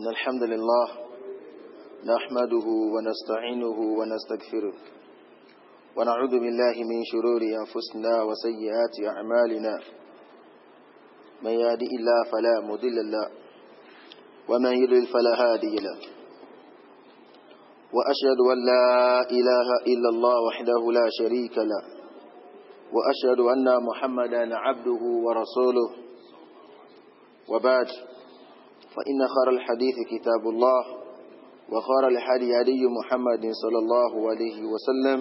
إن الحمد لله نحمده ونستعينه ونستغفره ونعوذ بالله من شرور أنفسنا وسيئات أعمالنا من يهدئ الله فلا مضل له ومن يضلل فلا هادي له وأشهد أن لا إله إلا الله وحده لا شريك له وأشهد أن محمدا عبده ورسوله وبعد فإن خير الحديث كتاب الله وخير الحدي علي محمد صلى الله عليه وسلم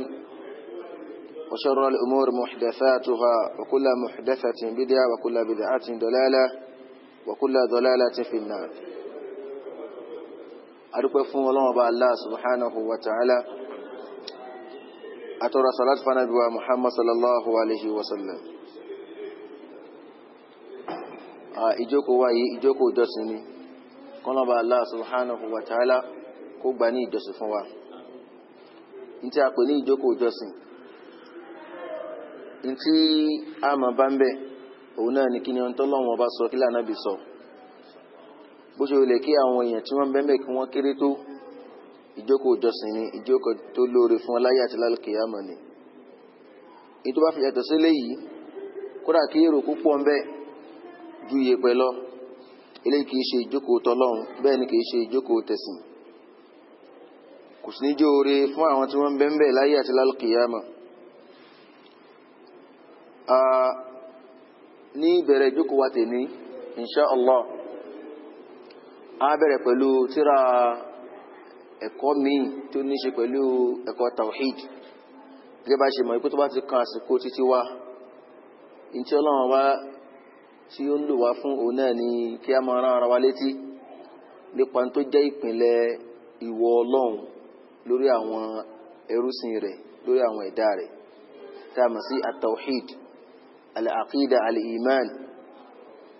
وشر الأمور محدثاتها وكل محدثة بدعة وكل بدعة دلالة وكل دلالة في النار أدوكو فون الله الله سبحانه وتعالى أترى صلاة فنبي محمد صلى الله عليه وسلم إجوكوا إجوكوا yìí kọ́nàbà Allah subhanahu wa ta'ala kó gbà ní ìjọsìn fún wa ní tí a pè ní ìjókòó ìjọsìn ní tí a mọ̀ bá ń bẹ̀ òun náà ni kí ni ọ̀ntọ́ lọ́wọ́ bá sọ kí lànàbì sọ bó ṣe lè kí àwọn èèyàn tí wọ́n bẹ́ẹ̀ kí wọ́n kéré tó ìjókòó ìjọsìn ni ìjókòó tó lóore fún ọláyà àti lálùkìyàmọ̀ ni èyí bá fi yàtọ̀ sí léyìí kódà kí èrò púpọ̀ ń bẹ ju iye pẹ̀ lọ eléyìí kìí ṣe ìjókòó tọlọ́run bẹ́ẹ̀ ni kìí ṣe ìjókòó tẹ̀sìn kò sí ní jẹ́ oore fún àwọn tí wọ́n ń bẹ́ńbẹ́ láyé àti lálùkìyàmà ní ìbẹ̀rẹ̀ ìjókòó wa tèmi insha allah a bẹ̀rẹ̀ pẹ̀lú tíra ẹ̀kọ́ míì tí ó ní ṣe pẹ̀lú ẹ̀kọ́ tawhid gẹ́gẹ́ bá ṣe mọ̀ ikú tó bá ti kan àsìkò títí wa ní tí ọlọ́run wá tí ó ń lò wá fún òun náà ni kí a máa rán ara wa létí nípa tó jẹ́ ìpìnlẹ̀ ìwọ ọlọ́run lórí àwọn ẹrúsìn rẹ̀ lórí àwọn ẹ̀dá rẹ̀ tá a mọ̀ sí atawhid al-aqida al-iman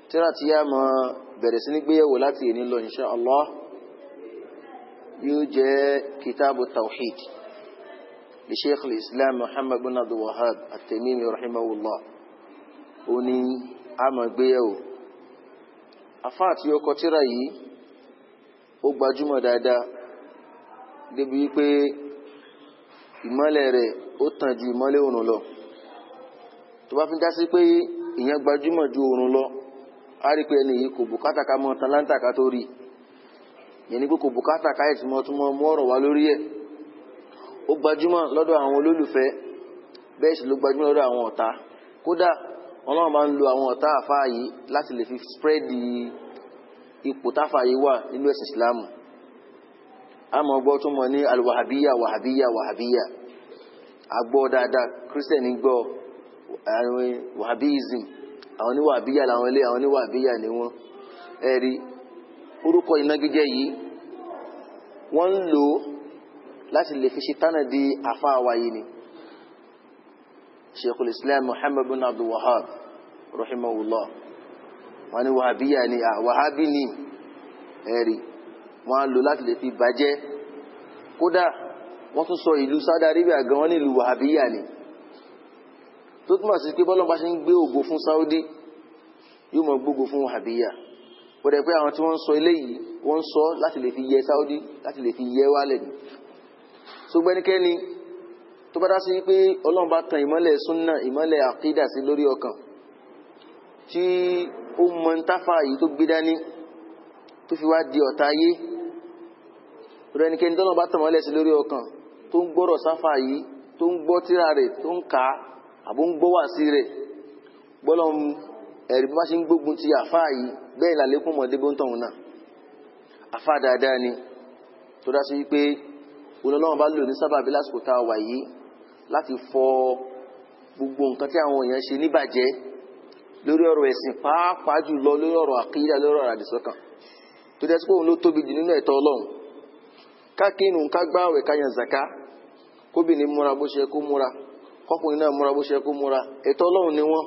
tíra tí a máa bẹ̀rẹ̀ sí ní gbéyẹ̀wò láti èní lọ insha Allah yóò jẹ́ kitabu tawhid li sheikh al-islam wahab at-tamimi rahimahullah ó a máa gbé yẹ̀wò afa àti ọkọ tíra yìí ó gbajúmọ̀ dáadáa débi wípé ìmọ́lẹ̀ rẹ̀ ó tàn ju ìmọ́lẹ̀ òrùn lọ tó bá fi dá sí pé ìyẹn gbajúmọ̀ ju òrùn lọ a rí pé ẹni yìí kò bùkátà ká mọ tán ká tó rí yẹn ni pé kò bùkátà ká ìtumọ̀ tó mú ọ̀rọ̀ wá lórí ẹ̀ ó gbajúmọ̀ lọ́dọ̀ àwọn olólùfẹ́ bẹ́ẹ̀ sì ló gbajúmọ̀ lọ́dọ̀ àwọn ọ̀tá kódà ọlọ́run bá ń lo àwọn ọ̀tá àfáà yìí láti lè fi spreadi ipò táfà yìí wà nínú ẹ̀sìn ìsìláàmù àmọ́ gbọ́ tó mọ̀ ní alwahabiya wahabiya wahabiya agbọ́ dáadáa kírísítẹ̀nì gbọ́ àwọn wahabism àwọn ní wahabiya làwọn ilé àwọn ní wahabiya ni wọ́n ẹ̀rí orúkọ ìnagijẹ yìí wọ́n ń lò láti lè fi ṣe tánà di àfáà wáyé ni Sheikhul Islam Muhammad bin Abdul Wahhab rahimahullah wọ́n ní wàhábíyà ni ah, wàhábí ni ẹ̀rí wọ́n á lò láti lè fi bàjẹ́ kódà wọ́n tún sọ ìlú Saudi Arabia gan wọ́n ní ìlú wàhábíyà ni tó túmọ̀ sí pé bọ́lọ́mọba ṣe ń gbé ògo fún Saudi yóò mọ̀ gbógo fún wàhábíyà wọ́n dẹ̀ pé àwọn tí wọ́n ń sọ eléyìí wọ́n ń sọ láti lè fi yẹ Saudi láti lè fi yẹ wálẹ̀ ni ṣùgbẹ́nikẹ́ni tó bá dá sí pé ọlọ́mọba tan ìmọ́lẹ̀ súnà ìmọ́lẹ̀ àkídà sí lórí ọkàn tí ó mọ ń táfà yìí tó gbé dání tó fi wá di ọ̀tá ayé rẹ̀ nìkẹ́ni tọ́nà bá tàn mọ́lẹ̀ sí lórí ọkàn tó ń gbọ́rọ̀ sáfà yìí tó ń gbọ́ tíra rẹ̀ tó ń kà á àbó ń gbọ́ wà sí rẹ̀ gbọ́lọ́ ẹ̀rí bá ṣe ń gbógun ti àfà yìí bẹ́ẹ̀ làlékún mọ̀ débó ń tọ̀hún náà àfà dáadáa ni tó dá sí wípé olólọ́wọ́n bá lò ní sábàbí lásìkò tá a wà yìí láti fọ gbogbo nǹkan tí àwọn èèyàn ṣe níbàjẹ́ lórí ọ̀rọ̀ ẹ̀sìn pàápàá jùlọ lórí ọ̀rọ̀ àkídà lórí ọ̀rọ̀ àdìsọ́kàn tó dẹ́sí pé òun ló tóbi jù nínú ẹ̀tọ́ ọlọ́run ká kírun ká gbáwẹ̀ ká yan zaka kóbìnrin múra bó ṣe kó múra kọkùnrin náà múra bó ṣe kó múra ẹ̀tọ́ ọlọ́run ni wọ́n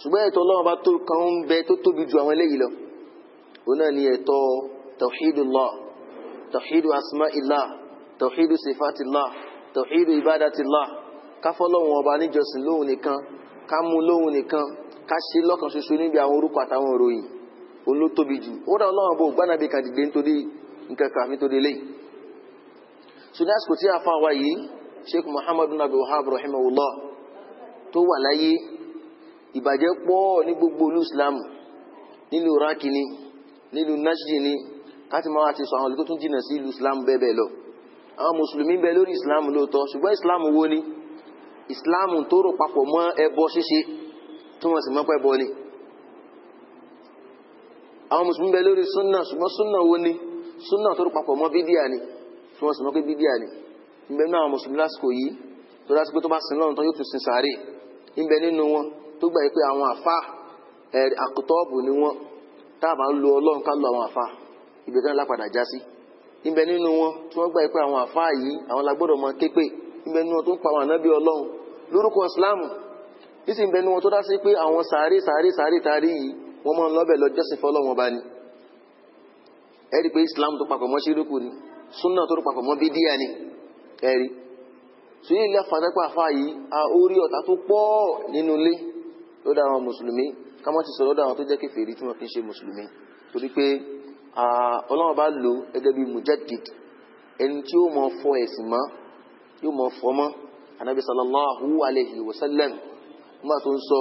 ṣùgbọ́n ẹ̀tọ́ ọlọ́run bá tó kan ń bẹ tó tóbi ju àwọn eléyìí lọ òun náà ni ẹ̀tọ́ tawhidullah tawhidu asma'illah tawhidu sifatillah tawhidu ibadati káfọ́ lọ́wọ́n ọba níjọsìn lóhun nìkan ká mú lóhun nìkan ká ṣe lọ́kàn ṣoṣo níbi àwọn orúkọ àtàwọn òròyìn olótóbi jù ó dá ọlọ́run bó gbánàbí kan dìde nítorí nǹkan kan nítorí lẹ́yìn sùdí àsìkò tí a fa wa yìí sheikh muhammadu nabi wahab rahimahullah tó wà láyé ìbàjẹ́ pọ̀ ní gbogbo olú islam nílùú iraki ni nílùú nashdi ni káti máa ti sọ àwọn olùkó tún sí ìlú islam bẹ́ẹ̀ bẹ́ẹ̀ lọ àwọn mùsùlùmí bẹ lórí islam lóòótọ́ ṣùgbọ́n islam wo islam tó rò papọ̀ mọ́ tó wọ́n sì mọ́pẹ́ bọ́ ni àwọn mùsùlùmí bẹ lórí súnà ṣùgbọ́n súnà wo ni súnà tó papọ̀ mọ́ bídíà ni tí wọ́n sì mọ́ bídíà ni ìbẹ̀ àwọn mùsùlùmí lásìkò yìí tó dá tó bá sin lọ́run tán yóò tún sin sàárè ìbẹ̀ àwọn àfa àkútọ́ọ̀bù ni wọn tá a bá ń lo ọlọ́run ká lo àwọn àfa kan lápadà já wọn tí wọ́n gbà pé àwọn àfa yìí ìsì ń bẹ ní wọn tó dá sí pé àwọn sàárè sàárè sàárè tarí yìí wọ́n máa ń lọ́bẹ̀ lọ jọ́sìn fọ́lọ́wọ́n bá ní ẹ̀rí pé Islam tó papọ̀ mọ́ ṣírúkù ni súnà tó papọ̀ mọ́ bídíà ni ẹ̀rí sùyìn ilé afàdẹ́pà afá yìí a orí ọ̀tá tó pọ̀ nínú ilé lọ́dọ̀ àwọn mùsùlùmí ká ti sọ lọ́dọ̀ àwọn tó jẹ́ kèfèrí tí wọ́n fi ń ṣe mùsùlùmí torí pé Ọlọ́run bá lò gẹ́gẹ́ bí mujaddid ẹni tí yóò mọ fọ ẹ̀sìn mọ́ yóò mọ fọ mọ́ anabi sallallahu alayhi wa sallam nígbà tó ń sọ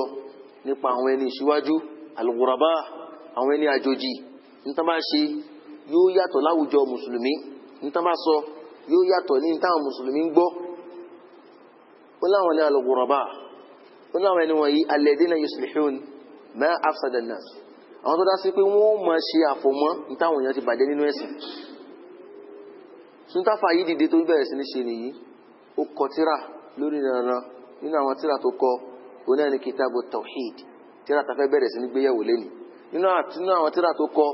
nípa àwọn ẹni ìṣíwájú àlùkùràbá àwọn ẹni àjòjì níta bá ṣe yóò yàtọ̀ láwùjọ mùsùlùmí níta bá sọ yóò yàtọ̀ ní táwọn mùsùlùmí ń gbọ́ ó láwọn ní àlùkùràbá ó láwọn ẹni wọ̀nyí alladhina yuslihun ma afsada an-nas àwọn tó dá sí pé wọ́n máa ṣe àfọ̀mọ́ nítawọn èèyàn ti bàjẹ́ nínú ẹ̀sìn suntafa yìí dìde tó bẹ̀rẹ̀ sí ní ṣe nìyí ó kọ tíra lórí ìrànràn nínú àwọn tíra tó kọ òun náà ni kitabu tawhid tíra tá a fẹ́ bẹ̀rẹ̀ sí ní gbéyàwó lẹ́nu nínú àtúnú àwọn tíra tó kọ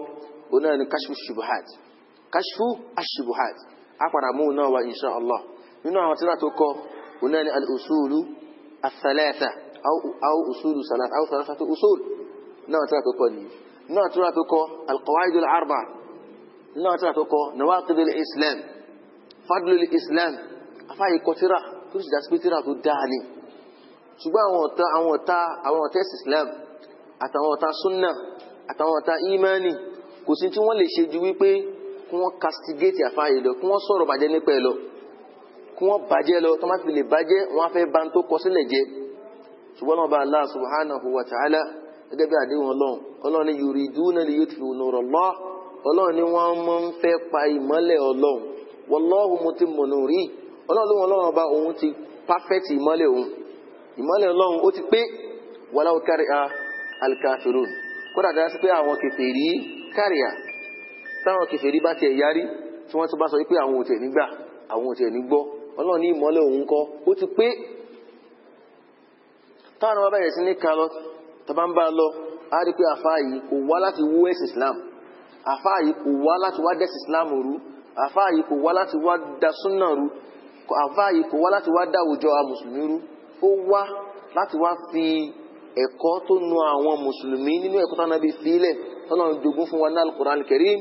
òun náà ni kashfu shubuhat kashfu ashubuhat apàdàmú náà wà insha allah nínú àwọn tíra tó kọ òun náà ni al-usulu ath-thalatha aw usulu thalatha aw thalathatu usul náà tíra tó kọ nìyí náà tíra tó kọ al-qawaid al-arba'a tíra tó kọ nawaqid al-islam fadlu al-islam tíra tó sì dá sí pé tíra tó dáa ni ṣùgbọ́n àwọn ọ̀tá àwọn ọ̀tá àwọn ọ̀tá islam àtàwọn ọ̀tá sunna àtàwọn ọ̀tá imani kò sí tí wọ́n lè ṣe ju wípé kí wọ́n castigate àfáàyè lọ kí wọ́n sọ̀rọ̀ bàjẹ́ nípa ẹ̀ lọ kí wọ́n bàjẹ́ lọ tó má fi lè bàjẹ́ wọ́n á fẹ́ ba tó kọ sílẹ̀ jẹ́ ṣùgbọ́n náà Allah subhanahu wa ta'ala gẹ́gẹ́ bí àdéhùn ọlọ́run ọlọ́run ni yuriduna li yutfi'u nurallah ọlọ́run ni wọ́n máa ń fẹ́ pa ìmọ́lẹ̀ ọlọ́run wallahu mutimmu nuri ọlọ́run ló wọn ọlọ́run ọba òun ti perfect ìmọ́lẹ̀ òun ìmọ́lẹ̀ ọlọ́run ó ti pé walau kariha al-kafirun kódà dáa sí pé àwọn kèfèrí kárìà táwọn kèfèrí bá tiẹ̀ yarí tí wọ́n tún bá sọ wípé àwọn ò tiẹ̀ nígbà àwọn ò tiẹ̀ ní gbọ́ ọlọ́run ní ìmọ́lẹ̀ òun kọ́ ó ti pé táwọn ọmọ bẹ̀rẹ̀ sí ní ká lọ ń bá lọ á rí pé àfáà yìí kò wá láti wú ẹ̀sìn Islam àfáà yìí kò wá láti wá dẹ́sìn Islam rú àfáà yìí kò wá láti wá da súnà rú àfáà yìí kò wá láti wá da àwùjọ àmùsùlùmí rú ó wá láti wá fi ẹ̀kọ́ tó nu àwọn mùsùlùmí nínú ẹ̀kọ́ tó anábì sílẹ̀ tọ́lọ́ jogún fún wa ní alukur'an karim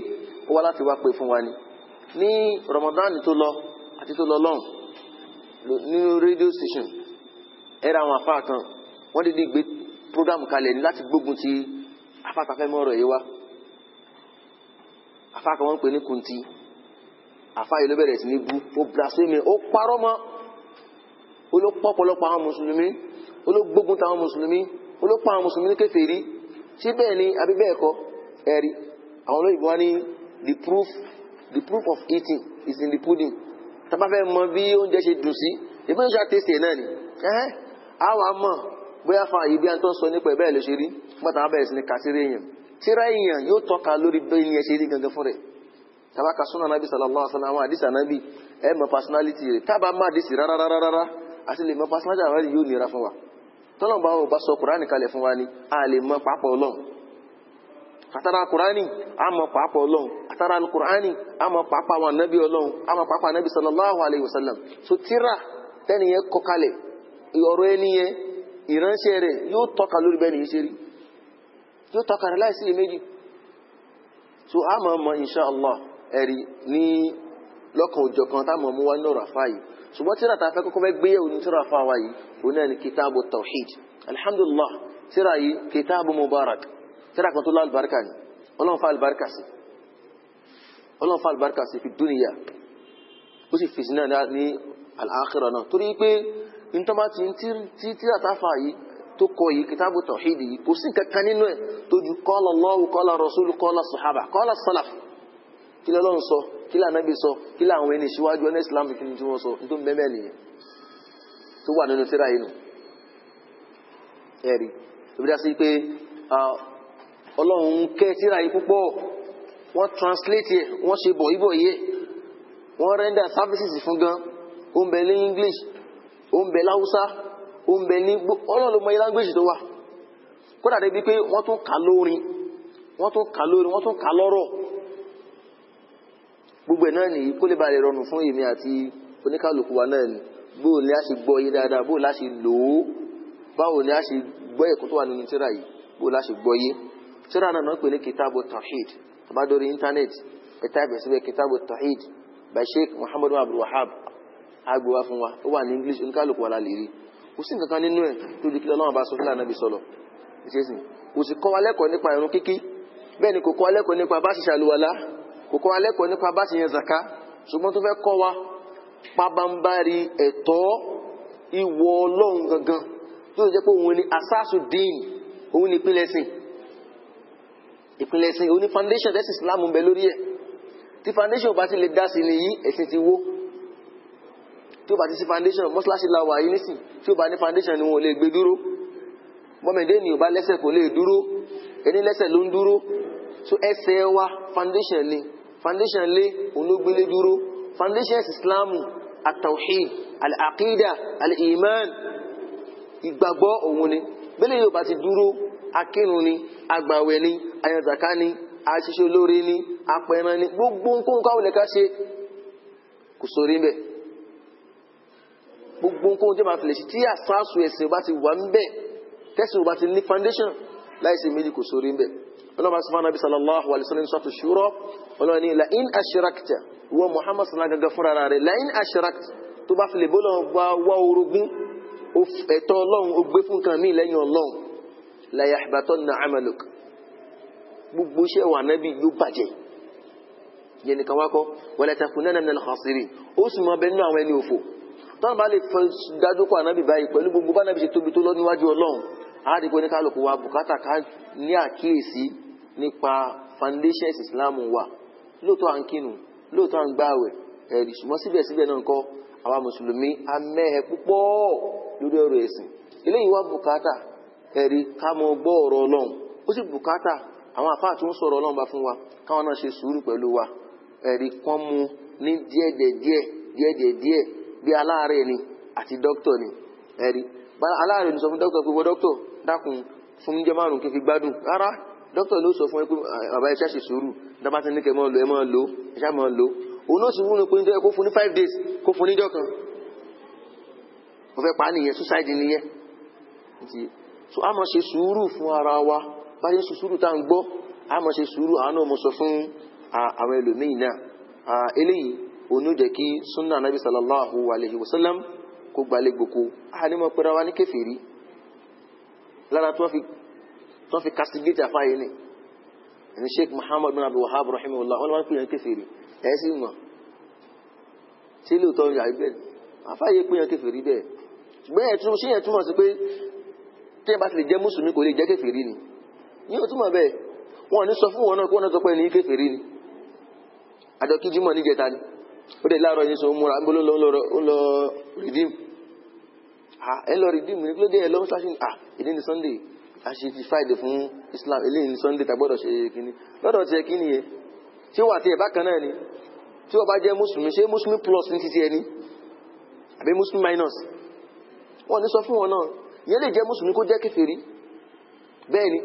ó wá láti wá pè fún wa ni. ní Ramadan tó lọ àti tó lọ lọ́hùn nínú rédíò station ẹ̀rọ àwọn afá kan wọ́n dídí gbé program kalẹ̀ ní láti gbógun ti afáàtàfẹ́mọ́ ọ̀rọ̀ yìí wá afá kan wọ́n ń pè ní Kunti afá yìí ló bẹ̀rẹ̀ sí ní bú ó blasphemy ó parọ́ mọ́ olópọ̀pọ̀lọpọ̀ àwọn mùsùlùmí ológbógun táwọn mùsùlùmí olópọ̀ àwọn mùsùlùmí ní kèfèrí tí bẹ́ẹ̀ ni àbí bẹ́ẹ̀ kọ́ ẹ̀rí àwọn olóyìnbó wa ní the proof the proof of eating is in the pudding tábà fẹ́ mọ bí oúnjẹ ṣe dùn sí ìbí oúnjẹ àtẹ̀sẹ̀ náà ni ẹ̀hẹ́ àwọn àmọ́ bóyá fa ìbí àti tó ń sọ nípa ẹ̀ bẹ́ẹ̀ ló ṣe rí gbọ́dọ̀ àwọn bẹ̀rẹ̀ sí ni kàṣírí èèyàn tíra èèyàn yóò tọ́ka lórí bẹ́ẹ̀ ni ẹ ṣe rí gangan fún rẹ̀ tábà ka súnà nàbì sallallahu alaihi wasallam àwọn àdìsí ànábì ẹ̀ mọ personality rẹ̀ tábà má àdìsí rárá rárá rárá àti lè mọ personality àwọn yóò nira fún wa tọ́lọ̀ bá wọ́n bá sọ kùránì kalẹ̀ fún wa ni a lè mọ pàápọ̀ ọlọ́run àtàrà kùránì a mọ pàápọ̀ ọlọ́run àtàrà kùránì a mọ pàápọ̀ àwọn anábì ọlọ́run a mọ pàápọ̀ anábì sallallahu alayhi wa sallam so tíra tẹ́ni yẹn kọ kalẹ̀ ọ̀rọ̀ ẹni yẹn ìránṣẹ́ rẹ̀ yóò tọ́ka lórí bẹ́ẹ̀ nìyí ṣe rí yóò tọ́ka rẹ̀ láìsí iyèméjì so a mọ̀ mọ̀ insha ẹ̀rí ní lọ́kàn òjọ̀kan táwọn ọmọ wa ní ọ̀rọ̀ àfáà yìí ṣùgbọ́n tíra ta fẹ́ kọ́kọ́ fẹ́ gbé yẹ̀wò ní tíra fáwa yìí òun náà ni kitabu tawhid alhamdulillah tíra yìí kitabu mubarak tíra kan tó lọ alibarika ni ọlọ́run fa alibarika sí ọlọ́run fa alibarika sí fi dúnìyà ó sì fèsì náà ní al-akhirah náà torí pé ntọ́ba ti ti tíra ta fa yìí tó kọ yìí kitabu tawhid yìí kò sí kankan nínú ẹ̀ tó ju qala Allahu qala rasulu qala sahaba qala salaf kí lọ́lọ́run sọ kí lànàbí sọ kí làwọn ẹni ìṣíwájú ọ̀nà islam kí ni tí wọ́n sọ nítorí ń bẹ́ẹ̀ nìyẹn tó wà nínú tíra yìí nù ẹ̀rí ìbí dá sí pé ọlọ́run ń kẹ́ tíra yìí púpọ̀ wọ́n translate ẹ̀ wọ́n ṣe bọ̀ ibọ̀ yé wọ́n render services fún gan ó ń bẹ ní english ó ń bẹ láwùsá ó ń bẹ ní ọlọ́run ló mọ language tó wà kódà débi pé wọ́n tún kà lórin wọ́n tún kà lórin wọ́n tún kà lọ́rọ̀ gbogbo ẹ̀ náà nìyí kó lè ba lè rọrùn fún èmi àti oníkàlùkù náà ni bóò a ṣe gbọ́ yé dáadáa bóò la lò ó báwo ni a gbọ́ ẹ̀kọ́ tó wà la gbọ́ yé tíra náà náà pè ní kitabu tawhid tàbá dórí íńtánẹ́ẹ̀tì ẹ̀ta ìbẹ̀ síbẹ̀ by sheikh muhammadu fún wa ó wà ní english oníkàlùkù wa la lè rí kò sí nǹkan nínú ẹ̀ tó di kílọ̀ bá sọlọ kò kọ́ alẹ́ kọ́ nípa bá ṣe yẹn zaka ṣùgbọ́n tó fẹ́ kọ́ wa pabambari ẹ̀tọ́ ìwọ ọlọ́run gangan tó jẹ́ pé òun ni asásù dín òun ni ìpínlẹ̀ sìn ìpínlẹ̀ sìn òun ni foundation ẹ̀sìn Islam bẹ lórí ẹ̀ tí foundation bá ti lè dá sí ni yìí ẹ̀sìn ti wó tí ó bá ti sí foundation mọ́ṣáláṣí la wà yìí nísìn tí ó bá ní foundation ni wọn ò lè gbé dúró bọ́mẹ̀dé ni ò bá lẹ́sẹ̀ kò lè dúró ẹni lẹ́sẹ̀ ló ń dúró so ẹsẹ̀ wa foundation ni foundation lé olóògbélé dúró foundation is islamu atawhid al-aqida al-iman ìgbàgbọ́ òun ni bẹ́lẹ̀ yóò bá ti dúró akínú ni agbàwẹ̀ ni ayọ̀zàká ni aṣiṣẹ́ olóore ni apẹran ni gbogbo nǹkan káwọn lẹ́ka ṣe kò sórí bẹ́ẹ̀ gbogbo nǹkan tí màá fi lè ṣe tí àṣàṣù ẹ̀sìn bá ti wà ń bẹ̀ tẹ̀sìn ò bá ti ní foundation láìsí méjì kò sórí bẹ́ẹ̀ ọlọ́ba sọ́fà nàbí sallallahu alayhi wa sallam sọ́tù ṣúrọ́ ọlọ́ni la'in ashirakta wọ muhammad sallallahu alayhi wa sallam fúnra rẹ̀ la'in ashirakta tó bá filẹ̀ bọ́lọ̀ gba wá orogún ẹ̀tọ́ ọlọ́run ó gbé fún kan mí lẹ́yìn ọlọ́run la yahbatanna amaluk gbogbo iṣẹ́ wà nábì yóò bàjẹ́ yẹn nìkan wá kọ́ wala takunanna minal khasirin ó sì mọ abẹ nínú àwọn ẹni ní kálukú ní àkíyèsí nípa foundations islam wa lóòótọ́ à ń kírun lóòótọ́ à ń gbààwẹ̀ ẹ̀rí ṣùgbọ́n síbẹ̀síbẹ̀ náà kọ́ àwa mùsùlùmí amẹ́hẹ̀ púpọ̀ lórí ọ̀rọ̀ ẹ̀sìn eléyìí wá bùkátà ẹ̀rí ká mọ gbọ́ ọ̀rọ̀ ọlọ́run ó sì bùkátà àwọn àfáà tó ń sọ̀rọ̀ ọlọ́run bá fún wa káwọn náà ṣe sùúrù pẹ̀lú wa ẹ̀rí kán mu ní bí ni àti dókítà ló sọ fún ẹ pé ah, bàbá ẹ sùúrù dábàá ti ní kẹ mọ́ lo ẹ mọ́ lo ẹ ṣá lo òun náà sì wúlò pé níjọ́ kó fún ní five days kó fún níjọ́ kan mo fẹ́ pa á nìyẹn suicide nìyẹn so a máa ṣe sùúrù fún ara wa bá ṣe sùúrù tá à ń gbọ́ a máa ṣe sùúrù àánú mo sọ fún àwọn ẹlòmíì náà eléyìí òun yóò kí sunna anabi sallallahu alayhi wa sallam kó gbalẹ̀ gboko a ní mo pẹ́ra wa ní kèfèrí lára tí wọ́n fi tó fi castigate àfa yìí ni ẹni sheikh muhammad bin abdul wahab rahimahullah wọn wọn pè yàn kèfèrí ẹ sì mọ ṣé lóòótọ́ yà á bẹ́ẹ̀ àfa yìí pè yàn kèfèrí bẹ́ẹ̀ ṣùgbọ́n ẹ̀ tún ṣé yẹn túmọ̀ sí pé tí ẹ bá ti lè jẹ́ mùsùlùmí kò lè jẹ́ kèfèrí ni yóò túmọ̀ bẹ́ẹ̀ wọn ò ní sọ fún wọn náà kó wọn náà sọ pé ẹni kèfèrí ni àjọ kí jimoh níjẹta ni ó dẹ̀ láàárọ̀ yín sọ múra ń a ṣe friday fún islam eléyìí ní sunday ta gbọ́dọ̀ ṣe kíní lọ́dọ̀ tiẹ̀ kíní yẹn tí ó wà tiẹ̀ bákan náà ni tí ó bá jẹ́ mùsùlùmí ṣé mùsùlùmí plus ní titi ẹni àbí mùsùlùmí minus wọn ní sọ fún wọn náà yẹn lè jẹ́ mùsùlùmí kó jẹ́ kèfèrí bẹ́ẹ̀ ni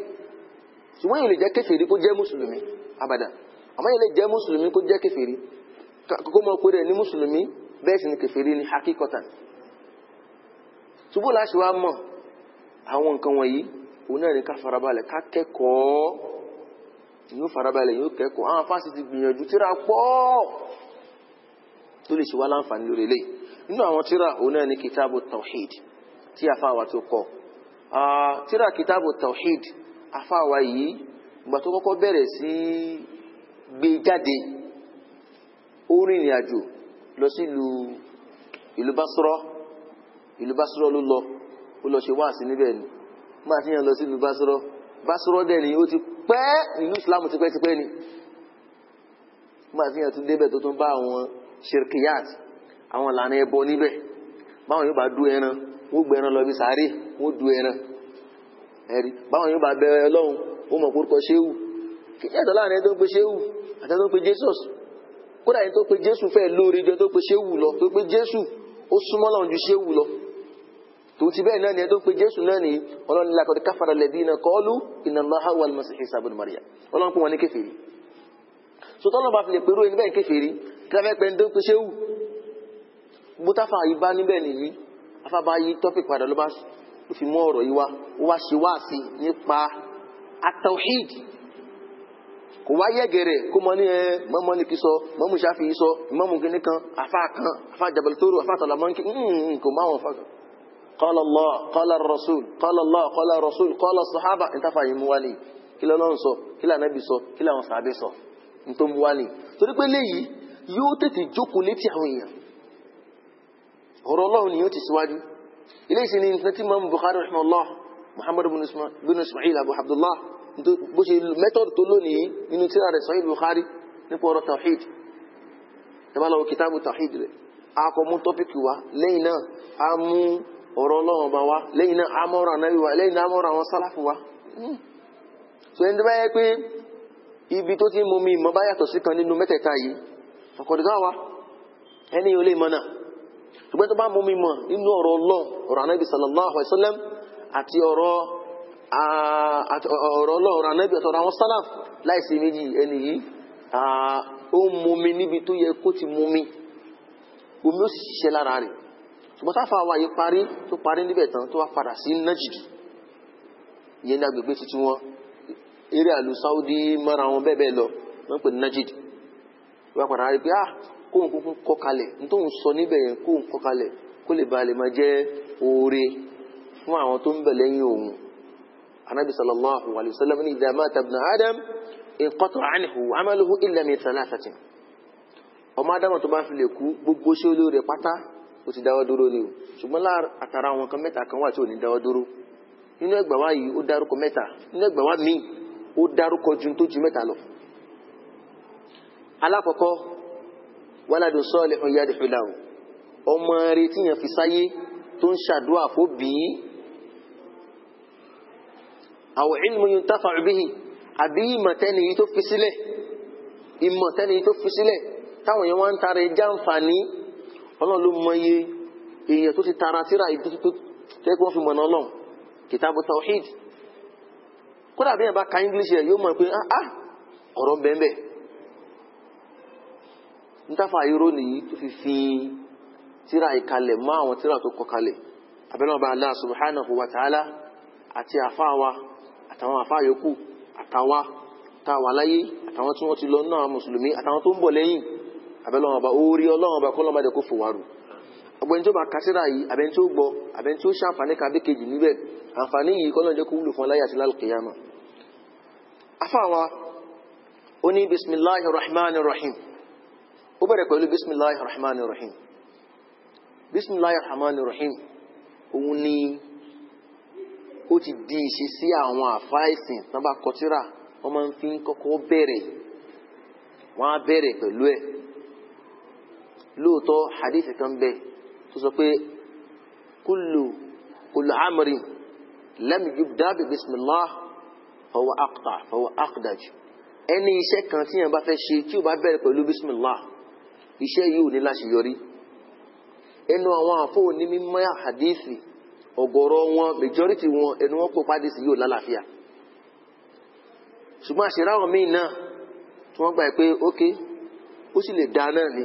ṣùgbọ́n yẹn lè jẹ́ kèfèrí kó jẹ́ mùsùlùmí abada àmọ́ yẹn lè jẹ́ mùsùlùmí kó jẹ́ kèfèrí kókó mọ̀ pé rẹ̀ ní mùsùlùmí bẹ́ẹ̀ sì ni kèfèrí ni hakikatan ṣùgbọ́n láṣìwá mọ̀ àwọn nǹkan wọ̀nyí òun náà ní ká farabalẹ̀ ká kẹ́kọ̀ọ́ yóò farabalẹ̀ yóò kẹ́kọ̀ọ́ àwọn fásitì gbìyànjú tíra pọ̀ tó lè ṣe wá láǹfààní lórí eléyìí nínú àwọn tíra òun náà kitabu tawhid tí afáwa tó kọ tíra kitabu tawhid afáwa yìí ìgbà tó kọ́kọ́ bẹ̀rẹ̀ sí gbé jáde ó rìnrìn àjò lọ sí ìlú Basra ìlú Basra ló lọ ó lọ ṣe wáàsí níbẹ̀ ni gbà tí yàn lọ sí ìlú básọ́rọ́ básọ́rọ́ dẹ̀ ni ó ti pẹ́ nínú islam tipẹ́tipẹ́ ni gbà tí yàn tún débẹ̀ tó tún bá àwọn shirkiyat àwọn ìlànà ẹbọ níbẹ̀ báwọn yóò bá du ẹran wọ́n gbé ẹran lọ bí sáré wọ́n du ẹran ẹ̀rí báwọn yóò bá bẹ ọlọ́run wọ́n mọ̀ kórúkọ ṣéwù kí yàtọ̀ láàrin ẹni tó ń pe ṣéwù àti ẹni tó ń pe jesus kódà ẹni tó ń pe jésù fẹ́ lóore jọ tó ń pe ṣéwù lọ tó ń pe jésù ó súnmọ́ lọ́run ju ṣéwù lọ tòun ti bẹ́ẹ̀ náà ni ẹ tó ń pe jésù náà ni ọlọ́run nílá kọ́ni káfàrà lẹ́dí iná kọ́ọ́lù iná lọ́hà wà lọ́sì ìsàbùn maria ọlọ́run pé wọn ní kẹfìrí sọtọ́ lọ́ba fi lè pẹ̀lú ẹni bẹ́ẹ̀ kẹfìrí kíláfẹ́ pẹ́ ń tó ń pe ṣéwù mutafa ibá níbẹ̀ nìyí afábá yí tọ́pì padà ló bá fi mú ọ̀rọ̀ yìí wá ó wá ṣe wá sí nípa atawhid kò wá yẹ́gẹ̀rẹ̀ kó mọ ní ẹ mọ́mọ́ ní kí sọ mọ́mú ṣáfi sọ mọ́mú kìnnìkan afá kan afá jabaltoro afá tọ́lámọ́nkì kò má wọn fa قال الله قال الرسول قال الله قال الرسول قال الصحابة انت فاهم مواني kila lọ́n sọ kila anabi sọ kila àwọn sàbẹ̀ sọ ntọ́ mu wá ni torí pé léyìí yóò tètè jókòó létí àwọn èèyàn ọ̀rọ̀ ọlọ́run ni yóò ti síwájú eléyìí sì ni nǹkan tí imam bukhari rahimahullah muhammad bin ismail abu abdullah bó ṣe mẹ́tọ́dù tó lónìí nínú tírà rẹ̀ sahih bukhari nípa ọ̀rọ̀ tawhid ẹ bá lọ kitabu tawhid rẹ̀ a kọ mú tọ́pìkì wa lẹ́yìn náà a mú ọ̀rọ̀ ọlọ́run bá wa lẹ́yìn náà amọ́ràn anábì wa lẹ́yìn náà amọ́ràn àwọn sálàfù wa. Hmm. sọ ẹni tó bá yẹ pé ibi tó ti mú mi ìmọ̀ bá yàtọ̀ sí kan nínú mẹ́tẹ̀ẹ̀ta yìí ọ̀kọ̀dùkọ́ wa ẹni yóò lè mọ̀ náà ṣùgbọ́n tó bá mú mọ̀ nínú ọ̀rọ̀ ọlọ́run ọ̀rọ̀ anábì sallallahu alaihi àti ọ̀rọ̀ ọlọ́run anábì ọ̀tọ̀rọ̀ ṣùgbọ́n sáfà wa yìí parí tó parí níbẹ̀ tán tó wá padà sí nájìdì ìyẹn ní agbègbè tuntun wọn eré àlù Saudi mọ́ra wọn bẹ́ẹ̀ bẹ́ẹ̀ lọ wọ́n pè ní padà rí pé ah kóun kúkú kọ́ kalẹ̀ nítòun sọ níbẹ̀ yẹn kalẹ̀ kó lè ba lè máa jẹ́ oore fún àwọn tó ń bẹ̀ lẹ́yìn òun anabi sallallahu alayhi wa sallam adam amaluhu ọmọ fi lè gbogbo ṣé pátá ó ti dáwọ́ dúró ni o ṣùgbọ́n àtàrà àwọn kan mẹ́ta kan wà tí ò ní dáwọ́ dúró nínú ẹgbà wá yìí ó dárúkọ mẹ́ta nínú ẹgbà wá míì ó dárúkọ ju tó ju mẹ́ta lọ. alákọ̀ọ́kọ́ wàládùn sọ́ọ̀lì ọ̀yàdì fìlà o ọmọ rẹ tí yẹn fi sáyé tó ń ṣàdúrà fó bìí àwọn ìlú yìí ń tàfà bíi àbí ìmọ̀tẹ́ni yìí tó fi sílẹ̀ ìmọ̀tẹ́ni yìí tó fi sílẹ̀ táwọn yẹn wá ń tara ẹ̀ ọlọ́run ló mọye èèyàn tó ti tara síra ìdí tó tẹ́ kí wọ́n fi mọ̀nà ọlọ́run kìtàbù tawhid kódà bí yẹn bá ka english rẹ̀ yóò mọ̀ pé ah, ah ọ̀rọ̀ bẹ́ẹ̀ ntafa ayúró nìyí tó fi fi tíra ìkalẹ̀ mọ́ àwọn tíra tó kọ kalẹ̀ abẹ́lẹ́wọ̀n bá Allah subhanahu wa ta'ala àti àfáwa àtàwọn àfáà yòókù àtàwa táwa láyé àtàwọn tí wọ́n ti lọ náà mùsùlùmí àtàwọn tó ń bọ̀ lẹ́yìn abẹ́lọ́wọ́n ọba orí ọlọ́wọ́n ọba kọ́lọ́mọ jẹ́ kó fò wárù ọgbẹ́ni tó bá kásíra yìí abẹ́ni tó gbọ́ abẹ́ni tó ṣàǹfààní kàbí kejì níbẹ̀ àǹfààní yìí kọ́lọ́n jẹ́ kó wúlò fún aláyà sí lálùkìyàmà afáwa ó ní bisimilahi rahman rahim ó bẹ̀rẹ̀ pẹ̀lú bisimilahi rahman rahim bisimilahi rahman rahim òun ni ó ti di ìṣesí àwọn àfáìsìn tán bá kọtíra wọ́n máa ń fi kọ́kọ́ bẹ̀rẹ̀ wọ́n á bẹ̀rẹ̀ pẹ̀lú ẹ̀ lóòótọ́ hadith kan bẹ tó sọ pé kullu kullu amri lam yubda bi bismillah fahuwa aqta fahuwa aqdaj ẹni iṣẹ́ kan tí yẹn bá fẹ́ ṣe tí o bá bẹ̀rẹ̀ pẹ̀lú bismillah iṣẹ́ yìí ò ní láṣeyọrí ẹnu àwọn àfọ òní mímọ́ hadithi ọ̀gọ̀rọ̀ wọn majority wọn ẹnu wọn kó pàdísì yóò lálàáfíà ṣùgbọ́n àṣírí àwọn míì náà tí wọ́n gbà pé ok ó sì lè dáa ni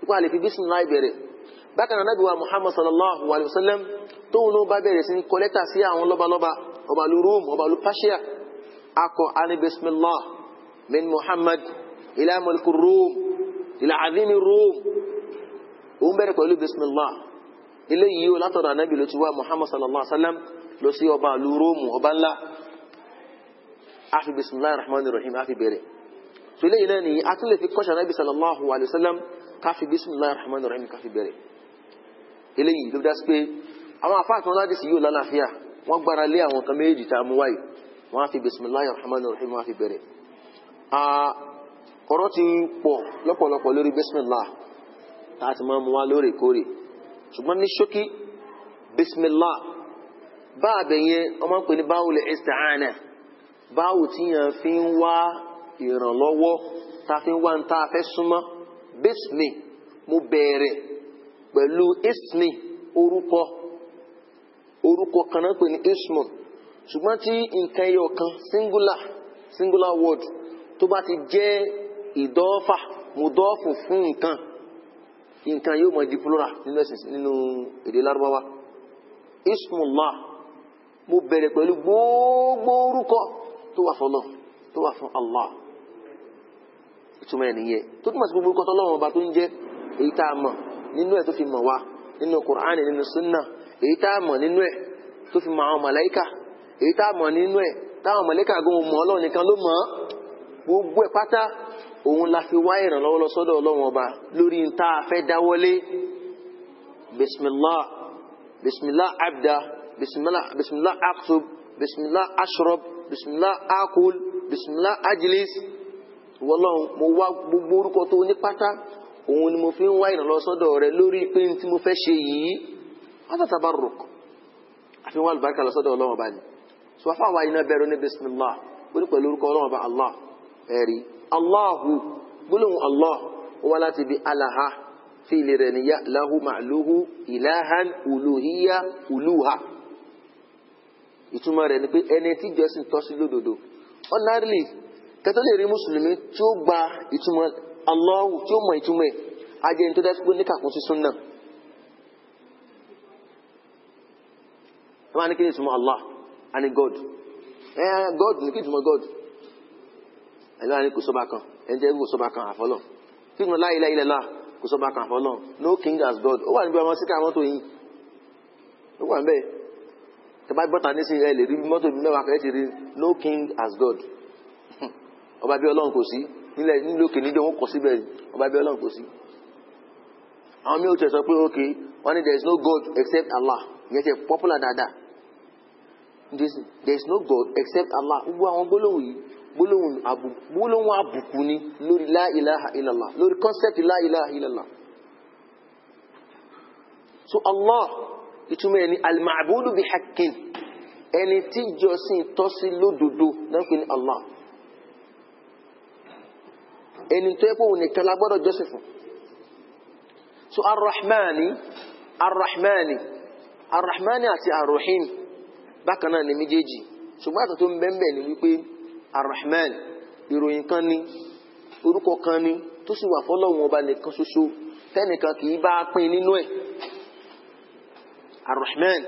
wípé a lè fi bisimilayi bẹ̀rẹ̀ bákan náà nàbí wa muhammad sallallahu alayhi wa sallam tóun ló bá bẹ̀rẹ̀ sí kọ́lẹ́tà sí àwọn lọ́balọ́ba ọba lu rome ọba lu persia akọ ani bisimilah min muhammad ilà mọ̀lẹ́kù rome ilà azimi rome òun bẹ̀rẹ̀ pẹ̀lú bisimilah ilé yìí o látọ̀dọ̀ anabi ló ti wá muhammad sallallahu alayhi wa sallam lọ sí ọba lu rome ọba ńlá àfi bisimilahi rahman rahim àfi bẹ̀rẹ̀ so ilé yìí náà nìyí a fi kọ́ṣà anabi sallallahu alayhi wa sallam káfí bisimilahi rahman rahim káfí bẹ̀rẹ̀ eléyìí ló dá sí pé àwọn afáàkì wọn láti sì yóò lálàáfíà wọn gbára lé àwọn kan méjì tá a mú wáyé wọn á fi bisimilahi rahman rahim wọn á fi bẹ̀rẹ̀ ọ̀rọ̀ ti pọ̀ lọ́pọ̀lọpọ̀ lórí bisimilah tá a ti máa mú wá lóòrèkóòrè ṣùgbọ́n ní ṣókí bisimilah bá a bẹ̀ ọmọ ń pè ní báwo lè isti'ana báwo tí fi ń wá ìrànlọ́wọ́ tá a fi ń wá ń tá a fẹ́ súnmọ́ bísmi mo bẹ̀rẹ̀ pẹ̀lú ismi orúkọ orúkọ kan náà pè ní ismu ṣùgbọ́n tí nǹkan ẹyọ kan singular singular word tó bá ti jẹ́ ìdọ́fà mùdọ́fù fún nǹkan nǹkan yóò mọ̀ di plural nínú ẹ̀sìn nínú èdè lárúbáwá ismullah mo bẹ̀rẹ̀ pẹ̀lú gbogbo orúkọ tó wà fún Allah tó wà fún Allah ìtumọ̀ ẹ̀ nìyẹn tó túmọ̀ sí gbogbo kọ́tọ́ lọ́wọ́ ọba tó ń jẹ́ èyí tá a mọ̀ nínú ẹ̀ tó fi mọ̀ wá nínú Kùránì nínú súnà èyí tá a mọ̀ nínú ẹ̀ tó fi mọ̀ àwọn màláíkà èyí tá a mọ̀ nínú ẹ̀ táwọn màláíkà gan mọ̀ ọlọ́run nìkan ló mọ̀ gbogbo ẹ̀ pátá òun la fi wá ìrànlọ́wọ́ lọ sọ́dọ̀ ọlọ́run ọba lórí tá a fẹ́ dáwọ́lé bismillah bismillah abda bismillah bismillah wọlọ́run mo wá gbogbo orúkọ tó ní pátá òun ni mo fi ń wá ìrànlọ́wọ́ sọ́dọ̀ rẹ lórí pé tí mo fẹ́ ṣe yìí ọ́sàtà bá rò kọ́ àfi wọn àlùbáríkà lọ sọ́dọ̀ ọlọ́run ọba ni sọ afọ àwa iná bẹ̀rẹ̀ ní bisimilá ó ní pẹ̀lú orúkọ ọlọ́run ọba allah ẹ̀rí allahu gbólóhùn allah ó láti ibi alaha fi ilé rẹ̀ níyà lahu ma'luhu ilahan uluhiya uluha ìtumọ̀ rẹ̀ ni pé ẹni tí jọ́sìn tọ́sí lódodo ordinarily kẹtọ́ lè rí mùsùlùmí tí ó gba ìtumọ̀ Allahu tí ó mọ ìtumọ̀ ẹ̀ ajẹ́ ní tó dá sípò níkàkún sí súnà. wọ́n á ní Allah á ní God ẹ̀ God ní kí God ẹ̀ lọ́wọ́ á ní kò sọ́ba kan ẹ̀ kò sọ́ba kan àfọlọ́ kí ìtumọ̀ la ilaha illallah kò sọ́ba kan àfọlọ́ no king as God ó wà níbi ọmọ síkà mọ́tò yìí ó wà níbẹ̀ tẹ́ bá gbọ́ta ní sí ẹ lè rí mọ́tò mẹ́wàá kan ẹ ti rí no king as God ọba bí ọlọ́run kò sí nílẹ̀ nílòkè nídìí wọn kọ síbẹ̀ ọba bí ọlọ́run kò sí. àwọn mi ò tẹ̀ sọ pé ok wọ́n ní there is no God except Allah yẹn tẹ̀ popular dáadáa there is no God except Allah gbogbo àwọn gbólóhùn yìí gbólóhùn àbùkù gbólóhùn àbùkù ni lórí la ilaha illallah lórí concept la ilaha illallah. so Allah ìtumọ̀ ẹni al-ma'budu bi hakim ẹni tí jọ́sìn tọ́sí lódodo náà pè ní Allah. ẹni tó yẹ pé òun nìkan la so arrahmani arrahmani arrahmani àti arrohim bákan náà ni méjèèjì ṣùgbọ́n àtàtò ń ni wípé arrahman ìròyìn kan ni orúkọ kan ni tó sì wà fọlọ́hun ọba nìkan ṣoṣo tẹ́nìkan kì í bá a pín nínú ẹ̀ arrahman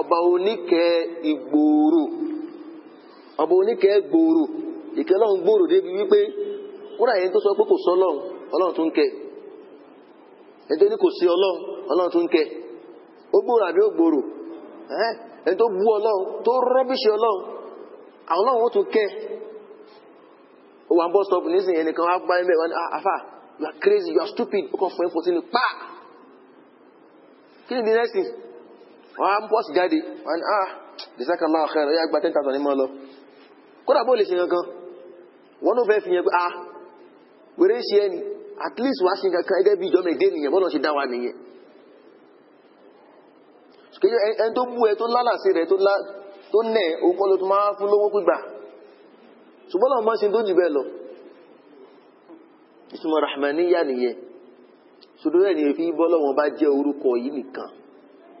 ọba oníkẹ́ ìgbòòrò ọba oníkẹ́ gbòòrò ìkẹ́ lọ́hún gbòòrò débi wípé kúrò yẹn tó sọ pé kò sọ ọlọ́run ọlọ́run tó ń kẹ ẹni ní kò sí ọlọ́run ọlọ́run tó ń kẹ ó gbòòrò àbí ó gbòòrò ẹni tó bú ọlọ́run tó rọ́bìṣì ọlọ́run àwọn ọlọ́run ó tún kẹ ó wà ń bọ́ stop nísìnyí ẹnìkan wá gbá ẹgbẹ́ wọn ni ah, you are crazy you are stupid ó kàn fún ẹ fún sínú pa next thing wọn á ah ó yà gba ten thousand ní mọ́ lọ kódà bó lè wèrè si ẹni at least wàá ṣe nǹkan kan gẹ́gẹ́ bí ìjọba èdè nìyẹn bọ́lá ṣe dá wa nìyẹn kejì ẹni tó bú ẹ tó lálàsí rẹ tó nẹ òkọ ló tó máa fún lówó gbígbà ṣùgbọ́n làwọn máa ṣe tó jù bẹ́ẹ̀ lọ ìsúnmọ́ rahmaniya nìyẹn ṣùgbọ́n ẹni fi bọ́ lọ́wọ́ bá jẹ́ orúkọ yìí nìkan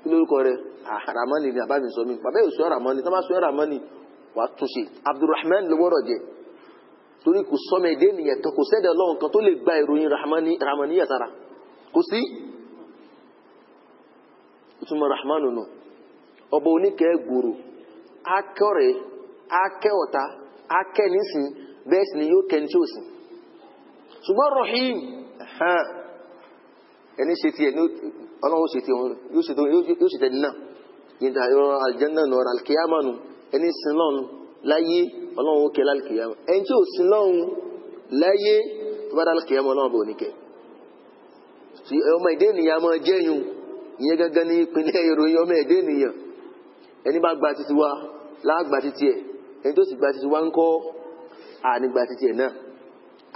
kí lórúkọ rẹ àràmọ́nì ah, ni àbámi sọ mi bàbá yóò sọ àràmọ́nì tó máa sọ àràmọ́nì wàá túnṣe abdulrahman ló gbọ́dọ̀ jẹ́ torí kò sọmọ èdè nìyẹn tó kò sẹ́dẹ̀ ọlọ́run kan tó lè gba ìròyìn rahmani sára kò sí ìtumọ̀ rahmanu nù ọba oníkẹ́ gbòòrò akẹ́ọ̀rẹ́ akẹ́ọ̀ta akẹ́nisìn bẹ́ẹ̀ sì ni yóò kẹ́ni tí ó sìn ṣùgbọ́n rahim ẹni ṣe ti ẹni ọlọ́run ṣe ti ọ̀hún yóò ṣe tẹ̀ nínà ìdáyọ̀ aljanna nù ọ̀rọ̀ alkiyama nù ẹni sin láyé ọlọ́run ó kẹ lálùkìyàmọ̀ ẹni tí ò sin lọ́run láyé tó bá dálùkìyàmọ̀ ọlọ́run bò ní kẹ ọmọ ìdí ènìyàn máa jẹ́yùn ìyẹn gángan ní ìpínlẹ̀ ìròyìn ọmọ ìdí ènìyàn ẹni bá gba titi wa láàgbà titi ẹ̀ ẹni tó sì gba titi wa ń kọ́ ànígbà titi ẹ̀ náà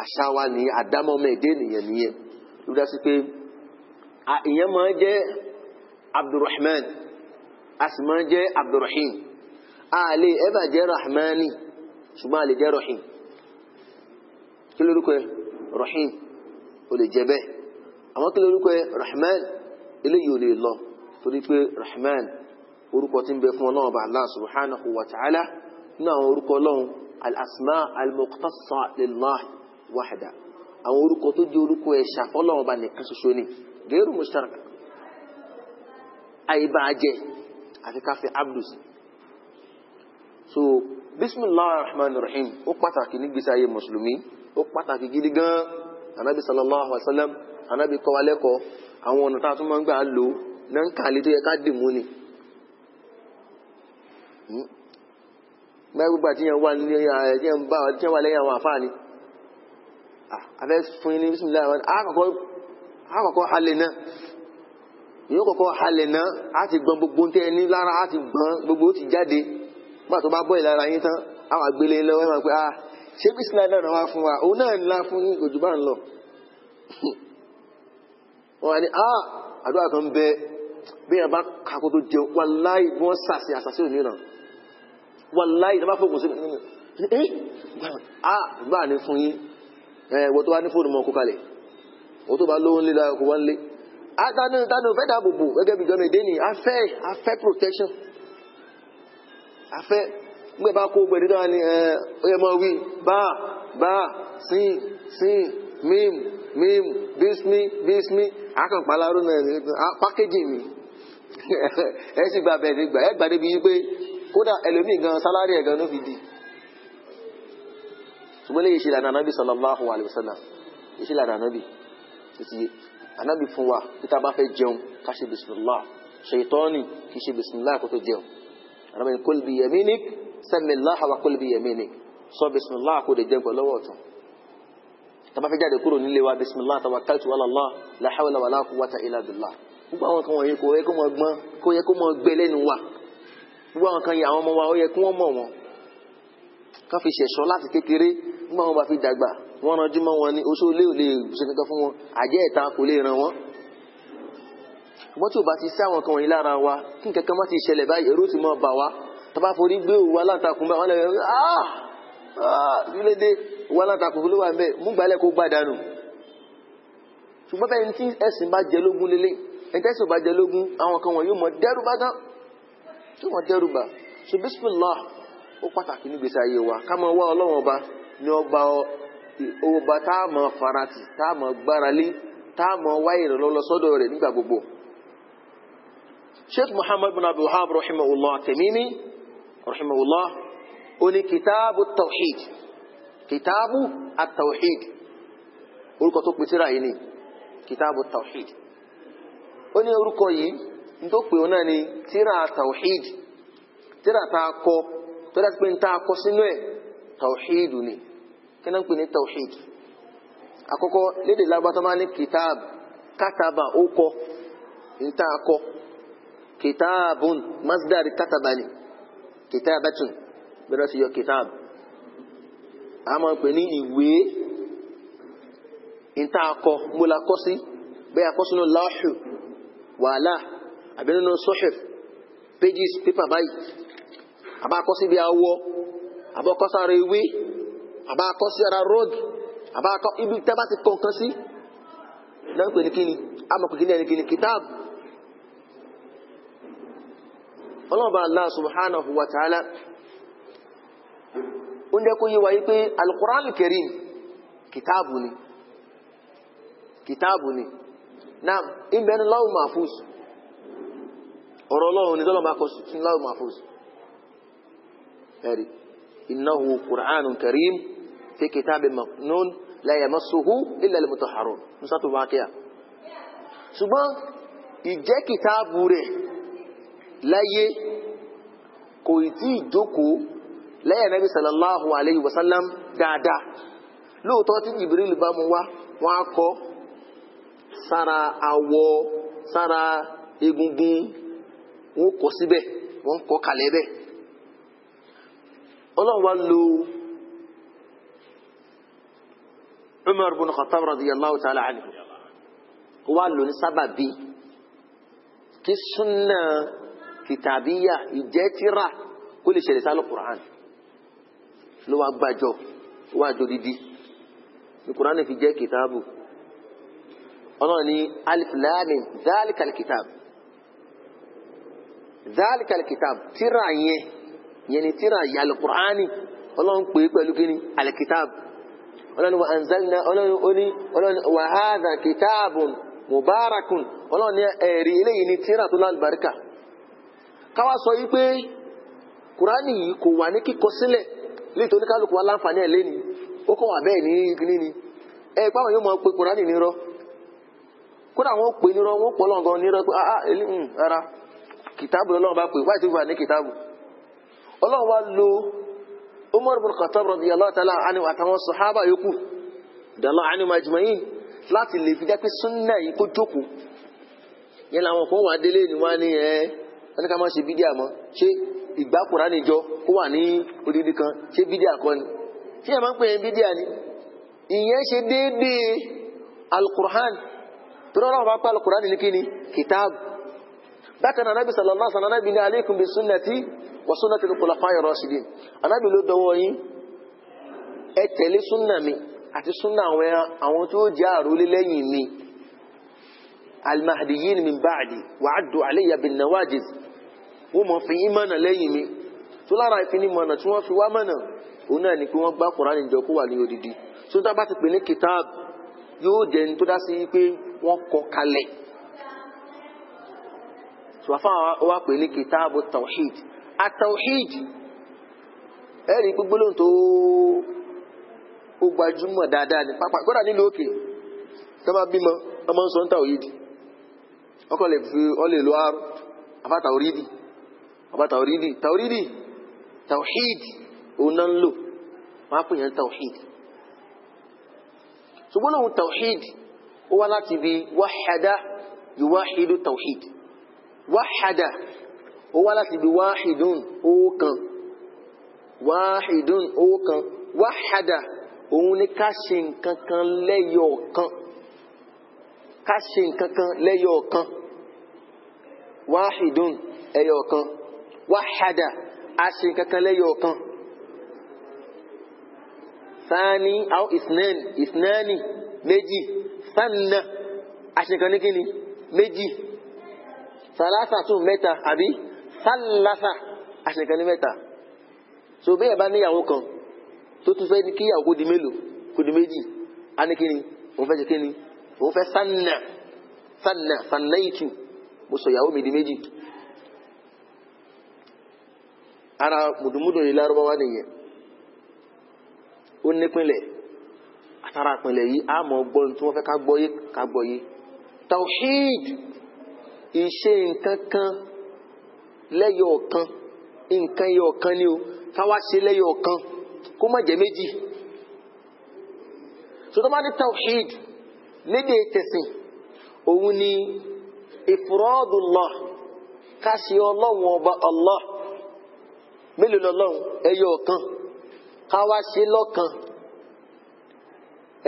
àṣà wa ní àdámọ́ ọmọ ìdí ènìyàn nìyẹn ló dá sí pé ìyẹn máa jẹ́ Abdulrahman a sì máa jẹ́ Abdulrahim a lè ẹbà jẹ́ rahmani ṣùgbọ́n a lè jẹ́ rahim kí lórúkọ ẹ rahim o lè jẹ bẹ́ẹ̀ àwọn kí lórúkọ ẹ rahman eléyìí ò lè lọ torí pé rahman orúkọ tí ń bẹ fún ọlọ́run bá Allah subhanahu wa ta'ala nínú àwọn orúkọ ọlọ́run al-asma al-muqtasa àwọn orúkọ tó jẹ́ orúkọ ẹ̀ṣà fọ́lọ́run bá nìkan ṣoṣo ni gẹ́rù mushtaraka àyíbá ajẹ́ káfí abdus so bisimilahi rahman rahim ó pàtàkì nígbèsè ayé mùsùlùmí ó pàtàkì gidi gan anabi sallallahu alayhi wa sallam anabi kọ́ wa lẹ́kọ̀ọ́ àwọn ọ̀nà tá a tún máa ń gbà lò náà ń kàlẹ́ tó yẹ ká dì mú ni hmm? báyìí gbogbo àtìyàn wà ní àtìyàn eh, bá àtìyàn wà lẹ́yìn àwọn àfáàní àfẹ́ fún yín ní bísímìlá àwọn àkọ́kọ́ halẹ̀ náà yóò kọ́kọ́ halẹ̀ náà á ti gbọ́n gbogbo tẹ́ ẹ lára á ti gbọ́n gbogbo ó ti jáde gbà tó bá bọ́ ìlara yín tán àwọn àgbélé lọ́wọ́ máa pé ah ṣé bí sinadà náà wá fún wa òun náà ńlá fún yín bá ń lọ. wọn á ní ah àdúrà kan bẹ bí yẹn bá kakó tó jẹun wàláì bí wọn sàṣì àṣàṣì òní náà wàláì náà bá fòkùn sí ẹ ah gbà ní fún yín ẹ wọ́n tó wá ní fóònù mọ́ kó kalẹ̀ wọ́n tó bá lóhun lé dáa kó wá ń lé. àtànù tànù fẹ́ dáàbò bò gẹ́gẹ́ bí jọ́mi dé afẹ́ afẹ́ protection afẹ́ gbé bá kó gbẹ̀dẹ́ dáa ni ẹ mọ̀ wí bá bá sin sin mim mim bísmí bísmí akànpaláró náà ní pákéjì mi ẹ sì gba bẹ̀rẹ̀ gbà ẹ gbàdé bíi pé kódà ẹlòmíì gan sálárì ẹ̀ gan ló fi di. ṣùgbọ́n lè ṣe ìlànà anábì sallallahu alaihi wasallam ṣe ìlànà anábì títí anábì fún wa tí tá a bá fẹ́ jẹun ká ṣe bismillah ṣètọ́ni kì í ṣe bismillah kó tó jẹun àrùn ní kul bi yaminik sami Allah wa kul bi yaminik sọ bisimilah kò lè jẹun pẹ̀lú ọwọ́ ọ̀tún tá bá fẹ́ jáde kúrò nílé wa bisimilah tawakkaltu ala Allah la hawla wala quwwata illa gbogbo àwọn kan wọ̀nyí kò yẹ kó mọ gbọ́n kó yẹ kó mọ gbé lẹ́nu wa gbogbo àwọn kan yẹ àwọn ọmọ wa ó yẹ kó wọ́n mọ̀ wọn ká fi láti kékeré gbogbo àwọn bá fi dàgbà wọ́n ranjú mọ́ wọn ni oṣó lè ṣe kankan fún wọn àjẹ́ ìta kò lè ràn wọ́n ṣùgbọ́n tí o bá ti sí àwọn kan wọ̀nyí lára wa kí nǹkan kan má ti ṣẹlẹ̀ báyìí ẹ̀rú ti mọ́ bà wá tàbá forí gbé òwú aláǹtakùn bá wọn lẹ́yìn ah ah ìlédè òwú aláǹtakùn ló wà ń bẹ̀ mú gbalẹ̀ kó gbà dànù ṣùgbọ́n bẹ́ẹ̀ tí ẹ̀sìn bá jẹ lógún lélẹ̀ ẹ̀tẹ́sìn bá jẹ lógún àwọn kan wọ̀nyí mọ̀ dẹ́rùbá gan tí wọ́n dẹ́rùbá so bismillah ó pàtàkì nígbèsè ayé wa ká máa wá ọlọ́run ọba ní ọba farati tá a máa gbáralé tá a máa wá sọ́dọ̀ rẹ̀ nígbà gbogbo sheikh muhammad bin abu wahab rahimahullah tamimi rahimahullah ó ní kitaabu tawhid kitaabu atawhid orúkọ tó pèsè ráyé ni kitaabu tawhid ó ní orúkọ yìí nítorí pé òun náà ni tíra tawhid tíra tá a kọ tó dá sí pé ń tá a kọ sínú ẹ tawhid ni kí náà ń pè ní tawhid àkọ́kọ́ lédè lágbàtọ́ máa ní kitaab kátàbà ó kọ ń tá a kọ kitabun masdar kataba ni kitabatun bẹ̀rẹ̀ sí yọ kitab a máa ń pè ní ìwé ìta akọ múlá kọ́ sí bẹ́ẹ̀ akọ́ sínú láhù wàhálà àbí nínú sọ́hẹ̀f pages paper báyìí àbá akọ́ sí bí awọ àbá akọ́ sára ewé àbá akọ́ sí ara rọ́ọ̀gì àbá akọ́ ibi tẹ́ bá ti kọ̀ọ̀kan sí náà pè ní kíni a máa pè kíni ẹni kíni kitab ọlọ́ọ̀bá Allah subhanahu wa ta'ala ó ń dẹ́kú yí wa yí pé al-Qur'an al-Karim kìtáàbù ni kìtáàbù ni náà ìbẹ̀nu lawhu mahfuz ọ̀rọ̀ ọlọ́run ni tọ́lọ́ máa kọ sí lawhu mahfuz ẹ̀rí innahu qur'anun fi kitabin maknun la yamassuhu illa al-mutahharun ṣùgbọ́n ìjẹ́ kìtáàbù rẹ̀ láyé kò tí ìjókòó lẹ́yìn Nabi sallallahu alayhi wa sallam dáadáa lóòótọ́ tí ibril bá mu wá wọ́n á kọ́ sára awọ sára egungun wọ́n kọ́ síbẹ̀ wọ́n kọ́ kalẹ̀ bẹ́ẹ̀ ọlọ́run wa lo Umar bin Khattab radiyallahu ta'ala anhu wa lo ní sábàbí kí kìtàbíyà ìjẹ́tìrà kó lè ṣẹlẹ̀ sálọ kùránì ló wá gbàjọ wá àjò dídí ní kùránì fi jẹ́ kìtàbù ọlọ́run ní alif lam mim zalikal kìtàb zalikal kìtàb tíra yẹn yẹn ni tíra yẹ alukùránì ọlọ́run pè é pẹ̀lú kíni alikìtàb ọlọ́run wa anzalna ọlọ́run wa hadha kìtàbùn mubarakun ọlọ́run ní ẹ̀rí eléyìí ni tíra tó lálùbáríkà. káwá sọ yìí pé kùránì yìí kò wà ní kíkọ sílẹ̀ léètò oníkálukú wa láǹfààní ẹ̀ lẹ́ni ó kàn wà bẹ́ẹ̀ ní kíní ni ẹ ẹ pàwọn yóò mọ pé kùránì kódà wọn pè wọn pọ̀ lọ́ngàn pé ah ara ah, hmm, kìtàbù lọ́wọ́ bá pè wáyé tó wà ní kìtàbù ọlọ́run wa lo Umar ta'ala àtàwọn sahaba yòókù dàlọ́ láti lè fi pé yìí kó jókòó yẹn làwọn kan wà délé wọ́n ní ká máa ṣe bídíà mọ́ ṣé ìgbà Kùránì jọ kó wà ní odidi kan ṣé bídíà kọ́ ni ṣé ẹ̀ máa ń pè é bídíà ni ìyẹn ṣe déédéé alukur'an tó lọ́wọ́ bá pa alukur'an ní kíni kìtáàbù bákan náà anábì sàlọ́lá sàlọ́lá anábì ní aleikum bi sunnati wa sunnati al-khulafa'i ar-rashidin anábì ló dọwọ́ yín ẹ tẹ̀lé súnà mi àti súnà àwọn tó jẹ́ àrólé lẹ́yìn mi al-mahdiyyin min ba'di wa addu alayya bin nawajiz wọ́n mọ̀ fi ìmọ̀nà lẹ́yìn mi tó lára ìfinimọ̀nà tí wọ́n fi wá mọ̀nà òun náà ni pé wọ́n gbá kùránì jọ kó wà ní odidi tó tá ti pè ní kitab yóò jẹ́ ní tó dá sí pé wọ́n kọ kalẹ̀ tó wàá wa ọba tàwídì tàwídì tàwíd òun náà ń lò wọn á pè yẹn tàwíd ṣùgbọ́n òun tàwíd ó wá láti bí wáhádá ìwáhídú tàwíd wáhádá ó wá láti bí wáhídún ọ̀kan wáhídún ọ̀kan wáhádá òun ni ká ṣe nǹkan kan lẹ́yọ ọ̀kan ká ṣe nǹkan kan lẹ́yọ ọ̀kan wáhídún ẹyọ ọ̀kan wahada aṣe kankan lẹ́yọ̀ kan sáni aw isnani isnani méjì sanna aṣe kan ní kíni méjì salasa tún mẹ́ta àbí sallasa aṣe kan ní mẹ́ta so bẹ́ẹ̀ bá níyàwó kan tó tún fẹ́ kíyàwó kó di mélòó kó di méjì á ní kíni òun fẹ́ ṣe sanna sanna sannaitu mo mi di méjì. ara mudumudu yi larubo wa niyɛ o a taara akpele yi a ma gbɔ ntoma fɛ ka gbɔ yi ka gbɔ yi tawhid iṣẹ nkankan lẹyọ kan nkan yọ kan ni o tawase lẹyọ kan kó ma jẹ méjì sotoma ni tawhid ne de tẹsin òun ni ifurọdunlọ kasi ọlọwọn ọba ọlọ. mélòó lọ́lọ́run ẹyọ ọ̀kan ká wá ṣe lọ́kan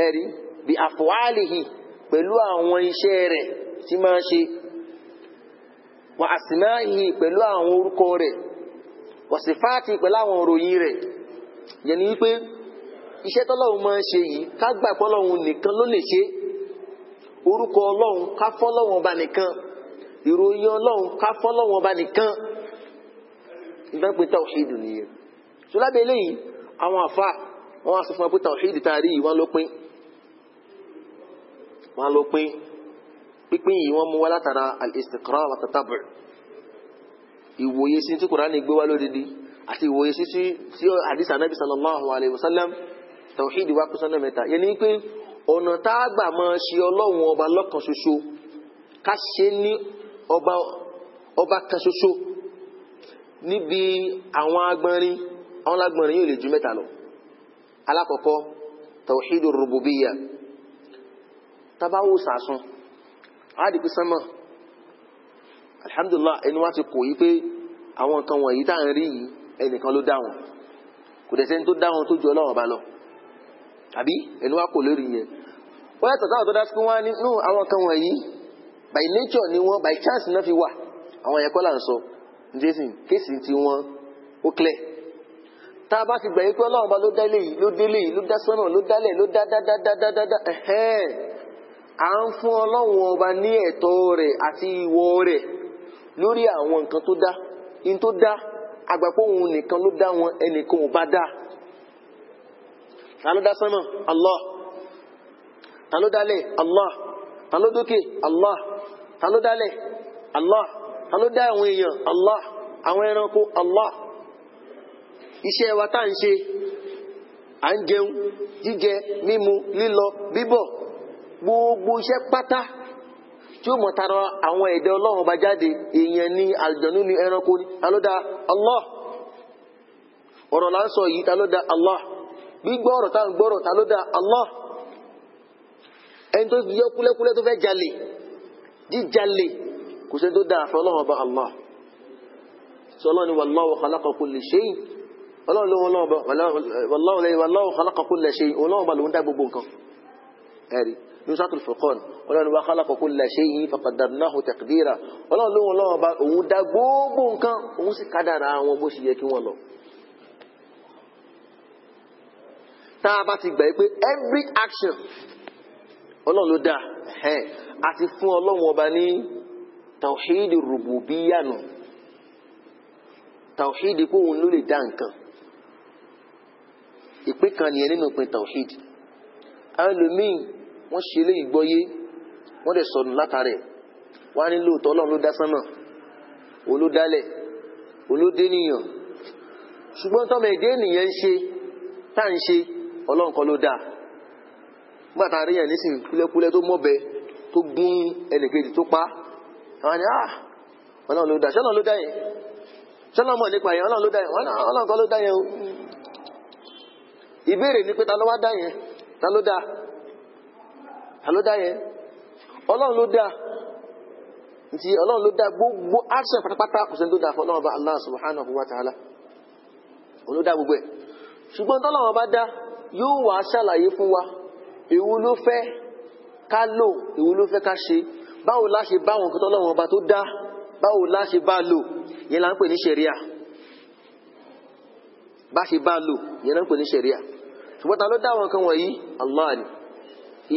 ẹ̀rí bí àfọwálìhì pẹ̀lú àwọn iṣẹ́ rẹ̀ tí máa ṣe wà àsìmáhì pẹ̀lú àwọn orúkọ rẹ̀ wà sífáàtì pẹ̀lú àwọn òròyìn rẹ̀ yẹn ni wípé iṣẹ́ tọ́lọ́run máa ń ṣe yìí ká gbà nìkan ló lè ṣe orúkọ ọlọ́run ká ọba nìkan ìròyìn ọlọ́run ká ọba nìkan ìfẹ́ pé tawhid nìyẹn so lábẹ́ eléyìí àwọn àfa wọn wá sọ fún wa pé tawhid tá a rí yìí wọn ló pín wọn ló pín pínpín yìí wọn mú wa látara al-istiqra wa tatabu ìwòye sí tí kùránì gbé wá lódìdí àti ìwòye sí sí àdìsá nàbì sallallahu alayhi wa sallam tawhid wa kó sọ́nà yẹn ni pé ọ̀nà tá a gbà máa ṣe ọlọ́run ọba lọ́kan ṣoṣo ká ṣe ní ọba kan ṣoṣo níbi àwọn agbọnrin àwọn lágbọnrin yóò lè ju mẹ́ta lọ alákọ̀ọ́kọ́ tawhidu rububiya tabawo sàásùn àdìpé sánmọ̀ alhamdulillah ẹni wá ti kò yí pé àwọn nǹkan wọ̀nyí tá à ń rí yìí ẹnìkan ló dá wọn kò dẹ̀ sẹ́ni tó dá wọn tó ju Ọlọ́run bá lọ àbí ẹni wá kò lórí yẹn wọ́n yàtọ̀ sáwọn tó dá sí pé wọ́n àwọn nǹkan wọ̀nyí by nature ni wọ́n by chance náà fi wà àwọn ẹ̀kọ́ là ń sọ jésù kéèsì tí wọn ó clear tá a bá ti gbẹ̀yìn pé ọlọ́run bá ló dá eléyìí ló dé eléyìí ló dá sọ́nà ló dálẹ̀ ló dá dádádádádá ẹ̀hẹ́n à ń fún ọlọ́run ọba ní ẹ̀tọ́ rẹ̀ àti ìwọ rẹ̀ lórí àwọn nǹkan tó dá in tó dá àgbàpọ̀ òun nìkan ló dá wọn ẹnìkan ò bá dá ta dá sánmà Allah ta ló dálẹ̀ Allah ta ló dókè Allah ta ló dálẹ̀ Allah ta ló dá àwọn èèyàn Allah àwọn ẹranko Allah iṣẹ́ wa tá ń ṣe à jíjẹ mímu lílọ gbogbo iṣẹ́ pátá tí ó mọ̀ tara àwọn ẹ̀dá ọlọ́run bá jáde èèyàn ni àlùjànnú ni ẹranko ta ló dá Allah ọ̀rọ̀ là ta ló dá Allah gbígbọ́ ọ̀rọ̀ kò sí tó dáa fún ọlọ́run ọba allah sọlọ́ ni wallahu khalaqa kulli shay ọlọ́run ló wọn lọ́wọ́ wallahu lẹ́yìn wallahu khalaqa kulli shay òun lọ́wọ́ ọba lòun dá gbogbo nǹkan ẹ̀rí ní suratul furqan ọlọ́run ni wa khalaqa kulli shay'in faqaddarnahu taqdira ọlọ́run ló wọn lọ́wọ́ ọba òun gbogbo nǹkan òun sì kádàrà àwọn bó ṣe yẹ kí wọ́n ti gbà yí every action ọlọ́run ló dáa àti fún ọlọ́run ọba ní tawhidi rububiya nù tawhidi pé òun ló lè dá nǹkan ìpín kan nìyẹn nínú ìpín tawhidi àwọn ẹlòmíì wọ́n ṣe eléyìí gbọ́yé wọ́n dẹ̀ sọnù látàrẹ̀ wọ́n á ní lóòótọ́ ọlọ́run ló dá sánmà olódálẹ̀ olódénìyàn ṣùgbọ́n tọ́mọ èdè ènìyàn ń ṣe tá à ń ṣe ọlọ́run kan ló dá gbàtà àríyàn nísìnyí kúlẹ́kúlẹ́ tó mọ̀bẹ tó gún ẹnìkejì tó pa á àwọn ni ah ọlọ́run ló dá ṣé ọlọ́run ló dá yẹn ṣé ọlọ́run mọ̀ nípa yẹn ọlọ́run ló dá yẹn ọlọ́run kan ló dá yẹn o ìbéèrè ni pé ta ló wá dá yẹn ta ló dá ta ló dá yẹn ọlọ́run ló dá nti ọlọ́run ló dá gbogbo action pátápátá kò tó báwo la ṣe bá wọn kí tọ́lọ́wọ́n ọba tó dá báwo la ṣe bá lò yẹn là ń pè ní ṣẹ̀ríà bá ṣe bá lò yẹn là ń pè ní ṣẹ̀ríà ṣùgbọ́n ta ló dá àwọn nǹkan wọ̀nyí Allah ni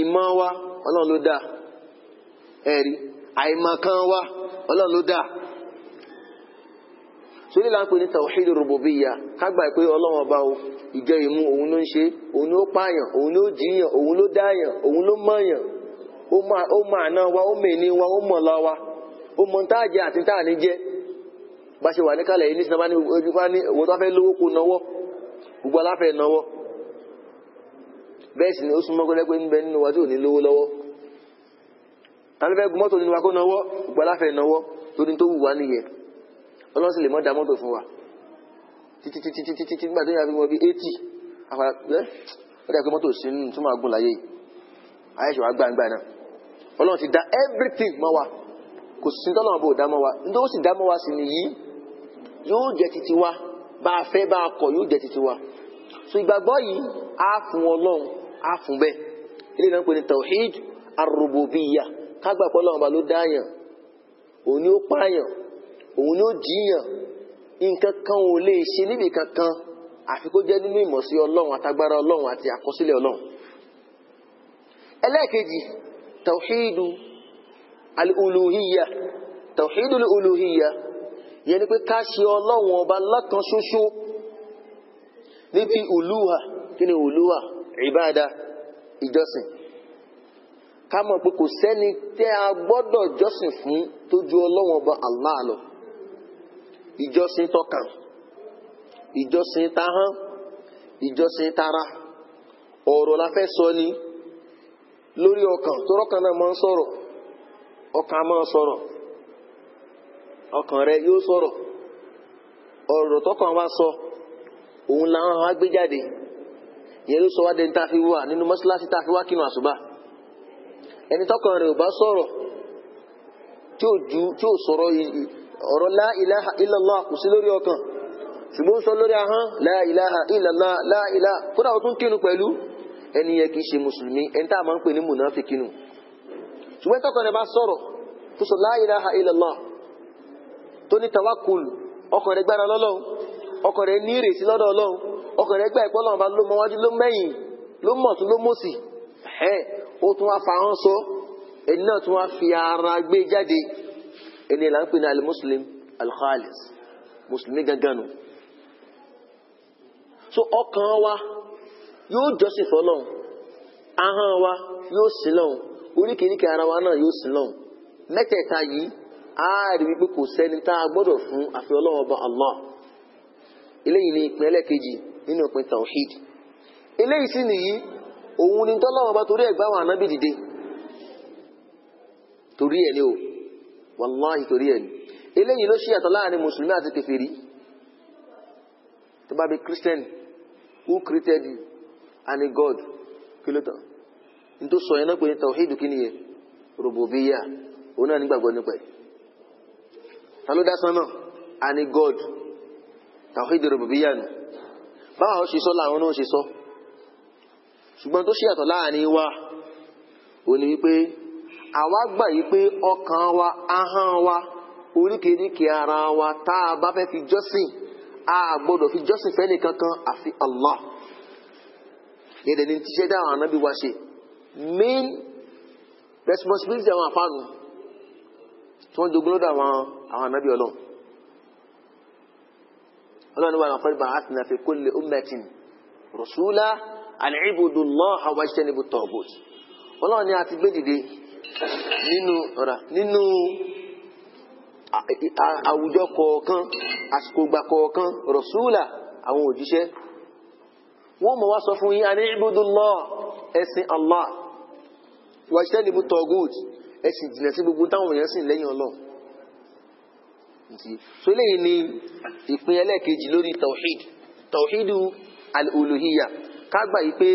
ìmọ̀ wa ọlọ́run ló dá ẹ̀rí àìmọ̀ kan wa ọlọ́run ló dá sórí là ń pè ní tawhid rububiyya kágbà pé ọlọ́run ọba o ìjọ ìmú òun ló ń ṣe òun ló pààyàn òun ló jiyàn òun ló dáyàn òun ló mọ̀yàn ụmụ a àná wa ó mọ èní wa ó mọ ọ̀la wa ó mọ tá a jẹ àti ni wa tí a ní lówó lọ́wọ́ alẹ́fẹ́ gun mọ́tò nínú wa kó náwó gbogbo aláfẹ́ náwó tó ní tó wù wá nìyẹn ọlọ́sìn lè mọ́ da àyẹ̀ṣẹ̀ wá gbangba náà ọlọ́run ti dá everything mọ́ wa kò sí tọ́lọ́run bó dá mọ́ wa ní tó sì dá mọ́ wa sí ni yìí yóò jẹ́ titi wa bá a fẹ́ bá a kọ̀ yóò jẹ́ titi wa so ìgbàgbọ́ yìí á fún ọlọ́run á fún bẹ́ẹ̀ ilé náà ń pè ní tawhid arububiyya kágbà pé ọlọ́run ọba ló dáyàn òun ni ó pààyàn òun ni ó jiyàn nǹkan kan ò lè ṣe níbi kankan àfi jẹ́ nínú ìmọ̀sí ọlọ́run àtagbára ọlọ́run àti àkọsílẹ̀ ọlọ́run ẹlẹ́ẹ̀kejì tawhidu al-uluhiyya tawhidu al-uluhiyya yẹn ni pé ká ṣe ọlọ́run ọba lọ́kan ṣoṣo níbi uluha kí ni uluha ìbáda ìjọsìn ká mọ̀ pé kò sẹ́ni tẹ́ a gbọ́dọ̀ jọ́sìn fún tó ju ọba Allah lọ ìjọsìn tọkàn ìjọsìn tahán ìjọsìn tara ọ̀rọ̀ la fẹ́ sọ ni lórí ọkàn tọrọkàn náà máa ń sọ̀rọ̀ ọkàn máa sọrọ ọkàn rẹ yóò sọrọ ọ̀rọ̀ tọkàn wa sọ òun làwọn àwọn agbéjáde yẹn ló sọ wá dẹni tá a fi wà nínú mọ́ṣáláṣí tá a fi wá kínú àṣùbà ẹni tọkàn rẹ ò bá sọ̀rọ̀ tí ò ju tí ò sọ̀rọ̀ ọ̀rọ̀ la ilaha illallah kò lórí ọkàn ṣùgbọ́n sọ lórí ahọ́n la ilaha illallah la ilaha kódà ó tún kírun pẹ̀lú. ẹni yẹn kì í ṣe mùsùlùmí ẹni tá a máa ń pè ní mùnàfíkì nù ṣùgbọ́n tọkàn rẹ̀ bá sọ̀rọ̀ tó sọ la ilaha illallah tó ní tawakul ọkàn rẹ̀ gbára lọ́lọ́run ọkàn rẹ̀ ní ìrètí lọ́dọ̀ ọlọ́run ọkàn rẹ̀ gbà ìpọ́ lọ́run bá ló mọ́wájú ló mẹ́yìn ló mọ̀ tún ló mọ̀sì ẹ̀ ó tún wá fa hàn sọ ẹni náà tún wá fi ara gbé jáde ẹni là ń pè ní alimuslim alkhalis mùsùlùmí gangan nù so ọkàn wa yóò jọ́sìn fọ́lọ́hun ahọ́n wa yóò sìn lọ́hun oríkèéríkèé ara wa náà yóò sìn lọ́hun mẹ́tẹ̀ẹ̀ta yìí á rí wípé kò sẹ́ni tá a gbọ́dọ̀ fún àfi Ọlọ́hun Ọba Allah eléyìí ni ìpín ẹlẹ́kejì nínú ìpín tawhid eléyìí sì nìyí òun ni tọ́lọ́hun Ọba torí ẹ̀ gbá wọn ànábì dìde torí ẹ̀ ni o wàláhì torí ẹ̀ ni eléyìí ló ṣe yàtọ̀ láàrin mùsùlùmí àti kèfèrí tó bá bí kírísítẹ́nì who created you ni god kí ló tán ní tó sọ yẹn náà pé ní kí nìyẹn rububiya òun náà nígbàgbọ́ nípa ẹ̀ ta ló dá sánmà ani god tawhidu rububiya nù ṣe sọ làwọn náà ṣe sọ ṣùgbọ́n tó ṣe yàtọ̀ láàrin wa òun ni wípé àwa gbà pé ọkàn wa ahọ́n wa oríkèéríkèé ara wa tá a bá fẹ́ a gbọ́dọ̀ fi jọ́sìn fẹ́ àfi yẹn dẹ̀ ní tíṣẹ́ dáhùn ànábì wá ṣe main responsibility àwọn àfáànù tí wọ́n dogun lọ́dọ̀ àwọn àwọn ànábì ọlọ́run ọlọ́run wà lọ́kọ́ ìbá àti nàfẹ́ kó lè ummatin rasula an ibudu Allaha wajtanibu at-taghut ọlọ́run ni a ti gbé dìde nínú ọ̀rà nínú àwùjọ kọ̀ọ̀kan àsìkò ìgbà kọ̀ọ̀kan rasula àwọn òjíṣẹ́ wọ́n mọ̀ wá sọ fún yín àní ibùdúlọ́ ẹ̀sìn Allah wàṣẹ́ níbu tọ́gùt ẹ̀sìn jìnà sí gbogbo táwọn èèyàn sìn lẹ́yìn ọlọ́run so eléyìí ni ìpín ẹlẹ́ẹ̀kejì lórí tawhid tawhidu al-uluhiyya ká gbà yìí pé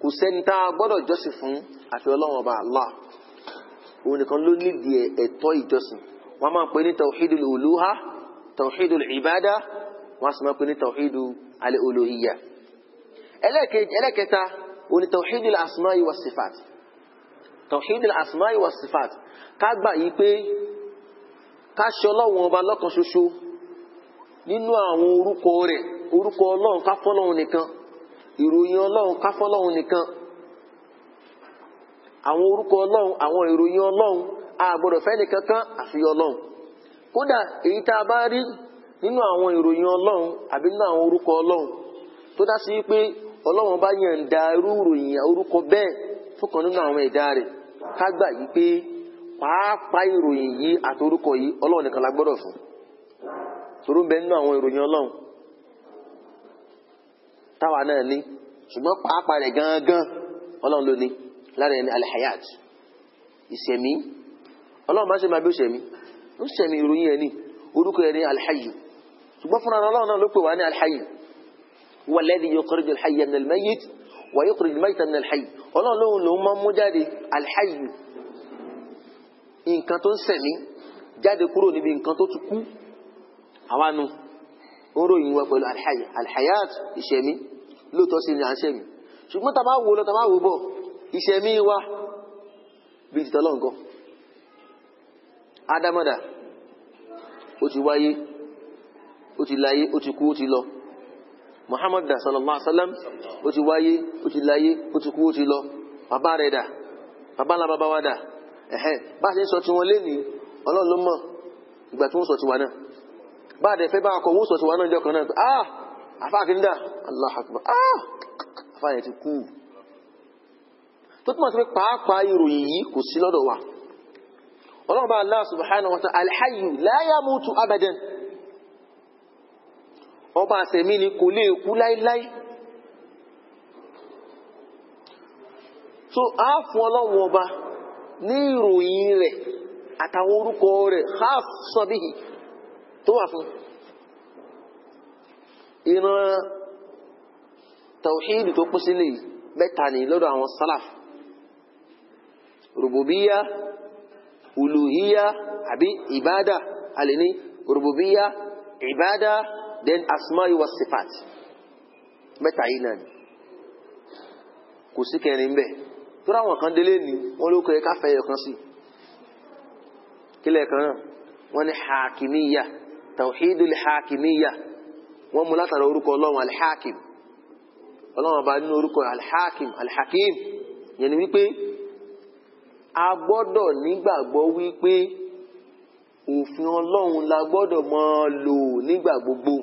kò sẹ́ni tá a gbọ́dọ̀ jọ́sìn fún àfi ọlọ́run ọba Allah òun nìkan ló nídìí ẹ̀tọ́ ìjọsìn wọ́n máa pè ní tawhidu al tawhidu al wọ́n á sì máa pè ní tawhidu al-uluhiyya. eleketa ẹlẹ́ẹ̀kẹta òní tawhid al-asma'i wa sifat tawhid al-asma'i pé ká ṣe ọlọ́run ọba lọ́kan ṣoṣo nínú àwọn orúkọ orúkọ nìkan ìròyìn nìkan àwọn orúkọ àwọn ìròyìn a gbọ́dọ̀ fẹ́ àfi ọlọ́run kódà èyí tá a bá rí nínú àwọn ìròyìn ọlọ́run àbí nínú àwọn orúkọ ọlọ́wọ́n bá yàn ń ìròyìn orúkọ bẹ́ẹ̀ fúnkan nínú àwọn ẹ̀dá rẹ̀ ká gbà yí pé pàápàá ìròyìn yìí àti orúkọ yìí ọlọ́wọ́n nìkan la fún torí bẹ́ẹ̀ nínú àwọn ìròyìn ọlọ́run táwa náà ní ṣùgbọ́n pàápàá rẹ̀ gangan ló ní lára ẹni ìṣẹ̀mí máa ń ṣe máa bí ó ṣẹ̀mí ó ṣẹ̀mí ìròyìn orúkọ ṣùgbọ́n fúnra náà ló ní wàlẹ́dì yọkọrìjọ alhayi ní almayit wà yọkọrìjọ mayita ní alhayi ọlọ́run lóhun ló máa mú jáde alhayi nǹkan tó ń sẹ̀mí jáde kúrò níbi nǹkan tó ti kú àwọn àánú ń ròyìn wa pẹ̀lú alhayi alhayat ìṣẹ̀mí lóòótọ́ sí ni à ń ṣẹ̀mí ṣùgbọ́n tàbá wo lọ tàbá wo bọ̀ ìṣẹ̀mí wa bíi tìtọ́lọ́ nǹkan ádámọ́dà ó ti wáyé ó ti láyé ó ti kú ó ti lọ muhammad da sallallahu alaihi wa sallam ó ti wáyé ó ti láyé ó ti kú ó ti lọ bàbá rẹ̀ dà bàbá ńlá bàbá wa dà ẹ̀hẹ́n bá a ṣe ń sọ tiwọn lénìí ọlọ́run ló mọ̀ ìgbà tí wọ́n sọ tiwa náà bá a dẹ̀ fẹ́ bá a kọ wọ́n sọ tiwa náà jọ kan náà pé ah àfáà kìí dà allah akbar ah àfáà yẹn ti kú tó túmọ̀ sí pé pàápàá ìròyìn yìí kò sí lọ́dọ̀ wa ọlọ́run bá allah subhanahu ọba àsẹ̀mí ni kò lè kú láíláí so a fún ọlọ́run ọba ní ìròyìn rẹ̀ àtàwọn orúkọ rẹ̀ half sọ́bíhì tó wà fún ìran tàwíìdì tó kú sílẹ̀ mẹ́ta ní lọ́dọ̀ àwọn sálàf rububiya uluhiya àbí ìbádà alẹ́ ní rububiya ibada then asma'i wa sifat mẹ́ta yìí náà ni kò sí kẹrin bẹ́ẹ̀ tó ráwọn kan délé ni wọ́n ló kọ́ ẹ̀ka fẹ́yẹ̀ kan sí kílẹ̀ kan náà wọ́n ní hakimiyya tawhidul hakimiyya wọ́n mú látara orúkọ ọlọ́run alhakim ọlọ́run bá nínú orúkọ alhakim alhakim yẹn ni wípé a gbọ́dọ̀ nígbàgbọ́ wípé òfin ọlọ́run la gbọ́dọ̀ máa lò nígbà gbogbo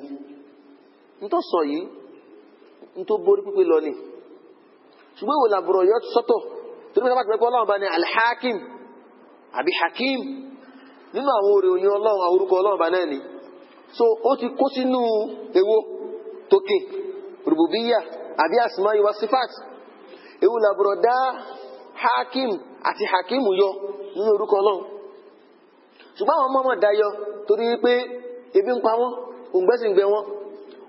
nítorí sọ yìí nítorí borí pípé lọ ni ṣùgbọ́n ìwò làbúrò yọ sọ́tọ̀ torí pé sábàtì ọlọ́run ní alhakim hakim nínú àwọn ọlọ́run àwọn ọlọ́run bá náà ni so ó ti kó sínú èwo tókè rububiya àbí wa sifat ṣùgbọ́n àwọn ọmọ dayọ torí pé ebi ń pa wọn òǹgbẹ́sìngbẹ́ wọn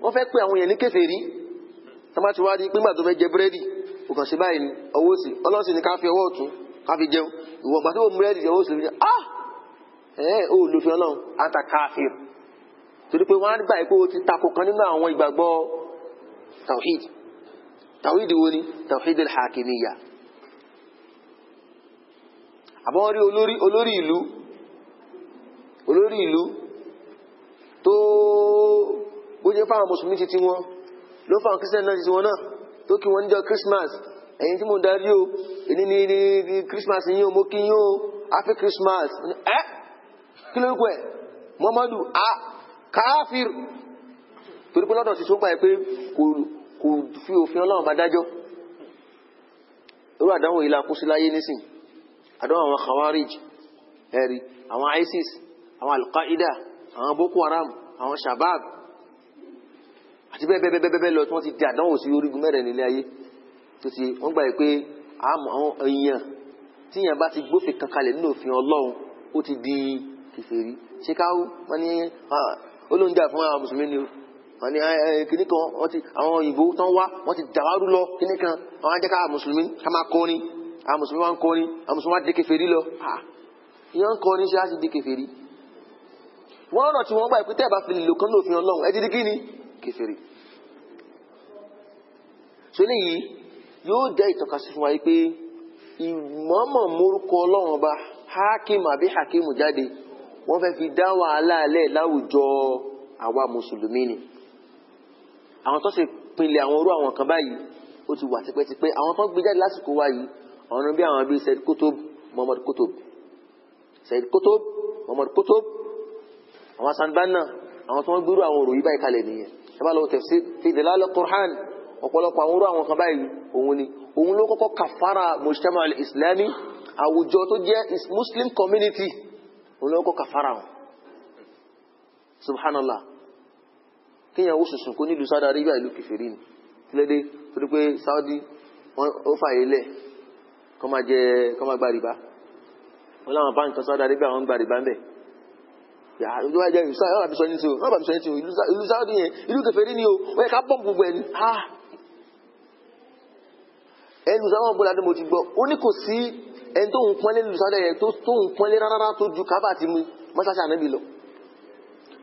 wọ́n fẹ́ pé àwọn èèyàn ní kèfèrí tọ́mà ti wá di pé fẹ́ jẹ búrẹ́dì sí báyìí ọwọ́ sí ni ká fi ọwọ́ ọ̀tún ká fi jẹun ìwọ̀n ọwọ́ sí ah o ọlọ́run torí pé wọ́n kan nínú olórí ìlú tó bójú fáwọn mùsùlùmí ti ti wọn ló fáwọn christian náà ti ti wọn náà tó kí wọn níjọ́ christmas ẹ̀yin tí mo darí o èyí ni ni christmas yín o mo kí yín o happy christmas ẹ kí ló kọ ẹ muhammadu a káfíìr torí pé lọ́dọ̀ tuntun pa ẹ pé kò fi òfin ọlọ́run bá dájọ́ irú àdánwò yìí la kó sí láyé nísìn àdánwò àwọn khawarij ẹ̀rí àwọn isis àwọn alqaida àwọn boko haram àwọn shabab àti bẹ́ẹ̀ bẹ́ẹ̀ bẹ́ẹ̀ bẹ́ẹ̀ lọ tí wọ́n ti di àdánwò sí orígun mẹ́rin nílé ayé tó ti wọ́n gbà pé àwọn èèyàn tí èèyàn bá ti gbófin kankalẹ̀ nínú òfin ọlọ́run ó ti di kèfèrí ṣé ká wọ́n ní olóńjà fún àwọn mùsùlùmí ni wọ́n ní kíní kan wọ́n ti àwọn òyìnbó tán wá wọ́n ti dàwárú lọ kíní kan àwọn ajẹ́ká mùsùlùmí ká máa kọrin àwọn mùsùlùmí wá ń kọrin àwọn mùsùlùmí wá di kèfèrí lọ ìyẹn kọrin ṣe á sì di kèfèrí wọ́n rọ̀ tí wọ́n gbà ìpítẹ́ bá fi lò kán lófin ọlọ́run ẹdí dígí ni kèfèrè so léyìí yóò jẹ́ ìtọ́kasí fún wa pé ìmọ̀ọ́mọ̀ mórúkọ ọlọ́run ọba hakim àbí hakim jáde wọ́n fẹ́ fi dá wàhálà alẹ́ láwùjọ àwa mùsùlùmí ni àwọn tó ṣe pinlẹ̀ àwọn orú àwọn kan báyìí ó ti wà tipẹ́tipẹ́ àwọn kan gbé jáde lásìkò wa yìí ọ̀run bí àwọn bíi Said Qutb Muhammad Qutb Said Qutb Muhammad Qutb àwọn sanbanna àwọn tí wọ́n gbúrú àwọn òròyìn báyìí kalẹ̀ nìyẹn ẹ bá lọ tafsir fi Dilal al-Qur'an ọ̀pọ̀lọpọ̀ àwọn orú àwọn kan báyìí òun ni òun ló kọ́kọ́ kàfàrà mujtama al-islami àwùjọ tó jẹ́ muslim community òun ló kọ́kọ́ kàfàrà wọn subhanallah kíyàn ó sùsùn kó nílùú Saudi Arabia ìlú kìfèrí ni tílédé torí pé Saudi ó fàyè lẹ̀ kọ́ máa jẹ kọ́ máa gba rìbá wọn láwọn báńkì Saudi Arabia wọn gba ń bẹ̀ ìjọ ẹjẹ ìlúsá ọ̀rọ̀ àbísọ ní ti o ọ̀rọ̀ àbísọ ní ti o ìlúsá ọdún yẹn ìlú kèfèrí ni o wọ́n yẹ ká bọ́ọ̀mù gbogbo ẹni ha ẹni ìlúsá wọn bọ́lá ni mo ti gbọ́ ó ní kò sí ẹni tó ń pọ́nlé ìlúsá yẹn tó ń pọ́nlé rárá tó ju kábà ti mu mọ́ṣáṣá ànábì lọ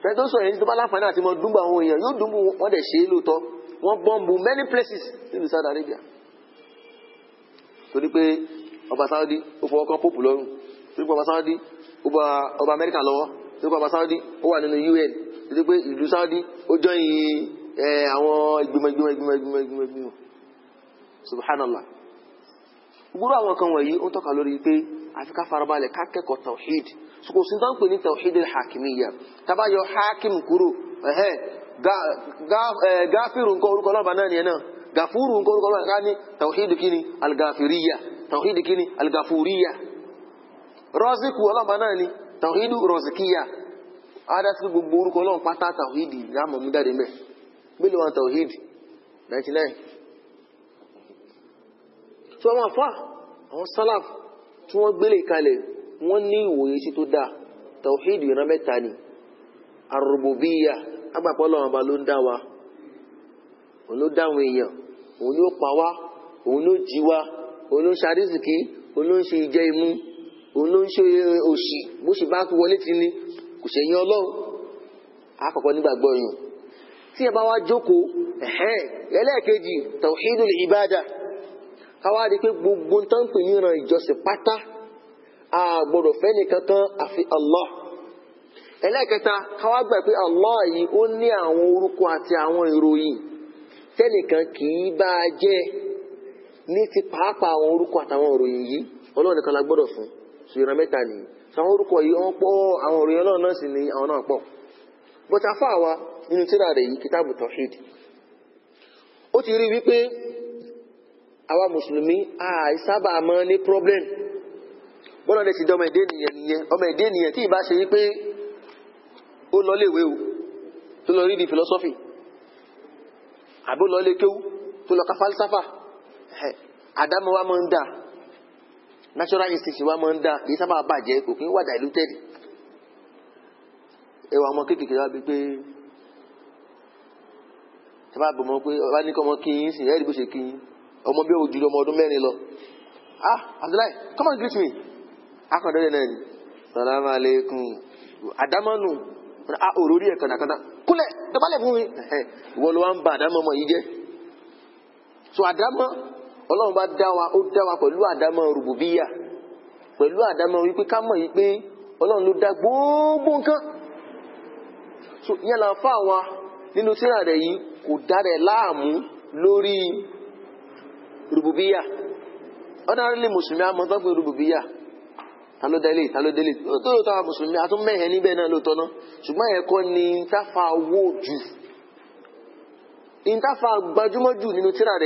fẹ́ tó sọ yẹn tó bá láǹfààní àti mọ dúnbà àwọn èèyàn yóò dúnbù wọn dẹ̀ ṣe é lóòótọ́ wọ́n bọ́ǹbù many places nílùú Saudi Arabia torí pé ọba Saudi ó fọwọ́ kan pope lọ́rùn torí pé ọba Saudi ó bá ọba Amẹ́ríkà lọ́wọ́ nípa ọba Saudi ó wà nínú UN títí pé ìlú Saudi ó jọyìn àwọn ìgbìmọ̀ ìgbìmọ̀ ìgbìmọ̀ ìgbìmọ̀ ìgbìmọ̀ ìgbìmọ̀ subhanallah gbúrú àwọn kan wọ̀nyí ó tọ́ka lórí pé àfi ká farabalẹ̀ ká kẹ́kọ̀ọ́ tawhid sùkò sí dáńpé ní tawhid al-hakimiyya yọ hakim kúrò gáfírù nǹkan orúkọ lọ́ba náà nìyẹn náà gàfúrù nǹkan orúkọ lọ́ba ká tawhid kíni al tawhid kíni al rọ́síkù ọlọ́ba náà ni tàwídù rọ̀sìkíyà ada sí gbogbo orúkọ ọlọ́run pátá tàwídì láàmú mú jáde mẹ́ gbélé wọn tàwídì 99 so àwọn àfá àwọn sálàf tí wọ́n gbélé kalẹ̀ wọ́n ní ìwòye sí tó dáa tàwídì ìran mẹ́ta ni arububiyya agbàpọ̀ ọlọ́run ọba ló ń dá wa òun ló dáwọn èèyàn òun ló pa wá òun ló jí wá òun ló ṣe àrísìkí òun ló ń ṣe ìjẹ imú òun ló ń ṣe òṣì bó ṣe bá wọlé ti ní kò ṣẹ̀yìn ọlọ́run àkọ́kọ́ nígbàgbọ́ yìí tí ẹ bá wá jókòó ẹlẹ́ẹ̀kejì tawhidul ibada káwá gbogbo ń tán pè níran ìjọsìn pátá a gbọ́dọ̀ àfi Allah pé Allah yìí ó ní àwọn orúkọ àti àwọn ìròyìn tẹ́nìkan kì í bá a jẹ́ ní ti pàápàá àwọn orúkọ ọlọ́run nìkan la fún sèrè mẹ́ta nìyí sàwọn orúkọ yìí wọ́n pọ̀ àwọn òròyìn ọlọ́run náà sì ni àwọn náà pọ̀ bọ́tà fáwa nínú tíra rẹ̀ yìí kìtàbù tọ́hídì ó ti rí wípé àwa mùsùlùmí àìsábà máa ní problem bọ́lá rẹ̀ ti dọ́ ọmọ ẹ̀dẹ́ nìyẹn nìyẹn ọmọ ẹ̀dẹ́ nìyẹn tí ìbá ṣe wípé ó lọ léèwé o tó lọ rí di philosophy àbó lọ lé kéwú tó lọ ka falsafa àdámọ́ wa máa ń dáa natural instinct wa máa ń dá kì í sábà bàjẹ́ kò kí ń wà diluted ẹwà ọmọ kékeré wa bíi pé ẹ bá bọ̀ mọ́ pé ọba ní kọ́ ọmọ kí yín sìn ẹ́ẹ̀dì bó ṣe kí yín ọmọ bí òjò ọmọ ọdún mẹ́rin lọ ah Abdullahi come and greet me akọ̀dọ́dẹ náà ni salamu aleykum àdámánu a òrórí ẹ̀ kànàkànà kúlẹ̀ dọ́bálẹ̀ fún mi ìwọ ló wá ń ba àdámọ́ ọmọ yìí jẹ́ so àdámọ́ ọlọ́run bá dá wa ó dá wa pẹ̀lú àdámọ́ rùbùbíyà pẹ̀lú àdámọ́ wípé ká mọ̀ yìí pé ọlọ́run ló dá gbogbo nǹkan so yẹn la fa wa nínú síra rẹ̀ yìí kò dá rẹ̀ láàmú lórí rùbùbíyà mùsùlùmí ta mùsùlùmí níbẹ̀ náà lóòótọ́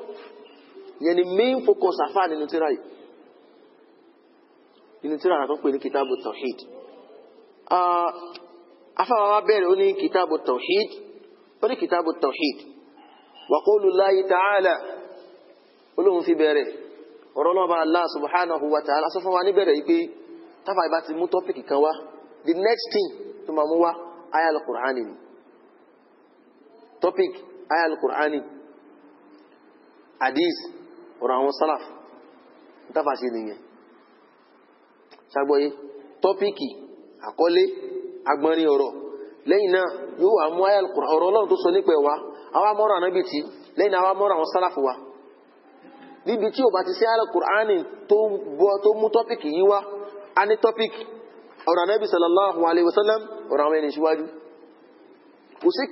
yẹn ni main focus àfa nínú tíra yìí nínú tíra àtọ́ pé ní kitabu tawhid afa wa bẹ̀rẹ̀ ó ní kitabu tawhid ó ní kitabu tawhid wa qawlu Allahi ta'ala olóhùn fi bẹ̀rẹ̀ ọ̀rọ̀ náà bá Allah subhanahu wa ta'ala sọ fún wa níbẹ̀rẹ̀ yìí pé tábà ìbá ti mú tọ́pìkì kan wá the next thing tó máa mú wá aya al ni topic aya al-Qur'an hadith ọ̀rọ̀ àwọn sálàf dábàá ṣe nìyẹn ṣàgbọ́yé ọ̀rọ̀ náà yóò wà mú ayélu ọ̀rọ̀ ọlọ́run tó sọ nípa ẹ̀wá àwọn náà àwọn àwọn wa níbi tí ò bá ti ayélu tó tó mú yìí wá sallallahu alayhi àwọn ẹni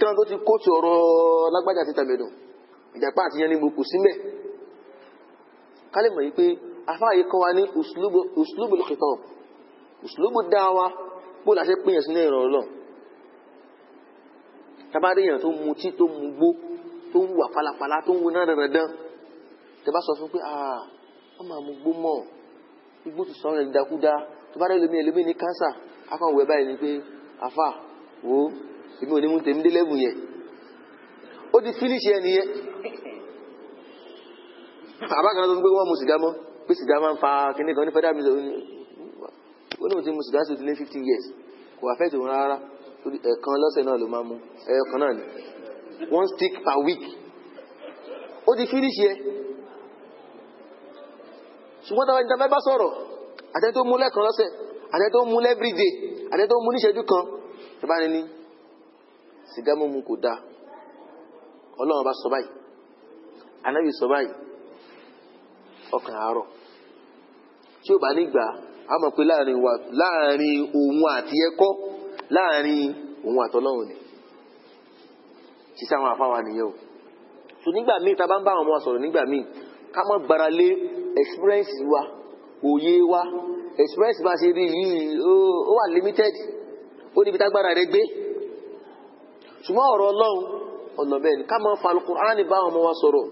kan tó ti kóòtù lágbájá ti ìjàpá àti yẹn ni kálí mọ̀ yìí pé afáàyè kan wa ní uslubu khitab uslubu dáwà bó la ṣe pín yẹn sí ní ìrọ̀rùn lọ. tábàdé yẹn tó mutí tó mugbó tó ń wà pálapàla tó ń wo náà dandan tẹ bá sọ fún pé aa wọ́n máa mugbó mọ́ igbó ti sọ̀rọ̀ ìdákúdá tábàdé lómi ẹlòmíì ní kánsà akọ̀wé wẹ̀ báyìí ni pé afa wo èmi ò ní mú tèmi délẹ́gùn yẹn ó ti finish yẹn nìyẹn àbá kan tó ń gbé wọ́n mu sìgá mọ́ pé sìgá máa ń fa kíní kan ní federal music ó ní òun ti mu sìgá sí fifteen years kò affect òun rárá ẹ̀ẹ̀kan lọ́sẹ̀ náà ló máa mu ẹ̀ẹ̀kan náà ni one stick per week ó di finish yẹ ṣùgbọ́n táwọn ìjàmbá bá sọ̀rọ̀ àtẹ́ tó mú lẹ́ẹ̀kan lọ́sẹ̀ àtẹ́ tó mú every day àtẹ́ tó mú níṣẹ́jú kan ìbá ni ní sìgá mímu kò dáa ọlọ́run bá sọ báyìí anábì sọ báyìí ọkàn àárọ̀ tí ó bá nígbà a mọ̀ pé láàrin òun àti ẹ̀kọ́ láàrin òun àtọ́lọ́run ni ṣiṣẹ́ àwọn àfáwà nìyẹn o so nígbà míì tá a bá ń bá àwọn ọmọ wa sọ̀rọ̀ nígbà míì ká má gbára lé experience wa òye wa experience bá ṣe rí yìí ó wà limited ó níbi tágbára rẹ gbé ṣùgbọ́n ọ̀rọ̀ ọlọ́run ọ̀nà bẹ́ẹ̀ ni ká má fa Al-Qur'ani bá àwọn ọmọ wa sọ̀rọ̀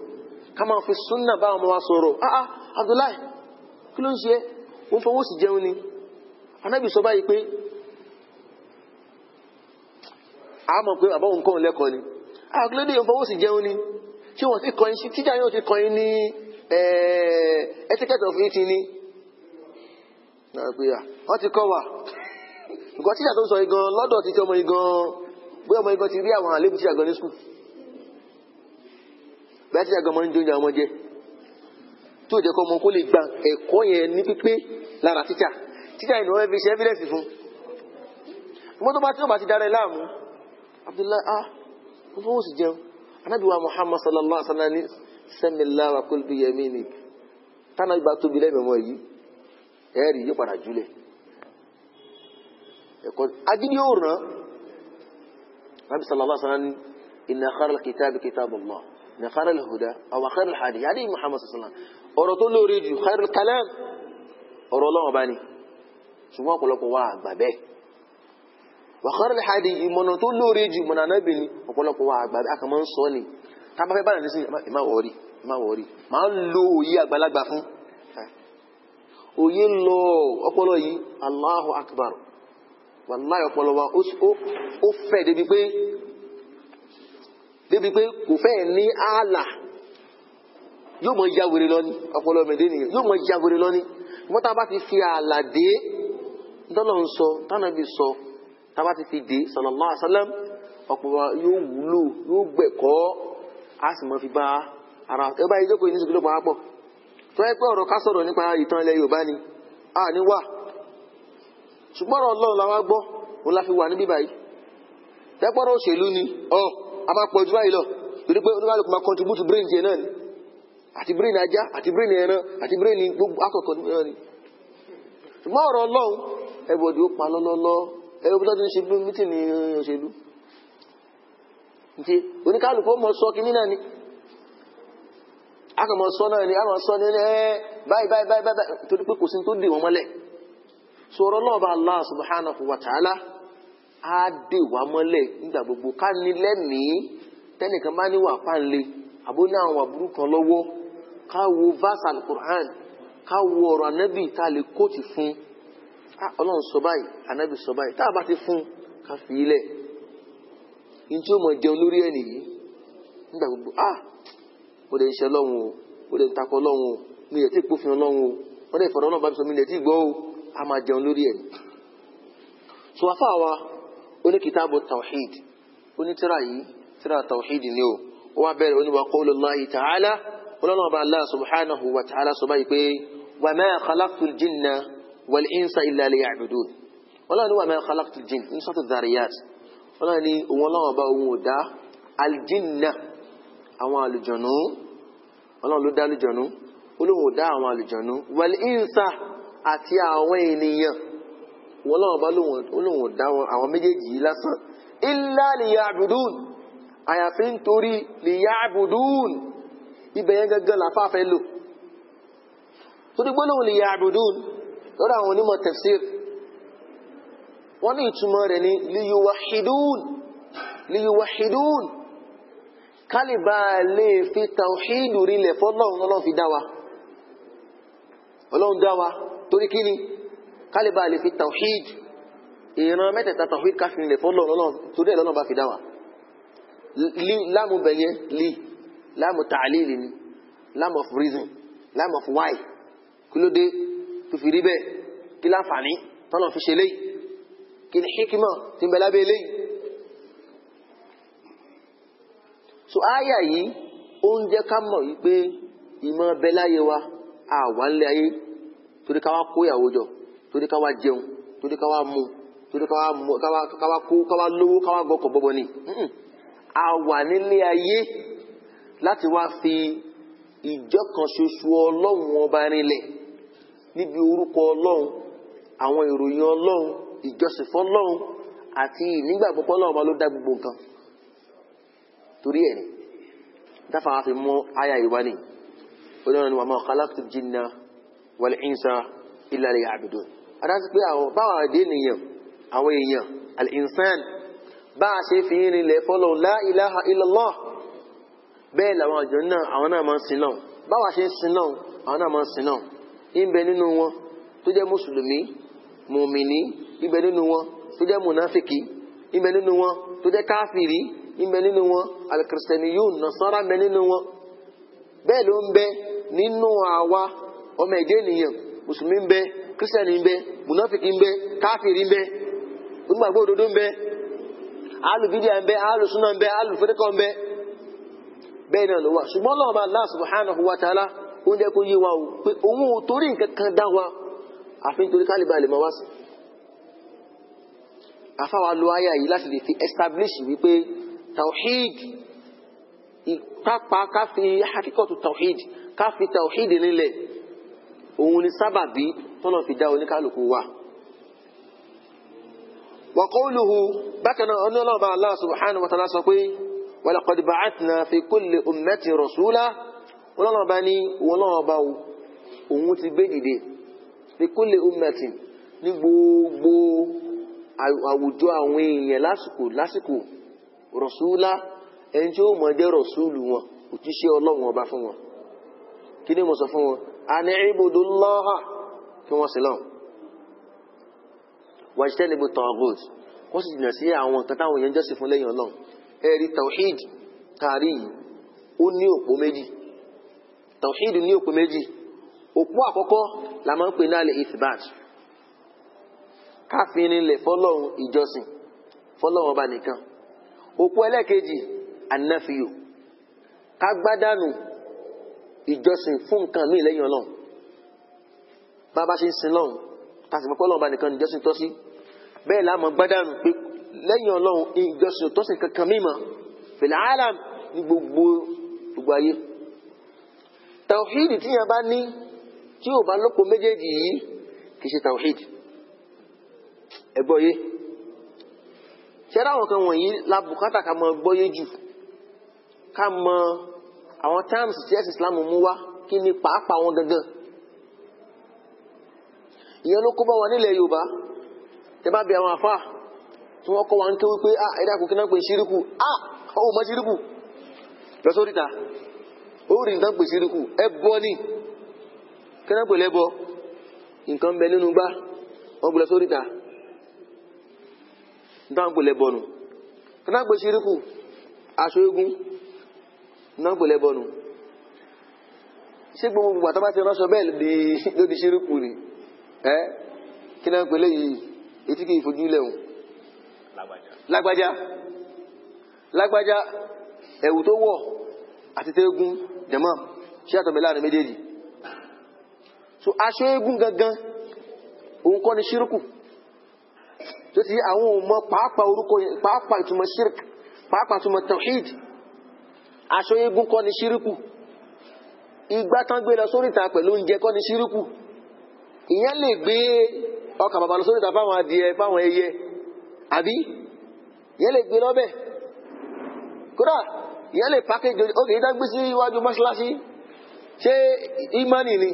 kama ofisi fi bá ọmọ wa sọ̀rọ̀ ah, ah Abdullahi kí ló ń ṣe ni anabi sọ báyìí pe a mọ̀ pe bàbá nko kọ́hún ni àkílódé òun fọwọ́ sí jẹun ni tí ah, wọ́n ti kọyìn sí tíjà yóò ti kọyìn ní etiquette of eating ni wọ́n ti kọ́ wa nǹkan tíjà sọ igan lọ́dọ̀ títí ọmọ igan bóyá ọmọ igan ti rí àwọn àlébù tíjà gan bí a ti dàgbà ọmọ ní oúnjẹ ọmọ jẹ tí ò jẹ́ kọ́ ọmọ kó lè gba ẹ̀kọ́ yẹn ní pípé lára tíjà tíjà yìí ni wọ́n fi ṣe evidence fún ṣùgbọ́n tó bá tí ó bá ti dára ẹ láàmú Abdullahi ah mo fọwọ́ sí jẹun anábìwá Muhammad sallallahu alaihi wa sallam ní sẹ́mìlá wa kó bí yẹmí ni tánà ìgbà tóbi lẹ́mẹ̀mọ́ yìí ẹ̀rì yóò padà jùlẹ̀ ẹ̀kọ́ agídí sallallahu alaihi wa sallam ní inna khairal kitabi kitabullah نفعنا الهدى أو خير الحديث يعني محمد صلى الله عليه وسلم أرطول ريجو خير الكلام ọ̀rọ̀ ọlọ́run bá ní ṣùgbọ́n ọ̀pọ̀lọpọ̀ wa àgbà bẹ́ẹ̀ wàhálà lè hadi ìmọ̀nà tó lóore jù mọ̀nà anábì ni ọ̀pọ̀lọpọ̀ wa àgbà bẹ́ẹ̀ àkàmọ́ ń sọ ni tábà fẹ́ báyìí nísìnyí ìmá wọ̀ọ́rì ìmá wọ̀ọ́rì máa ń lo òye àgbàlagbà fún òye ń lọ ọpọlọ yìí Allahu Akbar wàláyé ọpọlọ wa ó fẹ̀ débi pé débi pé kò fẹ́ẹ̀ ní ààlà yóò mọ ya wèrè lọ ní ọpọlọ mẹdẹ nìyẹn yóò mọ ya wèrè lọ tá a bá ti fi ààlà dé ntọ́nà ń sọ tánà bí sọ tá a bá ti fi dé sallallahu alaihi wasallam ọpọlọ yóò wúlò yóò gbẹ̀kọ́ a sì mọ fi bá ara ẹ báyìí jókòó yìí ní sùkúlù pa á pọ̀ tó yẹ pé ọ̀rọ̀ ká sọ̀rọ̀ nípa ìtàn ilẹ̀ Yorùbá ni a ní wà ṣùgbọ́n ọ̀rọ̀ Ọlọ́run làwọn gbọ́ òun la fi wà níbí báyìí tẹ́pọ̀rọ̀ òṣèlú ni ọ̀ a máa pọ̀ ju báyìí lọ torí pé oníkàlùkù máa contribute brain tiẹ̀ náà ni àti brain ajá àti brain ẹran àti brain gbogbo akọkọ náà ni. ṣùgbọ́n ọ̀rọ̀ ọlọ́run ẹ̀bọ̀dì ó pa lọ́lọ́lọ́ ẹ̀rọ bí wọ́n ṣe bí mítìnì eh, òṣèlú nti oníkálùkù ọmọ sọ kìíní náà ni akọmọ sọ náà ni àwọn sọ ní ẹ eh, báyìí báyìí báyìí torí pé kò sí tó dè mọ́lẹ̀ sọ̀rọ̀ náà bá á dè wá mọ́lẹ̀ nígbà gbogbo ká ní lẹ́mìí tẹ́nìkan bá ní wà páńlé àbó ní àwọn àbúrú kan lọ́wọ́ ká wo verse alukur'an ká wo ọ̀rọ̀ anabi tá a lè kóòtù fún ọlọ́run sọ báyìí anabi sọ báyìí tá a bá ti fún ká fi ilẹ̀ yín tí ó mọ̀ jẹun lórí ẹ̀ nìyí nígbà gbogbo ah mo lè ṣe lọ́wọ́ o mo lè takọ lọ́wọ́ o mi lè ti kófin lọ́wọ́ o wọ́n lè fọ̀rọ̀ náà bá mi sọ mi lè ti gbọ́ o a máa jẹun lórí ẹ̀ so afáwa ó ní kìtàbù tawhid ó ní tíra yìí tíra tawhid ni o ó wá bẹ̀rẹ̀ oníwà qawlu Allahi ta'ala ọlọ́run bá Allah subhanahu wa ta'ala sọ báyìí pé wa ma khalaqtul jinna wal insa illa liya'budun ọlọ́run ní wa ma khalaqtul jinn ní sọ́tù dhariyat ọlọ́run ní òun ọlọ́run bá òun aljinna àwọn àlùjọ̀nù ọlọ́run ló dá àlùjọ̀nù olóhùn ò dá àwọn àlùjọ̀nù wal insa àti àwọn ènìyàn ṣùgbọ́n lọ́wọ́ bá lóhùn dá wọn àwọn méjèèjì yìí lásán illa liya'budun àyàfi nítorí liya'budun ibẹ̀ yẹn gángan làfáàfẹ́ lò torí gbólóhùn liya'budun lọ́dọ̀ àwọn onímọ̀ tafsir wọ́n ní ìtumọ̀ rẹ̀ ní liyuwahidun liyuwahidun kálíbà lè fi tawhidu rinlẹ̀ fọ́lọ́run ọlọ́run fi dá wa ọlọ́run dá wa torí kí kálíbà lè fi tawhid ìran mẹ́tẹ̀ẹ̀ta tawhid káfíń lè fọ́ lọ́nà torí ẹ̀ lọ́nà bá fi dá wa láàmú bẹ̀yẹ lì láàmú tààlìlì ni láàmú of reason láàmú of why kí ló dé tó fi rí bẹ́ẹ̀ kí láǹfààní tọ́nà fi ṣe léyìí kí ni hikima ti ń bẹ lábẹ́ léyìí. so àyà yìí ó ń jẹ́ ká mọ̀ yìí pé ìmọ̀ bẹ láyé wa àwa ńlẹ̀ ayé torí ká wá kó ìyàwó jọ torí ká wá jẹun torí ká wá mu torí ká wá mu ká wá kó ká wá lówó ká wá gbọ́kọ̀ bọ́bọ́ ni a wà nílé ayé láti wá fi ìjọ kan ṣoṣo ọlọ́run ọba rinlẹ̀ níbi orúkọ ọlọ́run àwọn ìròyìn ọlọ́run ìjọsìn fọlọ́run àti ìnígbàgbọ́pọ̀ ọlọ́run ọba ló dá gbogbo nǹkan torí ẹ̀ dáfà wá fi mú àyà ìwá ni olórin wa ma khalaqtu jinna wal insa illa liya'budun adásí pé àwọn báwọn àdé nìyàn àwọn èèyàn al-insan bá a ṣe fi ń rinlẹ̀ fọ́lọ́ la ilaha illallah bẹ́ẹ̀ làwọn àjọ náà àwọn náà máa ń sin náà báwa ṣe ń sin náà àwọn náà máa ń sin náà ìbẹ nínú wọn tó jẹ́ mùsùlùmí mùmìnì ìbẹ nínú wọn tó jẹ́ mùnáfìkì ìbẹ nínú wọn tó jẹ́ káfìrí ìbẹ nínú wọn alikiristaniyun nasara bẹ nínú wọn bẹ́ẹ̀ ló ń bẹ nínú àwa ọmọ ẹ̀dẹ́ ènìyàn mùsùlùmí ń kristian mbe munafiki mbe kafiri mbe mgbagbo ododo mbe alùbídíà mbe alùsúnà mbe alùfẹ́dẹ́kọ̀ mbe bẹ́ẹ̀ náà ló wà ṣùgbọ́n lọ́wọ́ Allah subhanahu wa ta'ala ó yé wa o pé òun ò torí nǹkan kan dá wa àfi nítorí kálíbà lè wá sí lo yìí láti lè fi establish wípé tawhid tawhid tawhid nílẹ̀ òun ni sábàbí tọ́lọ̀ fi dá oníkálukú wa wa qawluhu bákan náà ọlọ́ọ̀bá Allah subhanahu wa ta'ala sọ pé wa laqad ba'athna fi kulli ummatin rasula ọlọ́ọ̀bá ní ọlọ́ọ̀bá òun ti gbé dìde fi kulli ummatin ní gbogbo àwùjọ àwọn èèyàn lásìkò lásìkò rọ̀súlá ẹni tí ó mọ̀ jẹ́ rọ̀súlù wọn òtíṣẹ́ ọlọ́run ọba fún wọn kí ni mo sọ fún wọn àní ibùdó lọ́hà kí wọ́n sí lọ́n wàjítẹ́ níbi tọ́gùt kó sì jìnà sí àwọn nǹkan táwọn èèyàn jọ́sìn fún lẹ́yìn ọlọ́run ẹ̀rí tawhid tààrí yìí ó ní òpó méjì tawhid ní òpó méjì òpó àkọ́kọ́ la máa ń pè náà lè ithbat káfíń nílẹ̀ fọlọ́run ìjọsìn fọlọ́run ọba nìkan òpó ẹlẹ́ẹ̀kejì anáfíò kágbádànù ìjọsìn fún nǹkan míì lẹ́yìn ọlọ́run bàbá ṣe ń sin lọ́hùn tàbí pé ọlọ́run bá nìkan ìjọsìn tọ́sí bẹ́ẹ̀ láàmú gbádànù pé lẹ́yìn ọlọ́run ìjọsìn tọ́sí kankan mímọ́ fil alam ní gbogbo gbogbo ayé tàwíìdì tíyàn bá ní tí ò bá lọ́pọ̀ méjèèjì yìí kì í ṣe tàwíìdì ẹgbọ́ yé ṣẹ́dá àwọn kan wọ̀nyí la bùkátà ká mọ gbọ́ yé jù ká mọ àwọn táàmù sí ẹ̀sìn Islam mú wá kí ni pàápàá wọn gangan ìyẹn kó bá wa nílẹ̀ yorùbá tẹ bá bẹ àwọn àfa tí wọ́n kọ́ wa ń ké wípé ah ẹ̀dá kò kíná pé ah ọ̀hún ah, mọ́ ṣíríkù lọ sórí ó rí nǹkan pè ṣíríkù ẹ bọ́ ni kíná pè lẹ́bọ nǹkan bẹ nínú gbá wọ́n gbé lọ sórí siriku nǹkan nù kíná ẹ kí náà pèlè yìí etí kì í fojú ilẹ̀ o lágbájá lágbájá ẹ̀wù tó wọ̀ àti tẹ́gùn jẹ̀mọ́ ṣé àtọ̀mẹ́ láàrin méjèèjì so aṣọ eégún gangan òun kọ́ ni ṣírùkù tó ti àwọn ọmọ pàápàá orúkọ pàápàá ìtumọ̀ ṣírùkù pàápàá ìtumọ̀ tawhid aṣọ eégún kọ́ ni ṣírùkù igbá tán gbé lọ sóríta pẹ̀lú oúnjẹ kọ́ ni ṣírùkù ìyẹn lè gbé ọkà bàbá lọ sórí ìta fáwọn adìẹ fáwọn ẹyẹ àbí ìyẹn lè gbé lọ́bẹ̀ kódà ìyẹn lè pàkéjì ókè ìdágbé sí iwájú mọ́ṣáláṣí ṣé ìmánì ni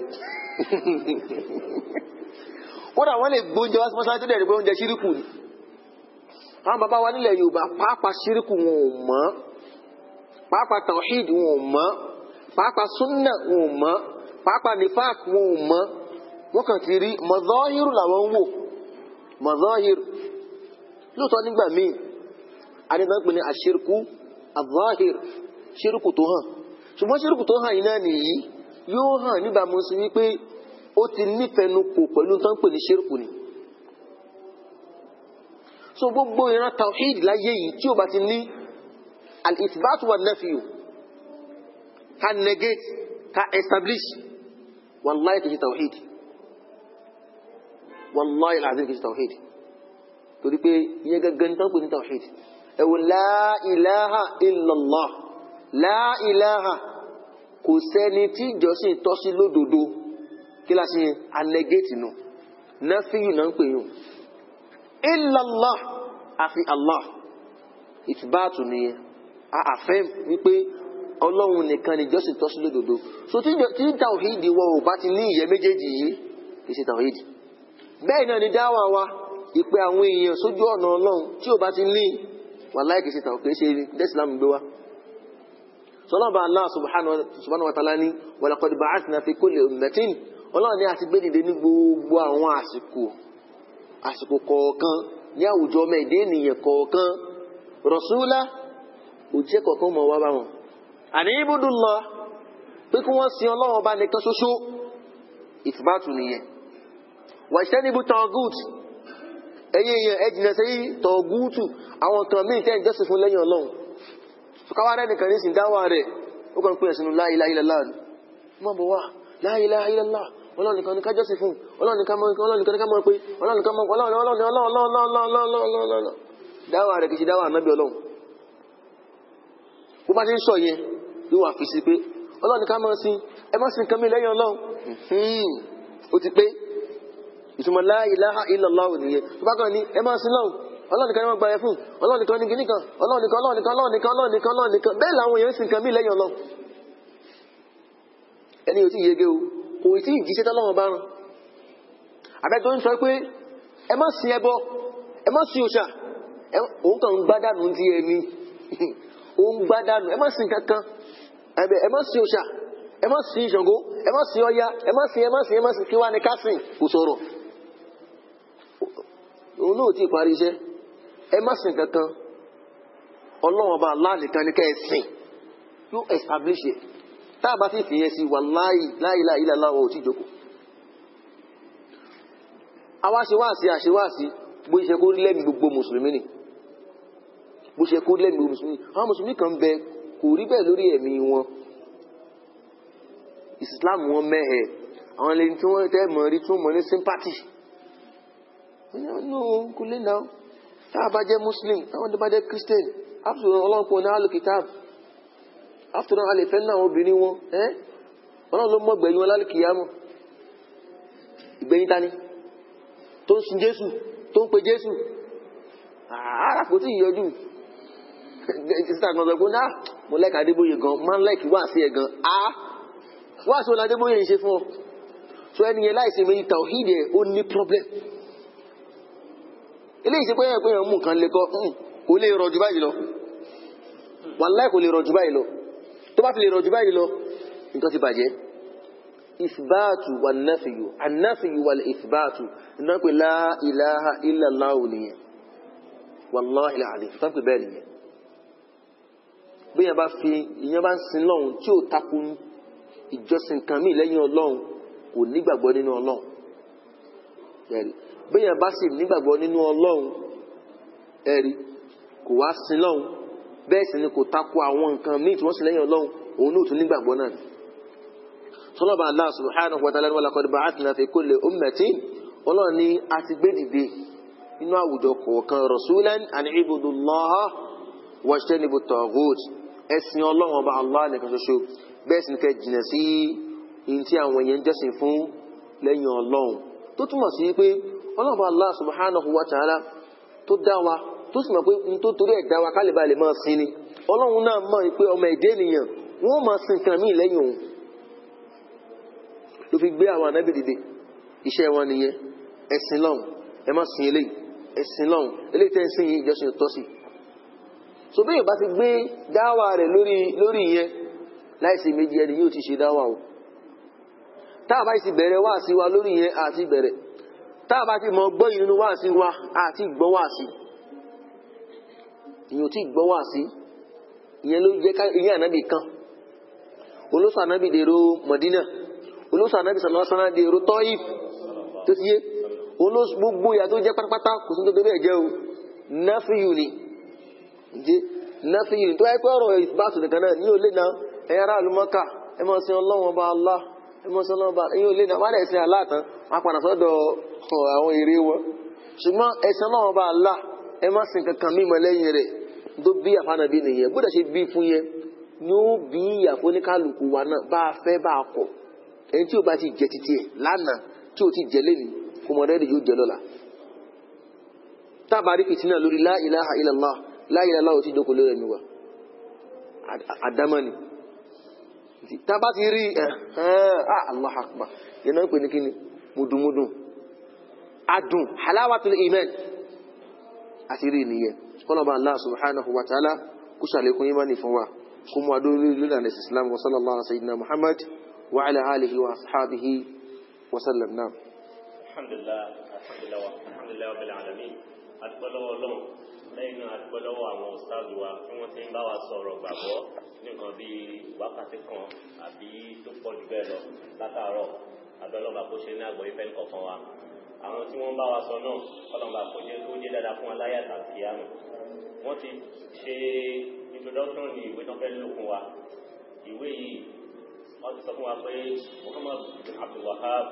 kódà wọ́n lè gbóúnjẹ wá sí mọ́ṣáláṣí tó dẹ̀ ní pé oúnjẹ ṣírìkù ni àwọn bàbá wa nílẹ̀ yorùbá pàápàá ṣírìkù wọn ò mọ̀ pàápàá tawhid wọn ò mọ̀ pàápàá sunna wọn ò mọ̀ pàápàá nifaq wọn ò mọ̀ wọ́n kàn ti rí mọ̀zọ́hírù làwọn ń wò mọ̀zọ́hírù lóòótọ́ nígbà míì adéńtàn pè ní àṣírkú àzọ́hírù ṣírkù tó hàn ṣùgbọ́n ṣírkù tó hàn yìí náà nìyí yóò hàn níbàámu sí wípé ó ti nífẹ̀ẹ́nukò pẹ̀lú tó ń pè ní ṣírkù ni so gbogbo ìran tawhid láyé yìí tí o bá ti ní al-ithbat wa nafiyu ka negate ka establish wallahi kìí tawhid wàláyé làzín kìí tawhid torí pé yẹ gẹ́gẹ́ ní tọ́pù ní tawhid ẹ̀wọ̀n láìláha illallah láìláha kò sẹ́ni tí ìjọsìn tọ́ sí lódodo kí láti yẹn anẹgẹ́tì nù náfíyù náà ń pè yùn illallah àfi allah ìtìbáàtù nìyẹn àfẹ́ wípé ọlọ́run nìkan ni ìjọsìn tọ́ sí lódodo so tí tawhid wọ ò ti ní ìyẹ́ méjèèjì yìí kì í ṣe tawhid bẹ́ẹ̀ náà ni dáwà wa ìpè àwọn èèyàn sójú ọ̀nà ọlọ́run tí ò bá ti ní wàláì kìí ṣe tàn kìí ṣe dẹ́sìlám gbé wa sọlọ́ba Allah subhanahu wa ta'ala ni walaqad ba'athna fi kulli ummatin ọlọ́run ni a ti gbé dìde ní gbogbo àwọn àsìkò àsìkò kọ̀ọ̀kan ní àwùjọ ọmọ èdè ènìyàn kọ̀ọ̀kan rọ̀ṣúlá òjíṣẹ́ kọ̀ọ̀kan mọ̀ wá bá wọn. àní ibùdó lọ pé kí wọ́n sin ọlọ́run ọba nìkan ṣoṣo ìtìbátù nìyẹn wàṣẹ́nibú tọ́gùtù ẹ̀yin èèyàn ẹ jìnà sí tọ́gùtù àwọn kan míì tẹ́ ń jọ́sìn fún lẹ́yìn ọlọ́run káwárẹ́ nìkan ní sìndáwà rẹ̀ ó kàn pé ẹ̀sìn la ilaha illallah mọ́ bọ̀ wá la ilaha ọlọ́run nìkan ní ká jọ́sìn fún ọlọ́run nìkan mọ́ pé ọlọ́run nìkan mọ́ ọlọ́run ọlọ́run dáwà rẹ̀ kì í ṣe dáwà ànábì ọlọ́run bó bá ti ń sọ ìtumọ̀ la ilaha illallah nìyẹn tó bá kàn ní ẹ máa sin lọ́hùn ọlọ́run nìkan ẹ máa gba ẹ fún ọlọ́run nìkan ní kìnnìkan ọlọ́run nìkan ọlọ́run nìkan bẹ́ẹ̀ làwọn èèyàn o kò tí ì jíṣẹ́ tọ́lọ́run bá rán abẹ́tọ́ ń sọ pé ẹ má sin ẹbọ ẹ má sin òṣà òun kàn ń ti òun kankan ẹ má sin òṣà ẹ má sin ẹ má sin Ọya ẹ má sin ẹ má sin ẹ òun náà ti parí iṣẹ́ ẹ má sìn kankan ọlọ́run ọba aláàlì kan ní ká ẹ sìn yóò establish it tá a bá sì fìyẹn sí wà láì láì láì láì láwọn ò tí jókòó. àwa ṣèwáàsí àṣewáàsí bó ṣe kó lẹ́nu gbogbo mùsùlùmí ni bó ṣe kó lẹ́nu gbogbo mùsùlùmí àwọn mùsùlùmí kan bẹ kò rí bẹ́ẹ̀ lórí ẹ̀mí wọn ìsìláàmù wọn mẹ́hẹ̀ẹ́ àwọn ẹni tí wọ́n tẹ́ mọ̀ rí tí mọ̀ ní sympathy. No, kò lè náà tá a bá muslim táwọn tó bá jẹ́ christian after all ọlọ́run pọ̀ ní alùkìtàb after all alẹ́ fẹ́ náà obìnrin wọn ẹ́ ọlọ́run ló mọ̀ gbẹ̀yìn wọn lálùkìyàmọ̀ ìgbẹ̀yìn tani tó ń sin jésù tó ń pe jésù àràpò tí ìyọjú sísá kan sọ pé náà mo lẹ́ka adébóyè gan máa ń lẹ́kì wá sí ẹ̀ gan á wá sí wọn adébóyè ń ṣe fún ọ so ẹni yẹn láìsí méjì tàwíìdì ẹ ó ní problem. eléyìí ṣe pé ẹ̀pẹ́ yẹn mú nǹkan lè kọ́ hmm, kò lè rọ̀jù báyìí lọ wàláì kò lè rọ̀jù báyìí lọ tó bá fi lè rọ̀jù báyìí lọ nǹkan ti bàjẹ́ ìfìbáàtù wà náfìyù ànáfìyù wà ìfìbáàtù náà pé la ilaha illa Allah nìyẹn wàláì láàrin tó bẹ́ẹ̀ nìyẹn bá fi ìyẹn bá ń sin lọ́hùn tí ò takun ìjọsìn kan lẹ́yìn kò nígbàgbọ́ nínú bẹ́yàn bá sì nígbàgbọ́ nínú ọlọ́run ẹ̀rí kò wá sin lọ́hùn bẹ́ẹ̀ sì ni kò tako àwọn nǹkan míì tí wọ́n sì lẹ́yìn ọlọ́run òun náà tún nígbàgbọ́ náà ni. sọlọ́ba Allah subhanahu wa ta'ala wa laqad ba'athna fi kulli ummatin ọlọ́run ni a ti gbé dìde nínú àwùjọ kọ̀ọ̀kan rasulan an ibudullaha wajtanibu taghut ẹ̀sìn ọlọ́run ọba Allah nìkan ṣoṣo bẹ́ẹ̀ sì ni kẹ́ jìnà sí ihun tí àwọn èèyàn jẹ́sìn fún lẹ́yìn ọlọ́run tó túmọ̀ sí pé ọlọ́run bá Allah subhanahu wa ta'ala tó dá wa tó sì mọ̀ pé n tó torí ẹ̀ dá wa kálíbà lè máa sin ni ọlọ́run náà mọ̀ pé ọmọ ẹ̀dẹ́ ènìyàn wọ́n máa sin nǹkan míì lẹ́yìn òun ló fi gbé àwọn ànábì dìde iṣẹ́ wọn nìyẹn ẹ̀sìn lọ́hùn ẹ má sin eléyìí ẹ̀sìn lọ́hùn eléyìí tẹ́ ń sìn yìí ìjọsìn tọ́ sí so bí ìbá ti gbé dáwà rẹ̀ lórí ìyẹn láìsí méjì ẹni yóò ti ṣe dáwà o tá a bẹ̀rẹ̀ wá sí wa lórí ìyẹn àti bẹ̀rẹ̀ táàbá ti mọ̀ gbọ́ ìrìnnú wá sí wa àti gbọ́ wá sí ìyẹn ò tí gbọ́ wá sí ìyẹn ló jẹ́ ká ìyẹn ànábì kan olóṣù ànábì dèrò Mọ̀dínà olóṣù ànábì sàlọ́sánà dèrò Tọ́yìf tó ti yé olóṣù gbogbo ìyà tó jẹ́ pátápátá kò sí tó tó bẹ́ẹ̀ jẹ́ o náfíyù ni jẹ́ náfíyù ni tó yẹ pé ọ̀rọ̀ ìbáṣù nìkan náà ní olè náà ẹ̀yà ará àlùmọ́kà ẹ̀ mọ̀ sí ọlọ́wọ́n bá Allah ẹ̀ mọ̀ sí ọlọ́wọ́n bá ẹ̀yìn olè náà wọ́n dẹ̀ sin aláàtàn wọn àwọn èrè wọn ṣùgbọ́n ẹ̀sìn náà bá là ẹ má sìn kankan mímọ lẹ́yìn rẹ̀ tó bí àfànàbí nìyẹn bó dẹ̀ ṣe bí fún yẹn ni ó bí ìyàfó ní kálukú wa náà bá a fẹ́ bá a kọ̀ ẹni tí o bá ti jẹ títí ẹ̀ lánàá tí o ti jẹ lẹ́nu kò mọ̀ rẹ́ẹ̀dì yóò jẹ lọ́la tábàárí fìtínà lórí la ilaha illallah la ilaha illallah ò ti jókòó lórí ẹ̀mí wa àdámọ́ni tábà ti rí ẹ̀ ẹ̀ ah, Allah akbar yẹn náà ń pè ní kíni mùdùmùdù adùn halawatul iman àti rí nìyẹn kọ́nà bá Allah subhanahu wa ta'ala kó ṣàlékún imani fún wa kó mú adó lónà islam wa sallallahu alaihi sayyidina muhammad wa ala alihi wa ashabihi wa sallam náà. alhamdulillah alhamdulillah alhamdulillah wa bil alamin adúgbòlówó lóhùn lẹ́yìn náà adúgbòlówó àwọn ọ̀sáàlù wa tí wọ́n ti ń bá wa sọ̀rọ̀ kó ṣe ní àgbọ̀ ìfẹ́ nìkan wa àwọn tí wọ́n bá wa sọ náà ọlọ́mọba kò jẹ́ tó jẹ́ dáadáa fún aláyà àti àmì wọ́n ti ṣe introduction ní ìwé tó fẹ́ lókun wa ìwé yìí wọ́n ti sọ fún wa pé Muhammad Abdul Wahab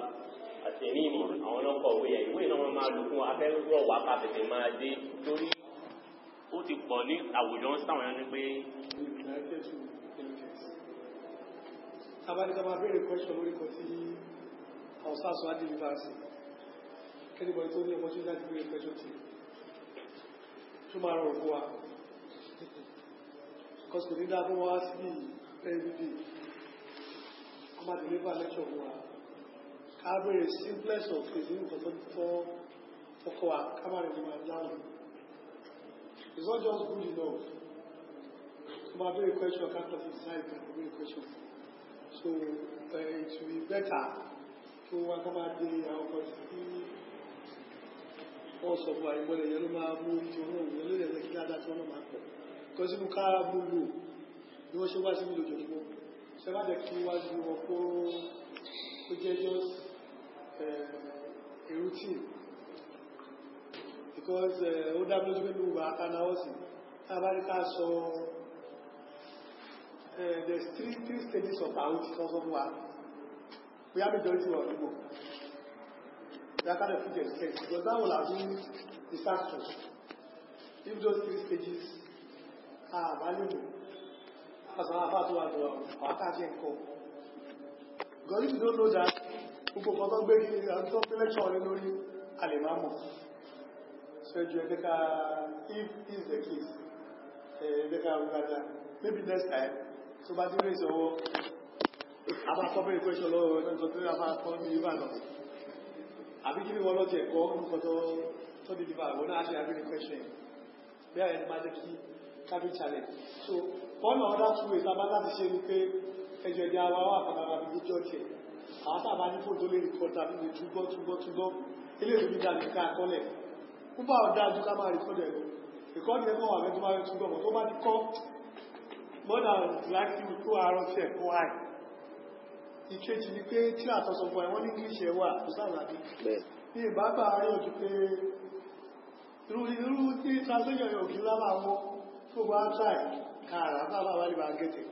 àti ẹni àwọn ọlọ́kọ̀ òwe yẹn ìwé náà wọ́n máa lò fún wa afẹ́ rọ̀ wá ká tètè máa dé torí ó ti pọ̀ ní àwùjọ ń sáwọn ẹni pé. abánikà máa béèrè kọ́ṣọ́ lórí kan tí ọ̀sán sọ adé ní bá anybody tó ní opportunity láti bí question to ṣó máa rọrùn fún wa because kò ní dá fún wa sí every day kó máa deliver lecture fún wa ká bẹ̀rẹ̀ simplest of things nínú nǹkan tó fọ́kọ́ wa ká máa rẹ̀ ní máa dáhùn it's not just good enough kó máa bẹ̀rẹ̀ question ká kọ́ sí side ká bẹ̀rẹ̀ question so uh, it will be better kí wọ́n wá ká máa dé àwọn kan wọ́n sọ fún àìgbọ́dẹ̀ yẹn ló máa mú ìṣòro òun ló lè rẹ̀ kí dáadáa tí wọ́n náà máa pọ̀ kọ́ sí mú ká gbogbo ni wọ́n ṣe wá sí ìlú òjòjúmọ́ ṣe má jẹ́ kí wá ju wọn kó ó jẹ́ just a routine because ó dá lójú pé gbogbo àkánáwọ́ sí tá a bá rí ká sọ there's three three stages of our house fọ́sọ́fún wa we have majority of people Dakar of Future State, because that will have been disastrous if those three stages are valuable as an apart to our party and core. Because if you don't know that, gbogbo kan tó gbé kí ẹni tó fi lẹ́ṣọ̀ rẹ lórí àlèmámọ̀ ṣẹ́jú ẹ̀dẹ́ka if is the case ẹ̀ẹ́dẹ́ka rúgbàdá maybe next time tó bá dín ní ìṣòwò abá sọ pé ìpéṣọ lọ́wọ́ ẹ̀ẹ́dẹ́ka tó ní abá sọ ní ìbàdàn àbí kí ni wọ́n lọ́tí ẹ̀kọ́ nǹkan tó bí dìbà àwọn náà ṣe question bí àyẹ̀ ní máa jẹ́ kí kábí challenge so one of that two ways abá láti ṣe ni pé ẹjọ́ ẹ̀dẹ̀ àwa wà fún ara bíbí jọ́ tiẹ̀ àwọn sábà ní fòtó lè record àbí lè túbọ̀ túbọ̀ túbọ̀ ilé ìlú gíga lè ká kọ́lẹ̀ púpà ọ̀dá ju ká máa record ẹ̀ lọ ìkọ́ni ẹ̀kọ́ wà tó máa túbọ̀ mọ́ tó bá ti kọ́ more to àárọ̀ sí ìkéjì ni pé tí àtọ́sọ̀pọ̀ ẹ̀wọ́n ní English ẹ̀ wà tó sáàlàbí ní ìbábà ayọ̀jú pé irú tí translation yóò kí lábà mọ́ tó bá try kààrà bàbá wà nípa gẹ́tẹ̀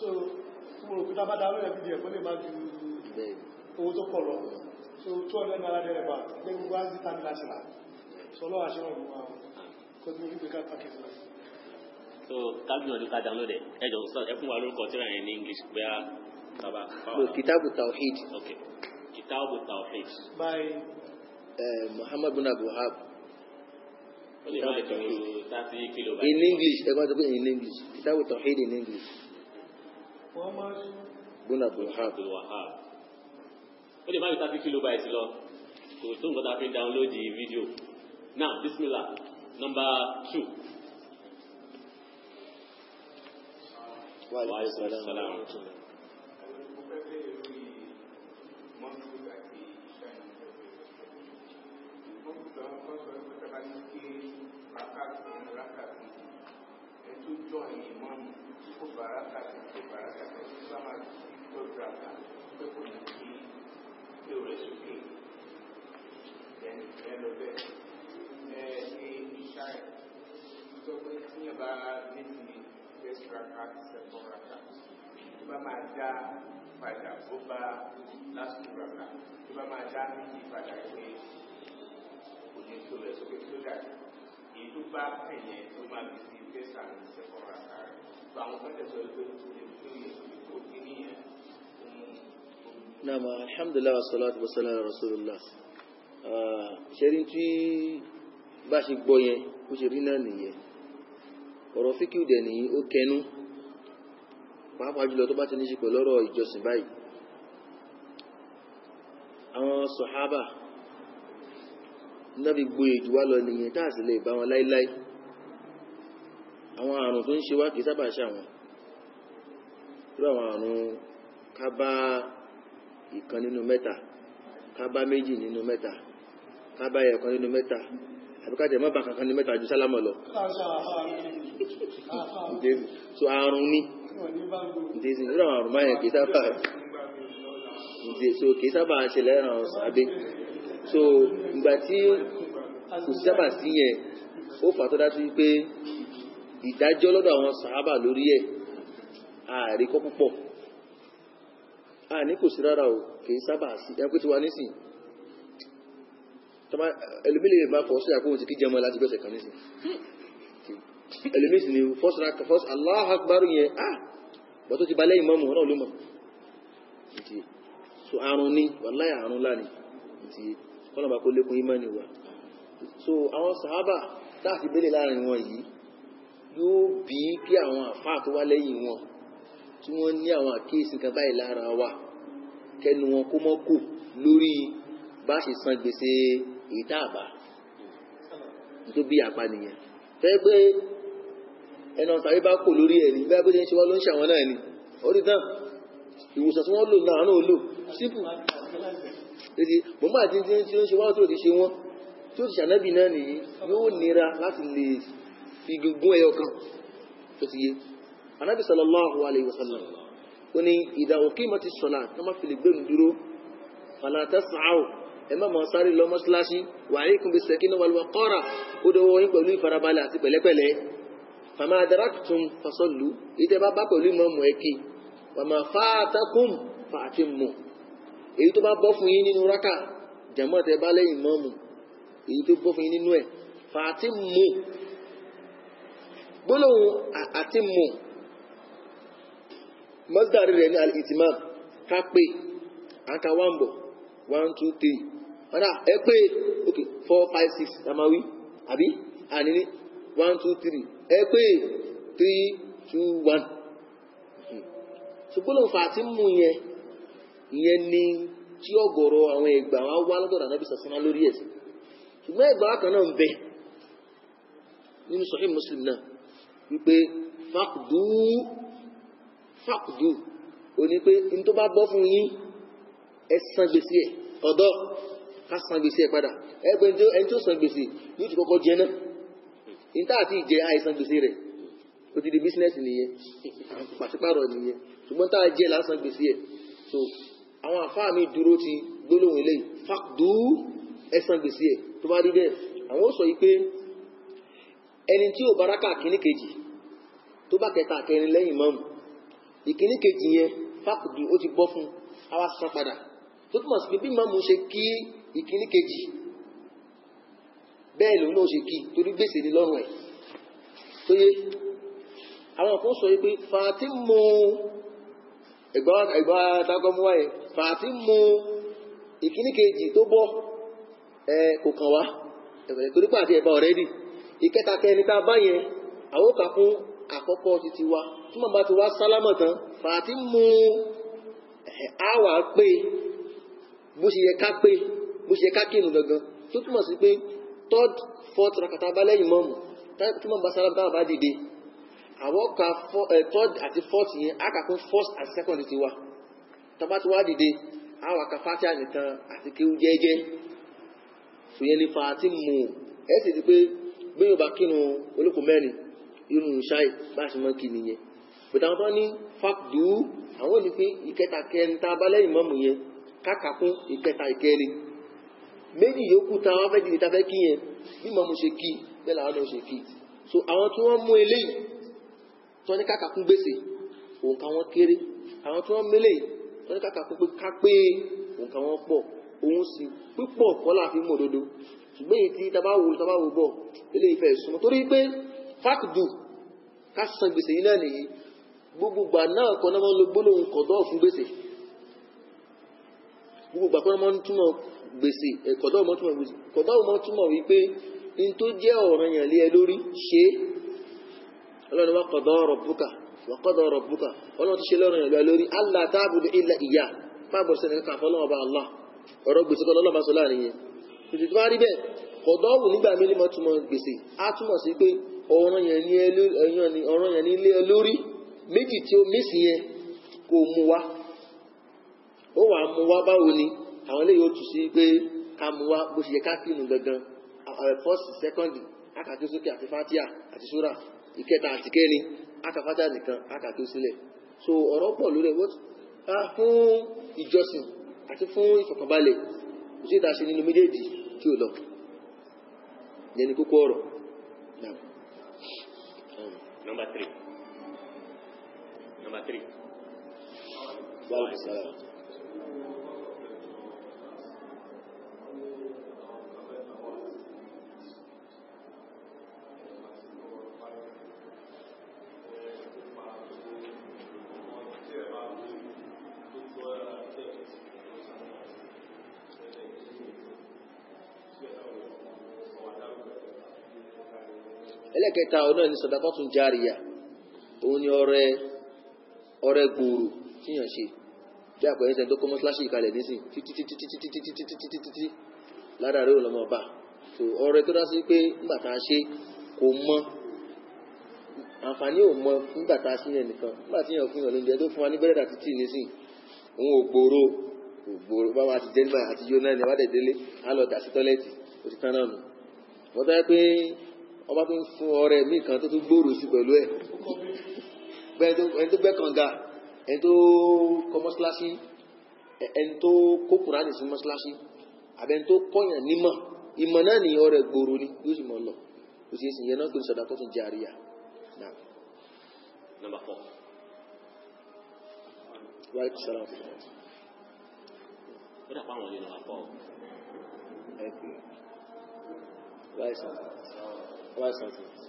so gbogbo òkúta bá dáwọ́ ẹ̀bí díẹ̀ fún lè má ju owó tó pọ̀ lọ so tó ọ̀nà náà rẹ̀ bá lé gbogbo ázi tàbí láti là so lọ́wọ́ àṣẹ wọn wà kó ní ìgbé ká pàkíyèsí lọ. so kábíyàn ní ká download ẹ ẹjọ sọ ẹ fún wa lórúkọ tíra yẹn ní English bóyá bàbá fáwọn. kitabu tawhid. okay, kitabu tawhid. by Muhammad bin Abdul Wahab. ó lè máa jọ ní thirty kilo. in English ẹ gbọ́dọ̀ pé in English kitabu tawhid in English gbóná tó ha tó wà ha ó lè má bí thirty kilobytes lọ kò tó nǹkan tá a fi download the video now bismillah number two. wàhálà tó jọ ìyẹn mọ́ mi tí kò bàrà kàtà tí kò bàrà kàtà tí bá máa tó dra kà pé kò ní kí pé o rẹ̀ sókè ẹni ẹ lọ bẹ́ẹ̀ ẹ ṣe ìṣá ẹ̀ tó pé tí yẹn bá níbi ní best raka second raka tó bá máa dá padà ó bá last raka tó bá máa dá méjì padà pé kò ní tó rẹ̀ sókè tó dà èyí tó bá pè yẹn tó máa fi sí kẹsà ní ìṣẹ̀kọ́ rárá rẹ̀ gba àwọn fẹ́lẹ̀ sọ pé ètò ìyẹ̀kọ́ kí ni ẹ̀ Naam alhamdulillah wa salatu wa salam ala rasulillah. Ah, Ṣẹ́rí tí bá ṣe gbọ́ yẹn, ó ṣe rí náà nìyẹn. Ọ̀rọ̀ fíkìú dẹ̀ nìyí ó kẹnu. Pàápàá jùlọ tó bá ti ní ṣe pẹ̀lú ọ̀rọ̀ ìjọsìn báyìí. Àwọn sọ̀hábà náà fi gboyè jù wá lọ nìyẹn táà sì lè bá wọn láíláí àwọn àrùn tó ń ṣe wá kìí sábà ṣe àwọn irú àwọn àrùn ká bá ìkan nínú mẹ́ta ká bá méjì nínú mẹ́ta ká bá ẹ̀kan nínú mẹ́ta àbí ká tẹ̀mọ́ bá kankan nínú mẹ́ta ju sálámọ̀ lọ. so àrùn ni irú àwọn àrùn báyẹn kìí sábà kìí sábà ṣe lẹ́ràn àbí so ìgbà tí kò sábà sí yẹn ó fà tó dájú pé ìdájọ́ lọ́dọ̀ àwọn sàábà lórí ẹ̀ ààrí kọ́ púpọ̀ a ní kò sí rárá o kìí sábà sí ẹkùn tí wà nísìn ẹlòmílẹ̀ lè máa fọ́sọ́ ìyàkó ti kí jẹmọ́ láti gbẹ̀sẹ̀ kan nísìn ẹlòmísìn ni fọ́sọ́ra fọ́sọ́ Allahu Akbar yẹn a bọ́ tó ti balẹ̀ ìmọ̀mù náà ló mọ̀ so àrùn ni wàláyà àrùn láni kọ́nà bá kó lékún ìmọ̀ ni wà so àwọn sàábà táàfi bẹ́lẹ̀ láàrin wọn yìí yóò bí kí àwọn àfáà tó wá lẹ́yìn wọn tí wọ́n ní àwọn àkíyèsí kan báyìí lára wa kẹnu wọn kó mọ́ kù lórí bá ṣe san gbèsè èyí tá a bá tó bí àpá nìyẹn fẹ́ pé ẹnu ọ̀sàwé bá kò lórí ẹ̀ ní bí wọ́n ṣe wọ́n ló ń ṣàwọn náà ni orí náà ìwòsàn tí wọ́n lò náà náà lò sípù èdè bọ́mbà tí ó ń ṣe wọ́n tó ti ṣe wọ́n tó ti ṣànábì náà nìyí yóò nira láti lè igi gún ẹyọ kan tó ti yé anábì sallallahu alayhi wa sallam ó ní ìdá òkè mọ́ ti sọ̀lá tó má fi lè gbẹ̀rù dúró fàlàtà sàáwò ẹ má máa sáré lọ mọ́ṣáláṣí wa alaykum bis sakinah wal waqara ó dọwọ́ yín pẹ̀lú ìfarabalẹ̀ àti pẹ̀lẹ́pẹ̀lẹ́ fama adraktum fasallu ìtẹ́ bá bá pẹ̀lú ìmọ̀ ọmọ ẹ̀kí wàmà fatakum fatimmu èyí tó bá bọ́ fún yín nínú rákà jàmọ́ tẹ bá lẹ́yìn mọ́mù èyí tó bọ́ fún yín nínú ẹ̀ fatimmu gbólóhùn àti mù mọ́sídàrí rẹ̀ ní al-itimam ká pé àka one two three ọ̀nà ẹ pé ok four five six àmàwí àbí àníní one two three ẹ pé three two one ṣùgbọ́n hmm. òǹfà àti mú yẹn ìyẹn ni tí ọ̀gọ̀rọ̀ àwọn ẹgbà wa wá lọ́dọ̀ ànábì sàṣánná lórí ẹ̀sìn ṣùgbọ́n ẹgbà wa kan náà ń bẹ nínú Sahih Muslim náà wípé fàkdú fàkdú ó ní pé n tó bá bọ́ fún yín ẹ san gbèsè ẹ ọ̀dọ́ ká san gbèsè ẹ padà ẹgbẹ́ ẹni tó san gbèsè yóò ti kọ́kọ́ jẹ náà níta àti ìjẹ àìsàn gbèsè rẹ̀ ó ti di bísínẹ́sì nìyẹn pàṣípàrọ̀ nìyẹn ṣùgbọ́n tá a jẹ lásán gbèsè ẹ̀ so àwọn àfáà mi dúró ti gbólóhùn eléyìí fàkdú ẹ̀sán gbèsè ẹ̀ tó bá rí bẹ́ẹ̀ àwọn ó sọ yìí pé ẹni tí ò baraka kìnní kejì tó bá kẹta kẹrin lẹ́yìn mọ́mù ìkíní kejì yẹn fákùdù ó ti bọ́ fún awa san padà tó túmọ̀ sí bí mọ́mù ṣe kí ìkíní kejì bẹ́ẹ̀ lòun ṣe kí torí gbèsè ni lọ́rùn ẹ̀ tó yé àwọn kan sọ pé mu fàtí mu ìkíní kejì tó bọ́ ẹ kò kàn wá ìkẹta kẹni tá a bá yẹn àwọn kà fún àkọ́kọ́ títí wa tí màmá ti wá sálámọ̀ tán fàtí mú àwà pé bó ṣe yẹ ká pé bó ṣe yẹ ká kírun gangan tó túmọ̀ sí pé third fourth rakata bá lẹ́yìn mọ́mù tí màmá sálámọ̀ tá a bá dìde àwọn third àti fourth yẹn á kà fún first àti second títí wa tá a bá ti wá dìde àwà kà fàtí ànìkan àti kéwú jẹ́jẹ́ sòyẹn ní fàtí mú ẹ̀ sì ti pé bí yóò bá kínu olóko mẹ́rin irú ṣáì bá ṣe máa ń kí nìyẹn bùtà wọn bá ní fàkdù àwọn ní pé ìkẹta kẹrin tá a bá lẹ́yìn mọ́mù yẹn kákàkún ìkẹta ìkẹrin méjì yòókù tá a fẹ́ dìde tá fẹ́ kí yẹn bí mọ́mù ṣe kí bẹ́ẹ̀ làwọn náà ṣe kí so àwọn tí wọ́n mú eléyìí tó ní kákàkún gbèsè òǹkà wọn kéré àwọn tí wọ́n mélèé tó ní kákàkún pé ká pé òǹkà wọn pọ̀ òun sì pípọ̀ kọ́ láàfin mòdodo ṣùgbọ́n èyí tí tabá wò tabá wò bọ̀ ilé ìfẹ́ ìsúnmọ́ torí pé fákìdù ká san gbèsè yìí náà nìyí gbogbo gbà náà kọ́ náà máa ń lo gbólóhùn kọ̀dọ̀ fún gbèsè gbogbo gbà kọ́ náà máa ń túmọ̀ gbèsè kọ̀dọ̀ máa ń túmọ̀ gbèsè kọ̀dọ̀ máa ń túmọ̀ wípé n tó jẹ́ ọ̀ranyàn lé ẹ lórí ṣe ọlọ́run wa qada rabbuka wa qada rabbuka ọlọ́run ti ṣe lọ́ranyàn lé ẹ lórí Allah ta'budu tòtí tó bá rí bẹ́ẹ̀ kọ̀dọ́wù nígbà mi ní mọ́ túmọ̀ gbèsè á túmọ̀ sí pé ọ̀ràn yẹn ní ilé lórí méjì tí ó mísì yẹn kò mú wá ó wàá mú wá báwo ni àwọn eléyìí ó tù sí pé ká mú wá bó ṣe yẹ ká kírun gangan àwọn first second akàkí sókè àti fatia àti sura ìkẹta àti kẹrin akàfatia nìkan akàkí sílẹ̀ so ọ̀rọ̀ pọ̀ lórí ẹ̀ ah, fún ìjọsìn àti fún ìfọ̀kànbalẹ̀ kò sí nínú méjèèjì. mchulo yani kukuoro naam number 3 number 3 wa alaikum ẹlẹ́ẹ̀kẹta ọ̀nà ní sadaqatun jariya òun ni ọrẹ ọrẹ gbòòrò tíyàn ṣe bí àpẹẹrẹ sẹ́ni tó kọ́ mọ́ṣáláṣí ìkàlẹ̀ nísìn títítítítítítítítítítítí ládàrí òun lọ́mọ ọba so ọrẹ tó dá sí pé nígbà tá a ṣe kò mọ àǹfààní ò mọ nígbà tá a ṣe yẹn nìkan nígbà tí yẹn fún yàn lóúnjẹ tó fún wa ní bẹ́rẹ̀ àti tíì nísìn ọba tó ń fún ọrẹ mi kan tó tún gbòòrò sí pẹ̀lú ẹ̀ ẹni tó gbẹ́ kànga ẹni tó kọ́ mọ́ṣáláṣí ẹni tó kó kùránì sí mọ́ṣáláṣí àbẹni tó kọ́yàn nímọ̀ ìmọ̀ náà ní ọrẹ gbòòrò ni yóò sì mọ̀ lọ kò sí èsì yẹn náà pẹ̀lú sọ̀dá kọ́tún jẹ́ àríyá náà. Number Thank you. Wàhálà kìsàlá licenses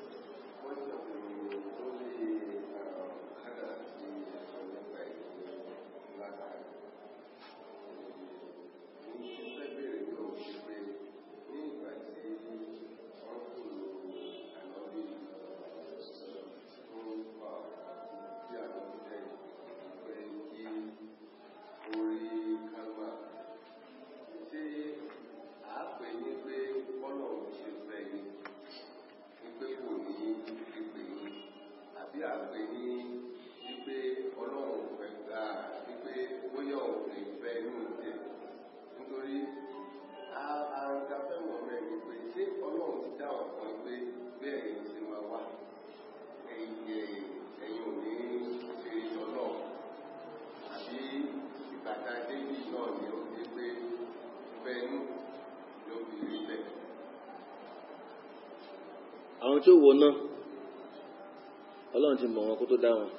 kó tó dá wọn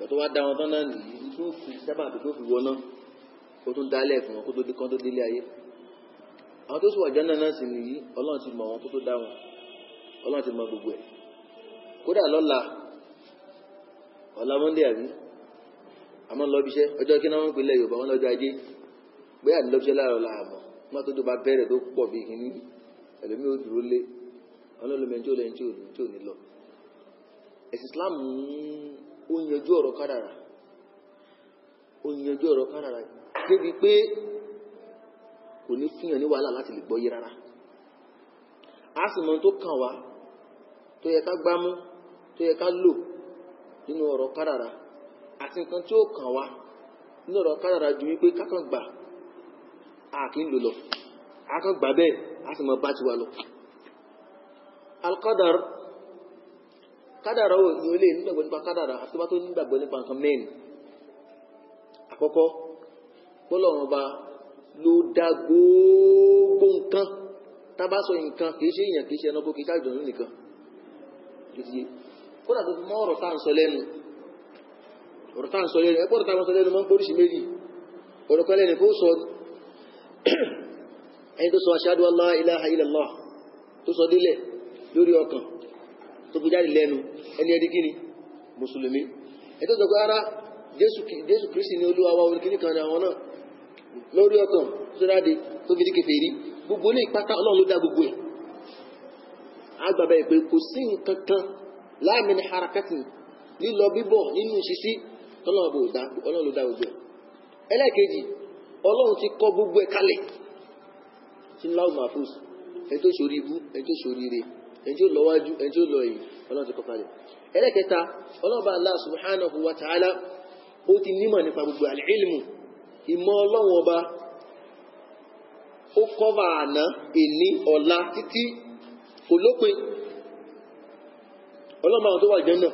bàtọ́ wá dá wọn tán náà nìyí tó fi sábà tó tó fi wọná ó tún dálẹ̀ fún wọn kó tó dé kán tó délé ayé àwọn tó sì wà jẹ́nà náà sì nìyí ọlọ́run ti mọ̀ wọn kó tó dá wọn ọlọ́run ti mọ̀ gbogbo ẹ̀ kódà lọ́la ọ̀la monday àbí àmọ́ ń lọ ibiṣẹ́ ọjọ́ kí náà wọ́n ń pè lẹ́yìn òbá wọn lọ́jọ́ ajé gbé àdìlọ́biṣẹ́ láàrọ̀ la àmọ́ má tó tó bá bẹ̀rẹ̀ tó pọ̀ bí kínní ẹlòmíì ó dúró lé ọlọ́lọ́mọ ẹni tí ò lẹ́ni tí ò ní lọ ẹ̀sìn Islam ó yanjú ọ̀rọ̀ kádàrà ó yanjú ọ̀rọ̀ kádàrà débi pé kò ní fihàn ní wàhálà láti lè gbọ́yé rárá a sì mọ tó kàn wá tó yẹ ká gbámú tó yẹ ká lò nínú ọ̀rọ̀ kádàrà àti nǹkan tí ó kàn wá nínú ọ̀rọ̀ kádàrà ju wípé kákan gbà a kì í lò lọ a gbà bẹ́ẹ̀ a sì mọ bá tiwa lọ. al-qadar kádàrà ò ní olè nígbàgbọ́ nípa kádàrà àti bá tó nígbàgbọ́ nípa nǹkan mẹ́rin àkọ́kọ́ pọ́lọ́run ọba ló dá gbogbo nǹkan tábà sọ nǹkan kìí ṣe èèyàn kìí ṣe ẹnabó kìí ṣàjọ ní nìkan kìí kódà tó fi mọ́ ọ̀rọ̀ tá à ń sọ lẹ́nu ọ̀rọ̀ tá à ń sọ lẹ́nu ẹgbọ́n tá à ń sọ lẹ́nu mọ́ ń póríṣi méjì ọ̀rọ̀ kan lẹ́nu kó sọ ẹni tó sọ ashadu Allah ilaha illallah tó sọ délẹ̀ lórí ọkàn tó fi jáde lẹ́nu ẹni ẹni kí mùsùlùmí ẹ̀tọ́ sọ ara jésù kristi ni olúwa wa orí àwọn náà lórí ọ̀tàn sódàdé tó fi díkẹ̀ fèrí gbogbo ní ìpátá ọlọ́run ló dá gbogbo ẹ̀ agbàbà ìpè kò sí nǹkan kan láàmì ní harakati lílọ bíbọ̀ nínú ìṣiṣí ọlọ́run ló dá gbogbo ẹni tí ó lọ wájú ó lọ yìí ọlọ́run ti subhanahu wa ta'ala ó ti nímọ̀ nípa gbogbo al ìmọ̀ ọlọ́run ọba ó kọ́va àná èní ọ̀la títí olópin ọlọ́run bá wọn tó wà jẹ́nà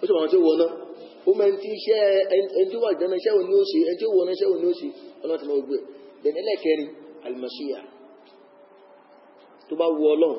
ó sì wà wọn tó wọ náà ó tí iṣẹ́ ẹni tó wà iṣẹ́ ó ṣe ẹni tó wọ náà iṣẹ́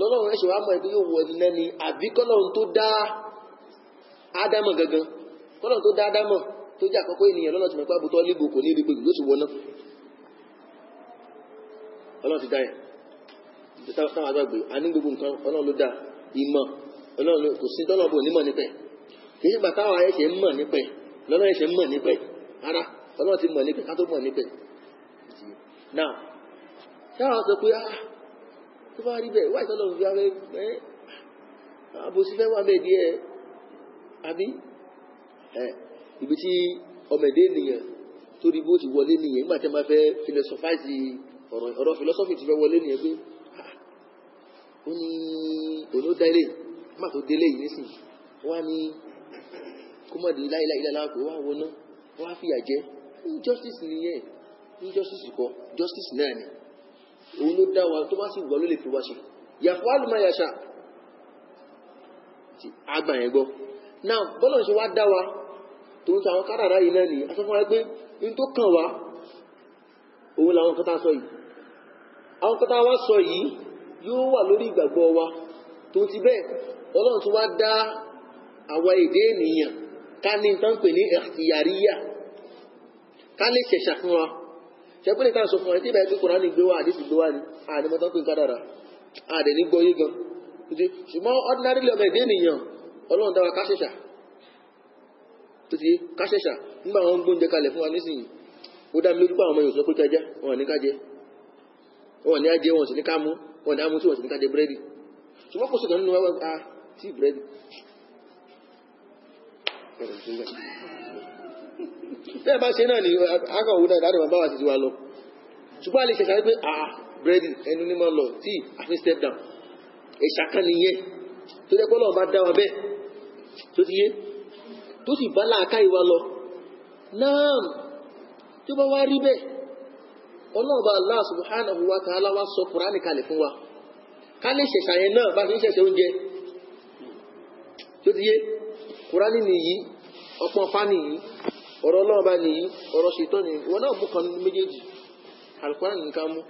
lọ́lọ́run ẹ̀ṣẹ̀ wa mọ̀ ẹ́ pé yóò wọ àbí kọ́lọ́run tó dá ádámọ̀ gangan kọ́lọ́run tó dá ádámọ̀ tó jẹ́ àkọ́kọ́ ènìyàn lọ́nà ti mo pa àbútọ́ kò ní ibi pé yóò sì ti dá yẹn táwọn a ní gbogbo nǹkan ọlọ́run ló dá ìmọ̀ ọlọ́run kò sí tọ́lọ́ bò nímọ̀ nípẹ̀ kì í ṣe táwọn tó bá rí bẹ́ẹ̀ wáyé tọ́lọ́run fi afẹ́ ẹ́ àbòsí fẹ́ wà bẹ́ẹ̀ díẹ̀ àbí ẹ eh, ibi tí ọmọ ẹ̀dẹ́ ènìyàn tó bó ti wọlé nìyẹn nígbà tí a máa fẹ́ filosofaisi ọ̀rọ̀ filosofi ti fẹ́ wọlé nìyẹn pé ah, ó ní òní ó délé má tó délé yìí nísìn wá ní kó mọ̀ dé wá wọná wá fìyà jẹ injustice nìyẹn injustice kọ́ justice náà ni. òun ló dá wa tó bá sì gbọ́ ló lè fi wá ṣe yàfọ́ àlùmọ́ yàṣà àgbà yẹn gbọ́ náà ṣe wá dá wa tó ń ta àwọn kádàrá yìí náà nìyí asọ́fún wa n tó kàn wá òun làwọn kan tá sọ yìí àwọn kan tá wá sọ yìí yóò wà lórí wa tó ti bẹ́ẹ̀ ọlọ́run tó wá dá àwa èdè ènìyàn ká ní nǹkan pè ní ẹ̀kìyàríyà ká ṣẹ́pẹ́lẹ̀ tá a sọ fún ẹ níbẹ̀ pé kùránì gbé wá àdìsí gbé wá ni àdìmọ́tán pé kádàrà àdìní gbọ́ yé gan ṣùgbọ́n ordinary lọ́mọ ẹ̀dẹ́ ọlọ́run ti káṣẹ̀ṣà nígbà wọn gbóúnjẹ kalẹ̀ fún wa nísìnyí ó dá mi lójú pa àwọn ọmọ ọ pé wọn ní ká bẹ́ẹ̀ bá ṣe náà ni akọ̀ òun náà ìdádùn bá wà sí wa lọ ṣùgbọ́n a lè ṣẹ̀ṣà pé ah bírẹ́dì ẹnu ní máa lọ tí àfi step down ẹ̀ṣà kan nìyẹn tó jẹ́ pọ́lọ́ bá dá wa bẹ́ẹ̀ tó ti yé tó sì bá láàká ìwà lọ náà tó bá wá rí bẹ́ẹ̀ ọlọ́ọ̀bá Allah subhanahu wa ta'ala wa sọ Kùránì kalẹ̀ fún wa ká lè ṣẹ̀ṣà yẹn náà bá fi ń ṣẹ̀ṣẹ̀ oúnjẹ tó ti yé Kùránì nìyí ọpọ́n fá ọ̀rọ̀ ọlọ́run bá nìyí ọ̀rọ̀ ṣètọ́ nìyí wọn náà mú kan nínú méjèèjì alukoran nìkan mú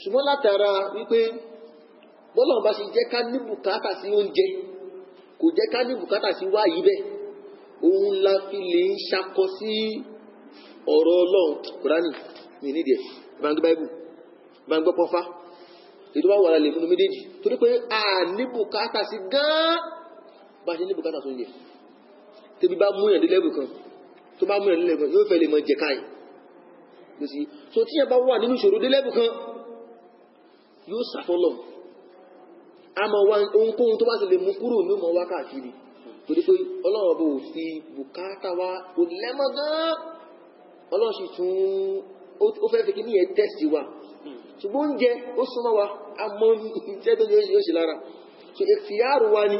ṣùgbọ́n látara wípé bọ́lọ̀ bá ṣe jẹ́ ká ní bùkátà sí oúnjẹ kò jẹ́ ká ní bùkátà sí wáyé bẹ́ẹ̀ òun la fi lè ń ṣakọ sí ọ̀rọ̀ ọlọ́run kúránì mi nídìí ẹ̀ gbangba báíbù gbangba pọ́fá ètò bá wàrà lè múnú méjèèjì torí pé a ní bùkátà sí gán bá ṣe ní bùkátà sí oúnjẹ tẹbi bá mú yàn tó bá múlẹ̀ nílẹ̀ yóò fẹ́ lè mọ jẹ káyì kò sí so tí yẹn bá wà nínú ìṣòro dé lẹ́bù kan yóò sàfọ́lọ̀ àmọ́ wa ohunkóhun tó bá ti lè mú kúrò ní ọmọ wá káàkiri torí pé ọlọ́run bò fi bùkátà wa kò lẹ́mọ́ gan-an ọlọ́run sì tún ó fẹ́ fi kí ní yẹn tẹ̀sí wa ṣùgbọ́n oúnjẹ ó súnmọ́ wa a mọ iṣẹ́ tó yóò ṣe lára so èsì yáàrù wa ni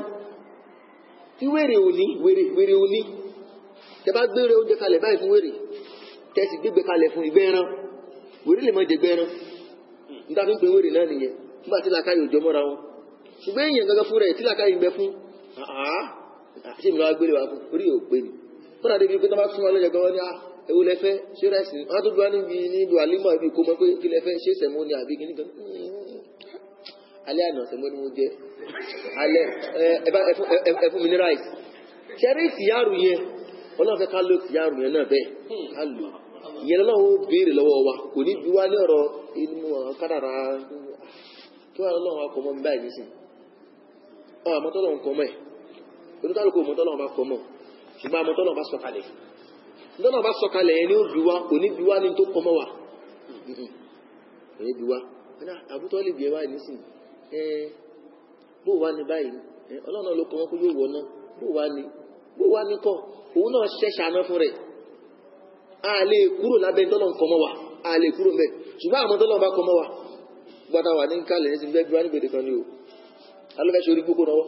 tí wèrè òní wèrè wèrè òní tẹ bá gbére oúnjẹ kalẹ̀ báyìí fún wèrè tẹ̀sí gbígbé kalẹ̀ fún ìgbẹ́ ẹran wèrè lè mọ jẹ ẹran níta fi ń pe wèrè náà nìyẹn nígbà tí làákàyè òjò mọ́ra wọn ṣùgbọ́n èèyàn gangan fúnra ẹ̀ tí làákàyè ń bẹ fún ṣé mi lọ́wọ́ gbélé wa fún orí ni fúnra débi pé wa lọ́jọ́ gan-an ní ah, ewu ṣé ni wọ́n tó dúró ọlọ́run fẹ́ ká ló ti àrùn yẹn náà bẹ́ẹ̀ hmm. ká lò ìyẹn lọ́wọ́ béèrè lọ́wọ́ wa kò ní bí ní ọ̀rọ̀ inú kádàrà kí wọ́n lọ́wọ́ akọ mọ́ báyìí nísìn ọ̀ àmọ́tọ́lọ́run kọ mọ́ ẹ̀ oníkálukú mọ́tọ́lọ́run bá kọ mọ́ ṣùgbọ́n àmọ́tọ́lọ́run bá sọ̀kalẹ̀ lọ́nà bá sọ̀kalẹ̀ ẹni ó bíwá kò ní bíwá ní tó kọmọ wà kò ní bíwá àbútọ́ lè bó wá ní kọ́ òun náà ṣẹ̀ṣà náà fún rẹ̀ a lè kúrò lábẹ́ tọ́lọ̀ ń kọ́mọ́ wa a lè kúrò mẹ́ ṣùgbọ́n àwọn tọ́lọ̀ bá kọ́mọ́ wa gbadá wà ní kálẹ̀ ní ti fẹ́ bí kan ni o alọ́fẹ́ ṣe orí gbogbo náwọ́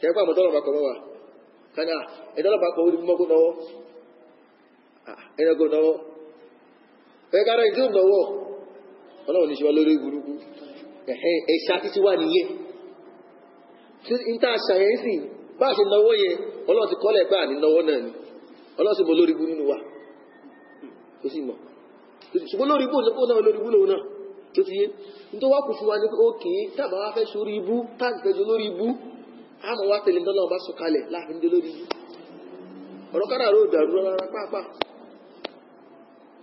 kẹ́kọ́ àwọn tọ́lọ̀ bá kọ́mọ́ wa kánà ẹ̀dọ́lọ̀ bá kọ́ orí mọ́gbó náwọ́ ẹ̀dọ́gbó náwọ́ ẹ̀kárẹ̀ ìdí òun náwọ́ ọlọ́run ní ṣe wá lórí burúkú ẹ̀ṣà títí wà nìyẹn níta ṣàyẹn sì bá a ṣe náwó yẹn ọlọ́run ti kọ́lẹ̀ gbà ní náwó náà ni ọlọ́run sì mọ lórí ibú nínú wa tó sì mọ̀ ṣùgbọ́n lórí ibú òṣèpọ̀ náà lórí ibú lòun náà tó ti yé nítorí wá kù fún wa ní òkè tábà wá fẹ́ sórí ibú táàgì fẹ́ lórí ibú àmọ́ wá tẹ̀lé ńlọ́lọ́ bá sọ kalẹ̀ láàfin dé lórí ibú ọ̀rọ̀ kára ló dàrú rárá pàápàá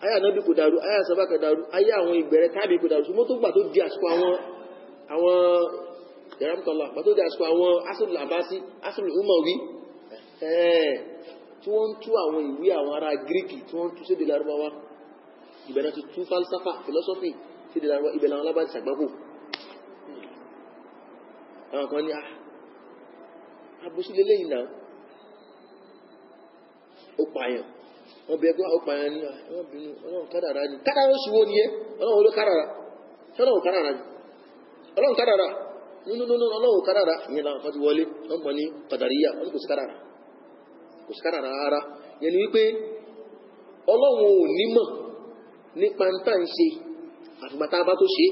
aya nabi kò dàrú aya sábà kò dàrú aya àwọn ìgbẹ̀rẹ̀ tábì kò dàrú ṣùgbọ́n tó gbà tó di àsìkò àwọn àwọn yàrámùtọ́lá pàtó dé àsìkò àwọn asùlù àbásí asùlù umawi tí wọ́n ń tú àwọn ìwé àwọn ará gíríkì tí wọ́n ń tú sédè lárúbáwá ìbẹ̀rẹ̀ ti tú falsafa philosophy sédè lárúbáwá ìbẹ̀rẹ̀ àwọn alábàáṣì àgbákò àwọn kan ní ah, àbúṣílẹ̀ lẹ́yìn náà ó pààyàn wọ́n bẹ̀rẹ̀ pé ah, ó pààyàn ní àwọn ah, bínú ọlọ́run kádàrá ni kádàrá ó sì wó ni ẹ́ ọlọ́run ló kádàrá ọlọ́run kádàrá ọlọ́run kádàrá nínú nínú ọlọ́wọ́ kárara ìyẹn làwọn kan ti wọlé wọ́n ní kàdàríyà ní kò sí kárara kò sí wípé ọlọ́wọ́ ò nípa ń ṣe a bá tó ṣe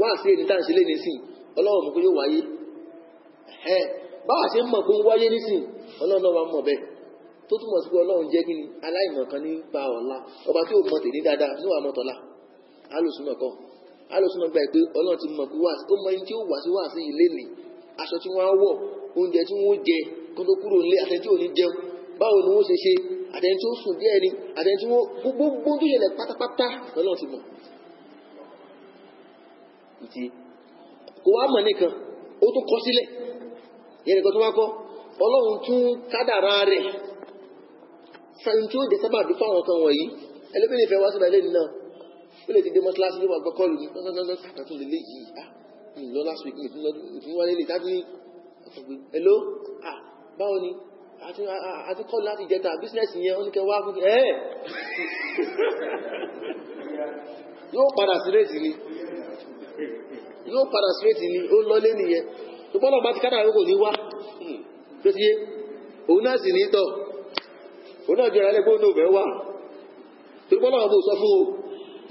wá sí ẹni tá à ń ṣe lé nísìn ọlọ́wọ́ mọ̀ pé yóò wáyé báwa ṣe ń mọ̀ wáyé nísìn náà mọ̀ bẹ́ẹ̀ tó túmọ̀ alùsùnà gba ìpè ọlọ́run ti mọ̀ pé wá ó mọ ẹni tí ó wà sí wá sí ilé nì aṣọ tí wọ́n á wọ̀ oúnjẹ tí wọ́n jẹ kó tó kúrò nílé àtẹ̀tí ò ní jẹun báwo ni wọ́n ṣe ṣe àtẹ̀yìn tí ó sùn díẹ̀ ni àtẹ̀yìn tí wọ́n gbogbo tó ṣẹlẹ̀ pátápátá lọ́lọ́run ti mọ̀. ìtì kò wá mọ̀ nìkan ó tún kọ sílẹ̀ yẹn nìkan tó wá kọ́ ọlọ́run tún kádàrá rẹ̀ sàn tí ó jẹ sábàbí fáwọn kan wọ̀nyí ẹlẹ́bí ó lè ti dé mọ́ṣáláṣí ló wà gbọ́ kọ́ọ̀lù ní gbọ́ngbọ́ngbọ́n àtàtún lè léyìí ah mi lọ last week mi tún wálé lè tábí hello ah báwo ni àti kọ́ọ̀lù láti jẹta bísínẹ́sì yẹn ó ní kẹ wá fún ẹ́ yóò padà síréètì ni yóò padà síréètì ni ó lọlé nìyẹn tó gbọ́dọ̀ bá ti kádà rẹ kò ní wá hmm, tó ti yé òun náà sì ní tọ̀ òun náà jọra ẹlẹ́gbẹ́ òun náà bẹ́ẹ̀ wà tó gbọ́dọ̀ bó sọ fún o.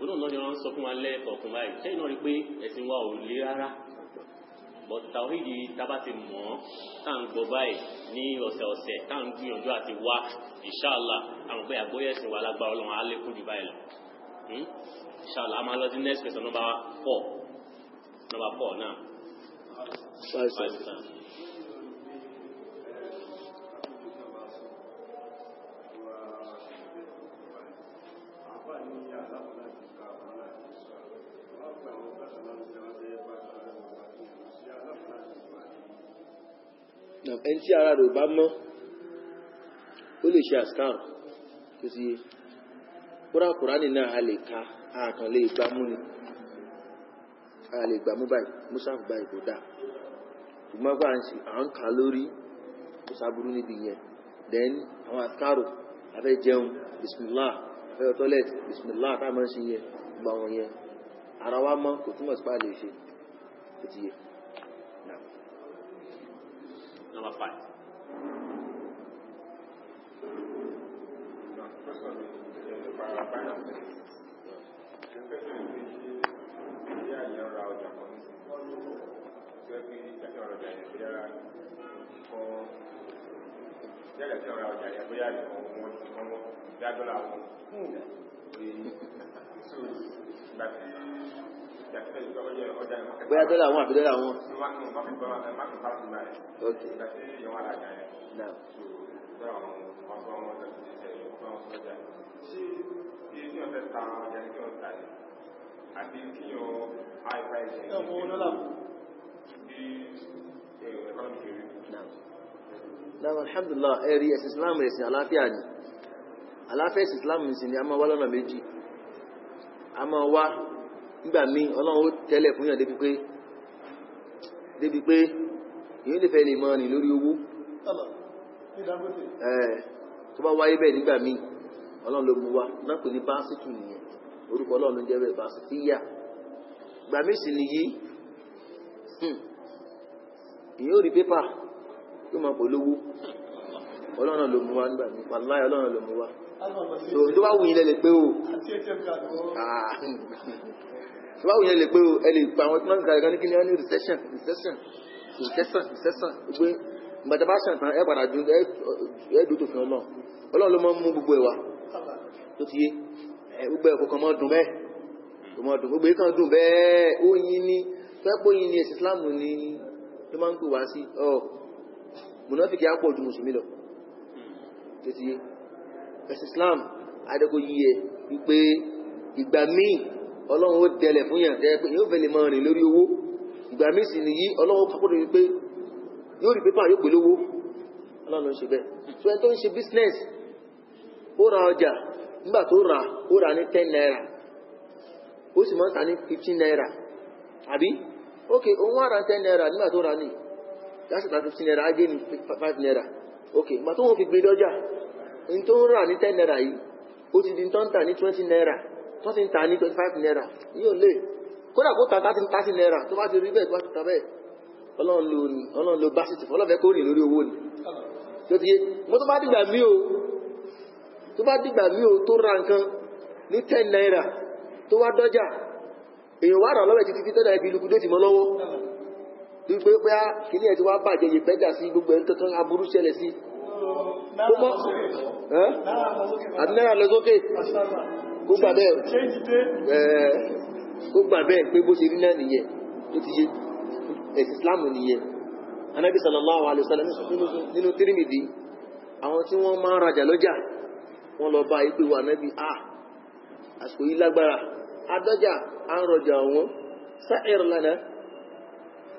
òun náà ni wọ́n sọ fún wa lẹ́ẹ̀kọ̀ọ̀kan báyìí sẹ́yìn náà rí pé ẹ̀sìn wa ò le rárá bọ̀ tàwídì tábà ti mọ̀ ọ́ tá à ń gbọ́ báyìí ní ọ̀sẹ̀ọ̀sẹ̀ tá à ń gbìyànjú àti wá inshallah àwọn pé àgbóyè ẹ̀sìn wa lágbára ọlọ́run á lékún jù báyìí lọ hmm? inshallah a máa lọ sí next question number four number four náà. ẹni tí ara rẹ̀ bá mọ́ ó lè ṣe àṣkárù tó ti yé kúrà kúránì náà a lè ka àkàn lè gbá mú ni a lè gbà mú báyìí musaf báyìí kò dáa ṣùgbọ́n ń ṣe à ń kà lórí kò sábúrú níbi yẹn then àwọn àṣkárù afẹ́ jẹun bismillah afẹ́ toilet bismillah táwọn máa ń ṣe yẹn gbà wọ́n yẹn ara wa mọ́ kò túmọ̀ sí pa lè ṣe tó ti yé number five. Yẹ́lẹ̀ tí bóyá dọ́là wọn àbí dọ́là wọn. ok. àti kí alhamdulillah ẹ̀rí ẹ̀sìn islam rẹ̀ sí àlàáfíà ni àlàáfíà ẹ̀sìn islam sì ni a máa wá lọ́nà méjì a máa wá nígbà míì ọlọ́run ó tẹ́lẹ̀ fún yàn débi pé débi pé èyí lè fẹ́ lè mọ rìn lórí owó tó bá wáyé bẹ́ẹ̀ nígbà míì ọlọ́run ló mú wa náà pè ní báṣítù nìyẹn orúkọ ọlọ́run ló jẹ́ bẹ́ẹ̀ báṣítíyà gbà mí sì nìyí hmm, èyí ó rí pépà tó máa polówó ọlọ́run ló mú wa nígbà míì pàláyà ọlọ́run ló mú wa tó bá wù yín lẹ́lẹ̀ pé o. báwo yẹn lè pé o ẹ lè pa àwọn economic kàlẹ́ kan ní kí ni wọ́n ní recession recession recession recession gbé gbàtà bá ṣàn tán ẹ padà dùn ẹ dùn tó fi ọlọ́run ọlọ́run ló máa ń mú gbogbo ẹ̀ wá tó ti yé gbogbo ẹ̀ kọ̀ọ̀kan máa dùn bẹ́ẹ̀ tó máa dùn gbogbo ẹ̀ kan dùn bẹ́ẹ̀ ó yin ní fẹ́pọ̀ yin ní ẹ̀sìn Islam ni ló máa ń pè wá sí ọ mùnáfíkì á pọ̀ ju mùsùlùmí lọ tó ti yé ẹ̀sìn Islam adẹ́kọ̀ yí ẹ wípé ìgbà míì ọlọ́run ó dẹlẹ̀ fún yàn tẹ́ pé yóò fẹ́lẹ̀ máa rìn lórí owó ìgbà míì sì nìyí ọlọ́run fọ́kúrò wípé yóò rí pépà yóò owó ọlọ́run ń ṣe bẹ́ẹ̀ tó ẹni tó ra ọjà nígbà tó ó ní naira ó sì máa ń ta ní fifteen naira àbí ok òun ra ten naira nígbà tó naira. wọ́n ti ń ta ní twenty five naira yóò lè kódà kó ta thirty thirty naira tó bá ti rí bẹ́ẹ̀ tó bá ti ta bẹ́ẹ̀ ọlọ́run lo ni ọlọ́run lo básítì fún ọlọ́fẹ́ kó rìn lórí owó ni tó ti yé mo tó bá dìgbà mí o tó bá dìgbà mí o tó ra nǹkan ní ten naira tó wá dọ́jà èèyàn wá rà lọ́wọ́ títí tọ́jà ibi ìlú kúdé ti mọ́ lọ́wọ́ bí pé pé kíní ẹ̀ ti wá bàjẹ́ yìí pẹ́jà sí gbogbo ẹ̀ ń tọ́tọ́ aburú ṣẹlẹ̀ sí. náírà lọ sókè. náírà lọ sókè kó gbà bẹ́ẹ̀ ẹ̀ẹ́ kó gbà bẹ́ẹ̀ pé bó ṣe rí náà nìyẹn ó ti yé ẹ̀sìn Islam nìyẹn anábì sallallahu alaihi wasallam nínú tírímìdì àwọn tí wọ́n máa ń rajà lọ́jà wọ́n lọ bá ipe wa anábì a àsìkò yìí lágbára adájà à ń rọjà wọn sáìr lana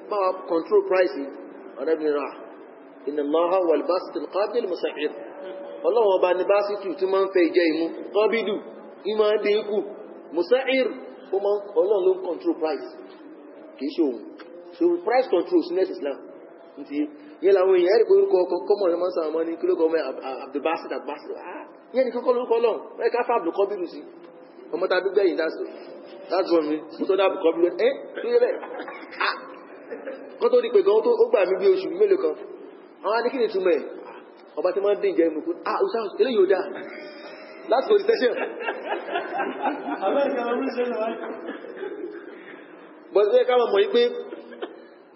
báwa control price anábì rà inna Allaha wal basit al qabil musa'ir ọlọ́wọ́n ọba ní bá sì tù tí wọ́n ń fẹ́ ìjẹ́ ìmú tọ́bídù ìmọ̀ dínkù musair ó máa ọlọ́run ló ń control price kì ṣe òun so price control sí nẹ́ẹ̀sì islam nti yẹn làwọn èèyàn ẹ̀rì pé orúkọ ọkọ kọ́mọ̀ ọ̀rẹ́ máa ń sọ àwọn ní kí ló ah, kọ́ ọmọ abdulbasid abdulbasid yẹn ní kọ́kọ́ lórúkọ náà wọ́n ká fáàbù kọ́bírù sí one mi mo sọ dáàbù kọ́bírù ẹ kí ló bẹ́ẹ̀ ah! kọ́ tó di pé gan ó gbà mí bí oṣù mélòó kan àwọn adé kí ọba tí wọ́n dín jẹ́ mi ah ọ̀sán eléyìí ò dáa last one is káwọn mọ̀ yí pé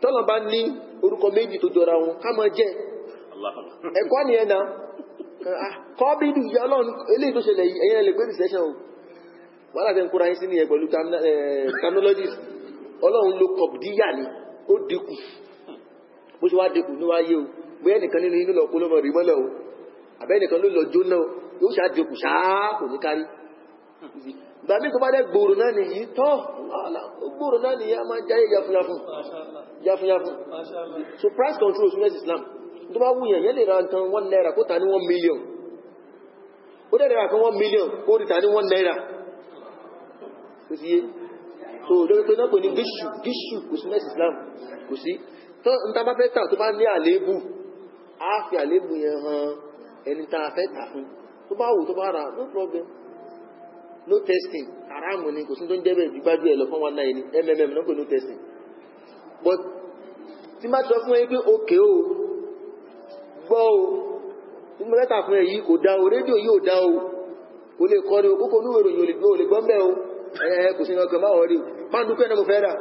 tọ́lọ̀ bá ní orúkọ méjì tó jọra wọn káwọn jẹ́ ẹ̀kọ́ ni ẹ̀nà ah, kọ́bídù ìyá ọlọ́run eléyìí tó ṣẹlẹ̀ ẹ̀yẹn lè pé recession o wọ́n láti ń kóra yín sí ni ẹ̀ pẹ̀lú eh, terminologies ọlọ́run ló kọ̀bdíyà ni ó dínkù bó ṣe wá dínkù ní wáyé o bóyá nìkan nínú inú lọ kó ló mọ̀ rí mọ́lẹ̀ o àbẹ́ nìkan ló lọ jóná o yóò ṣàdínkù ṣáá kò ní kárí ìgbà mi tó bá dẹ́ gbòòrò náà nìyí tọ́ gbòòrò náà nìyí a máa jáyé yafunyafun so price control sunnah Islam tó bá wùyàn yẹn lè ra nǹkan one naira kó ta ní one million ó dẹ̀ ra kan one million kó rí ta ní one naira kò sí yé so lórí pé náà pè ní gíṣù gíṣù kò sí sunnah Islam kò sí tó ń ta bá fẹ́ tà tó bá ní àléébù á fi àléébù yẹn hàn ẹni tá fẹ́ tà fún tó bá wù tó no problem no testing haram ni kò sí tó ń jẹ́ ẹ̀ lọ fún no testing but tí má sọ fún ẹ o gbọ́ o tí mo lẹ́tà fún ẹ yìí kò dá o rédíò yìí ò o kò lè kọ́ o kókó onúwèrè olè gbọ́ olè gbọ́ mbẹ́ o ẹ kò sí ọgbẹ́ má wọ̀ rí o ma dúpẹ́ náà mo fẹ́ rà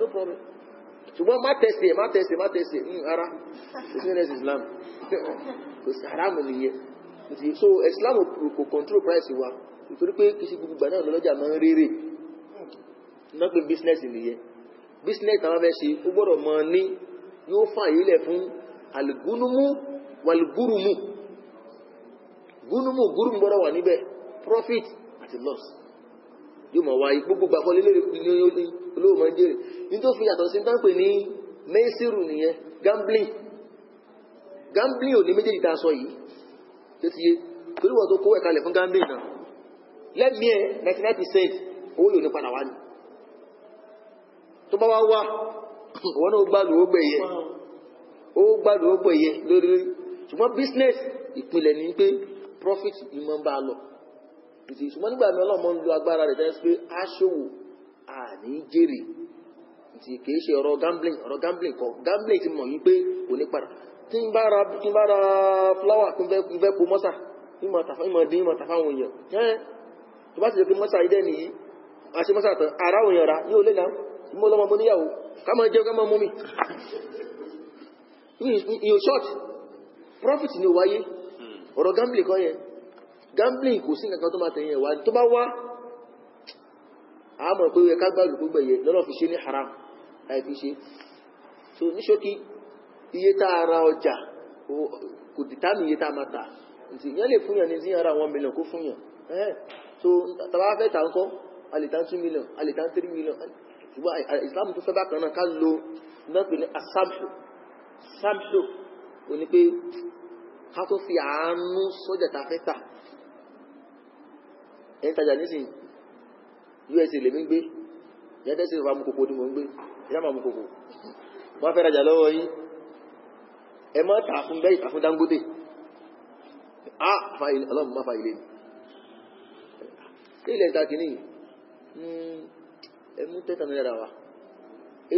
no problem ṣùgbọ́n má má má ara hmm, kò sí Islam kò sí nìyẹn. so Islam kò control price wa nítorí pé kì í ṣe gbogbo ìgbà náà lọ́jà máa ń rérè náà pé business nìyẹn business táwọn fẹ́ ṣe ó gbọ́dọ̀ mọ ní yóò fà yílẹ̀ fún aligunumu waligurumu gunumu gurumu gbọ́dọ̀ wà níbẹ̀ profit àti loss yóò mọ̀ wáyé gbogbo gbàgbọ́ lélẹ́rẹ́ olówó máa ń jèrè nítorí yàtọ̀ sí táǹpẹ̀ ní mẹ́sìrù nìyẹn gambling gambling ò ní méjèèjì tá a sọ yìí tó ti yé torí wọ́n tó kó ẹ̀ka lẹ̀ fún gambia náà lẹ́mìí ẹ̀ ninety percent owó yóò ní padà wá ni tó bá wá wá wọn náà gbàlùwò gbẹ̀yẹ ó gbàlùwò gbẹ̀yẹ lórí lórí ṣùgbọ́n business ìpìlẹ̀ ni pé profit ni mo ń bá a lọ ṣùgbọ́n nígbà mi ọlọ́mọ ń lo agbára rẹ̀ jẹ́ pé aṣòwò àní jèrè kì í ṣe ọ̀rọ̀ gambling ọ̀rọ̀ gambling kọ́ gambling ti mọ̀ yín pé kò ní padà tí n bá ra flower n bá ra fúláwà tí n fẹ́ fẹ́ po mọ́sà ìmọ̀ tàfà ìmọ̀ dín ìmọ̀ tàfà àwọn èèyàn ẹ́n tó bá sì lè fi mọ́sà idẹ́ nìyí àti mọ́sà tán ara àwọn èèyàn ra yóò lé náà tí mo lọ́mọ mo níyàwó ká máa short profit ni ò wáyé gambling kan yẹn gambling kò sí nǹkan kan tó máa tẹ̀yìn ẹ̀wá tó bá wá àmọ̀ pé ká haram láì so ní ṣókí iye tá a ra ọjà kò dìtámì iye tá a máa tà ǹtì yẹn lè fúnyàn ní tíyàn ra one kó fúnyàn ẹ́ẹ̀ so tàbá fẹ́ tà ń kọ́ a lè tà two million a lè tà three million ṣùgbọ́n Islam tó fẹ́ bákan náà ká lo náà pè ní asamso samso ò ní pé ká tó fi àánú sọ́jà tá a fẹ́ tà ẹ̀ ń tajà nísìnyí USA lèmi gbé yẹ́n tẹ́sí ìfàmù kòkó ni mò ń gbé ìyá màmù wọ́n fẹ́ rajà lọ́wọ́ yín ẹ má tà fún bẹ́ẹ̀ tà fún Dangote a fa ilé ọlọ́run má fa ilé ni ilẹ̀ ìta kìíní wa hmm, èyí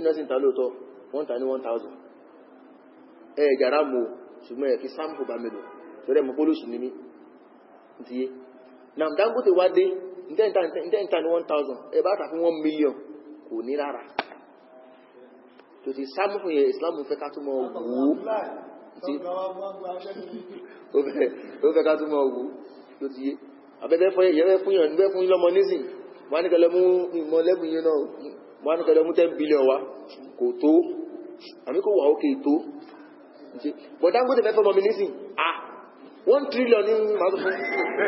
náà ta lóòótọ́ wọ́n ta ní ẹ gara jàrá ṣùgbọ́n fi bá torí na Dangote wá dé ntẹ́ǹta ní 1000 ẹ bá tà fún one million kò ní rárá tòsí sáàmù fún Islam fẹ́ ká mọ̀ wò ó fẹ́ ká tún mọ̀ wù ló ti yé abẹ́fẹ́ fún yẹn fún yẹn níbẹ̀ fún lọ́mọ nísìn wọn á ní kẹlẹ́ mú ìmọ̀ lẹ́bùn yẹn náà wọn á ní kẹlẹ́ mú ten billion wa kò tó àmì kò wà ókè tó bọ̀ Dangote fẹ́ fọmọ mi nísìn ah one trillion ní màá tó fún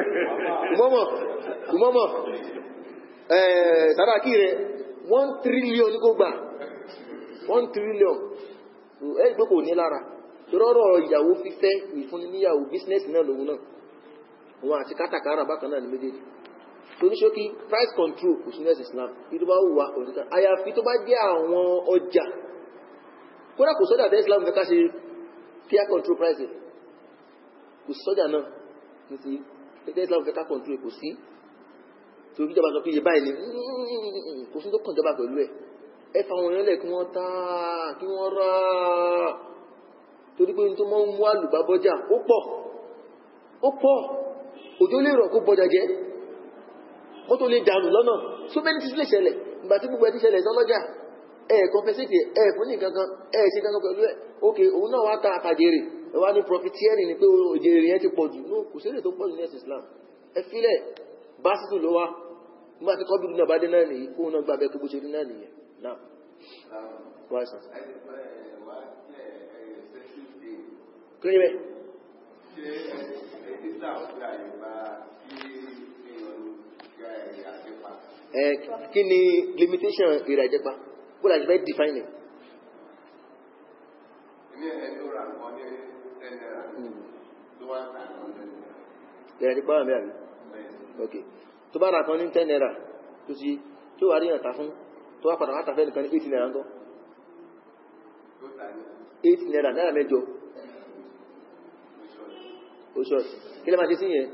kùmọ́mọ̀ kùmọ́mọ̀ ẹ̀ẹ́ one trillion ní kò gbà one trillion ẹ̀ gbé kò ní lára torọ́rọ̀ ìyàwó fífẹ́ ìfúnni níyàwó bísínẹ́sì náà lòun náà òun àti kátàkárà bákan náà ní méjèèjì toníṣókí price control kò sí nẹ́sì Islam ìlú bá wùwà òṣìṣẹ́ àyàfi tó bá jẹ́ àwọn ọjà kódà kò sọ́jà tẹ́ Islam kankan ṣe peer control price kò sọ́jà náà ní ti tẹ́ Islam kankan control kò sí torí ìjọba sọ pé iye báyìí ni kò sí tó kàn jọba pẹ̀lú ẹ̀ ẹ fa àwọn èèyàn lẹ̀ kí wọ́n ta kí wọ́n rà á. torí pé tó máa ń mú àlùbá bọ́jà ó pọ̀ ó pọ̀ òjò lè rọ̀ kó bọ́jà jẹ́ mọ́tò lè dànù lọ́nà so many things lè ṣẹlẹ̀ ìgbà tí gbogbo ti ṣẹlẹ̀ sọ́lọ́jà ẹ̀ kọfẹ́sìtì ẹ̀ fún ní kankan ẹ̀ ṣe kankan pẹ̀lú ẹ̀ ok òun náà wá ta àtàjèrè ẹ wá ní profiteering ni pé òjèrè yẹn ti pọ̀ jù no kò tó pọ̀ Islam ẹ filẹ̀ básítù ló wá nígbà tí náà bá dé náà nìyí kóun náà gbàgbẹ́ kí bẹ́ẹ̀. ṣé ẹ̀ẹ́dísà ọ̀gá ìgbà tí èèyàn ló gba ẹ̀yà àjẹpà. ẹ kí ni limitation èrè àjẹpà bó la ṣe fẹ́ define. ní ẹni ra nǹkan ní ten naira tó wá ta nǹkan ten naira. èrè àjẹpà wà mẹ́rin. ok tó bá ra kan ní ten naira tó ti tó wà ríyàn ta fún tó wá padà wá ta fẹ́ nìkan ní eight naira ńkọ́. eight naira náírà mẹ́jọ ó ṣọ́ọ̀tì kí ló máa ṣe sí yẹn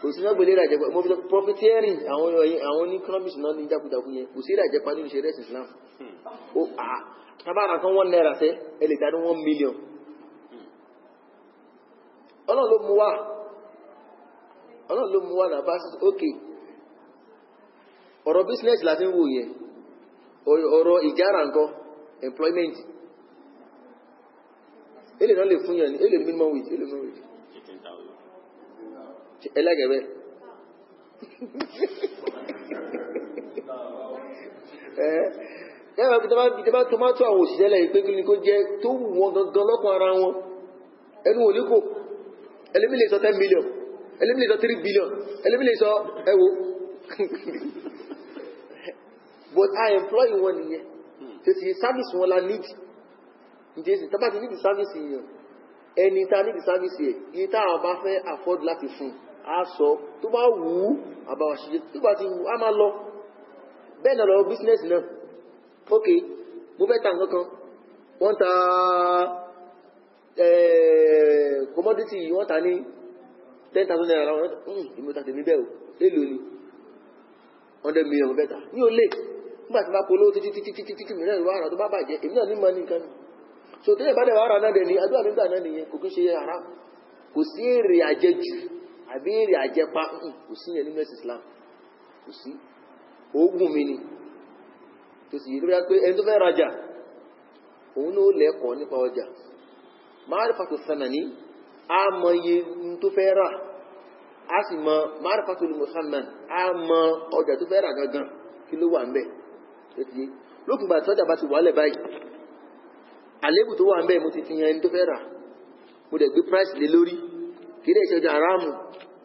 kò sí náà gbèlè ìràjẹpá mo fi profiteering àwọn àwọn ní economics náà ní jákujàku yẹn kò sí ìràjẹpá nínú ṣe rẹ́sì Islam ó hmm. à tábàrà kan one naira sẹ ẹ lè dá ní one million hmm. ọlọ́run ló mú wá ọlọ́run ló mú wá náà bá ok ọ̀rọ̀ business la fi ń wò yẹn ọ̀rọ̀ ìjára nǹkan employment èlé náà lè fún yàn ní èlé minimum wage èlé minimum wage. ẹlẹ́gẹ̀ẹ́ yàrá ìjọba tó máa tó àwọn òṣìṣẹ́ lẹ́yìn pé kí ni kó jẹ́ tó wù wọn gangan lọ́kàn ara wọn ẹnu wò lóko ẹlẹ́mí lè sọ ten million ẹlẹ́mí lè sọ three billion ẹlẹ́mí lè sọ ẹwò but I employ wọn nìyẹn tètè service wọn la need ìjẹsì tábà ti níbi sáfíìsì yẹn ẹni tá níbi sáfíìsì ẹ̀ iye táwọn bá fẹ́ afford láti fún a sọ tó bá wù ú àbàwà ṣiṣẹ́ tó bá ti wù á máa lọ bẹ́ẹ̀ náà lọ bísínẹ́sì náà ok mo fẹ́ ta nǹkan kan wọ́n ta commodity wọ́n ta ní ten thousand naira wọ́n ìmọ̀ ta tèmi bẹ́ẹ̀ o èlò ni hundred million bẹ́ẹ̀ ta ní o lè nígbà tí bá polówó títí títí títí mìíràn ìwà àrà tó bá bàjẹ́ èmi náà ní mọ́ ní nǹkan ni so tẹ́yẹ̀ bá dẹ̀wà ara náà dẹ̀ ní àdúrà nígbà náà nìyẹn kò kí ń ṣe haram kò sí èrè àjẹjù àbí èrè àjẹpa kò sí yẹn nínú ẹ̀sìn Islam kò sí oògùn mi ni tó sì yí tó bá pé ẹni tó fẹ́ rajà òun ló lẹ́kọ̀ọ́ nípa ọjà máàrífàtò sanani a mọ iye tó fẹ́ rà a sì mọ máàrífàtò muhammad a mọ ọjà tó fẹ́ rà gangan kí ló wà ń bẹ̀ lókùngbà tí ọjà bá ti wà lẹ̀ báyìí àlébù tó wà ń bẹ́ẹ̀ mo ti fi yan ẹni tó fẹ́ rà mo dẹ̀ gbé price lé lórí kì í dẹ̀ ṣe ọjà aráàmù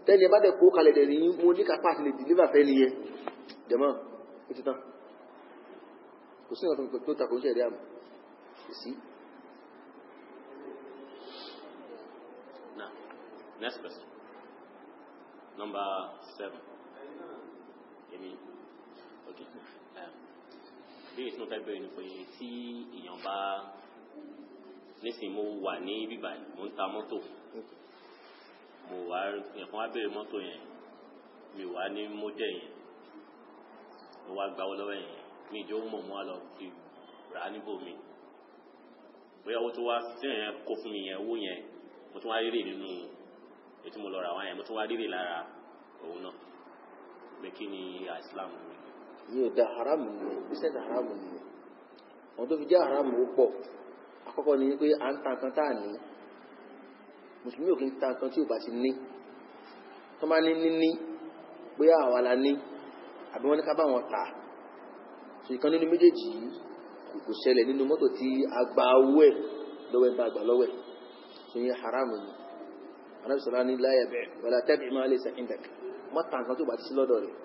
tẹ́ni ẹ bá dẹ̀ kó kalẹ̀ dẹ̀ ní mo ní kápá àti lè deliver fẹ́ ni yẹ jẹ̀mọ́ ó ti tán kò sí ìrọ̀tún tó takò ń ṣe ẹ̀rí àmù kò sí. Now, next person. Number seven. Èmi. Okay. Um, bí èsì náà fẹ́ bẹ̀rẹ̀ ni pé tí èèyàn bá nísìnyí mo wà ní bíbá mo ń ta mọ́tò mo wà ẹ̀kan wá mọ́tò yẹn mi wà ní mọ́dẹ̀ yẹn mo wá gba owó lọ́wọ́ yẹn mi ìjọ mọ̀ mọ́ àlọ́ fi rà á níbò mi bóyá owó tó wá sẹ́yìn kó fún mi yẹn owó yẹn mo tún wá rírì nínú ètò mo lọ rà wáyẹn mo tún wá rírì lára òun náà pé kí ni Islam mi. yóò da haram nìyẹn bí sẹ́ni haram o wọn tó fi jẹ́ haram ó pọ̀ àkọ́kọ́ ni pé à ń ta nǹkan tá à ní mùsùlùmí ò kí ń ta nǹkan tí ò bá ti ní tó bá ní níní bóyá àwa la ní àbí wọ́n ní ká bá wọn tà so ìkan nínú méjèèjì yìí kò kò ṣẹlẹ̀ nínú mọ́tò tí a gba owó ẹ̀ lọ́wọ́ ẹ̀ bá gbà lọ́wọ́ ẹ̀ so ìyẹn haramu ni anabi sọlá ní láyà bẹ̀rẹ̀ wàlá tẹ́bi máa lè sẹ́yìn dàkẹ́ wọ́n ta nǹkan tó bá ti sí lọ́dọ̀ rẹ̀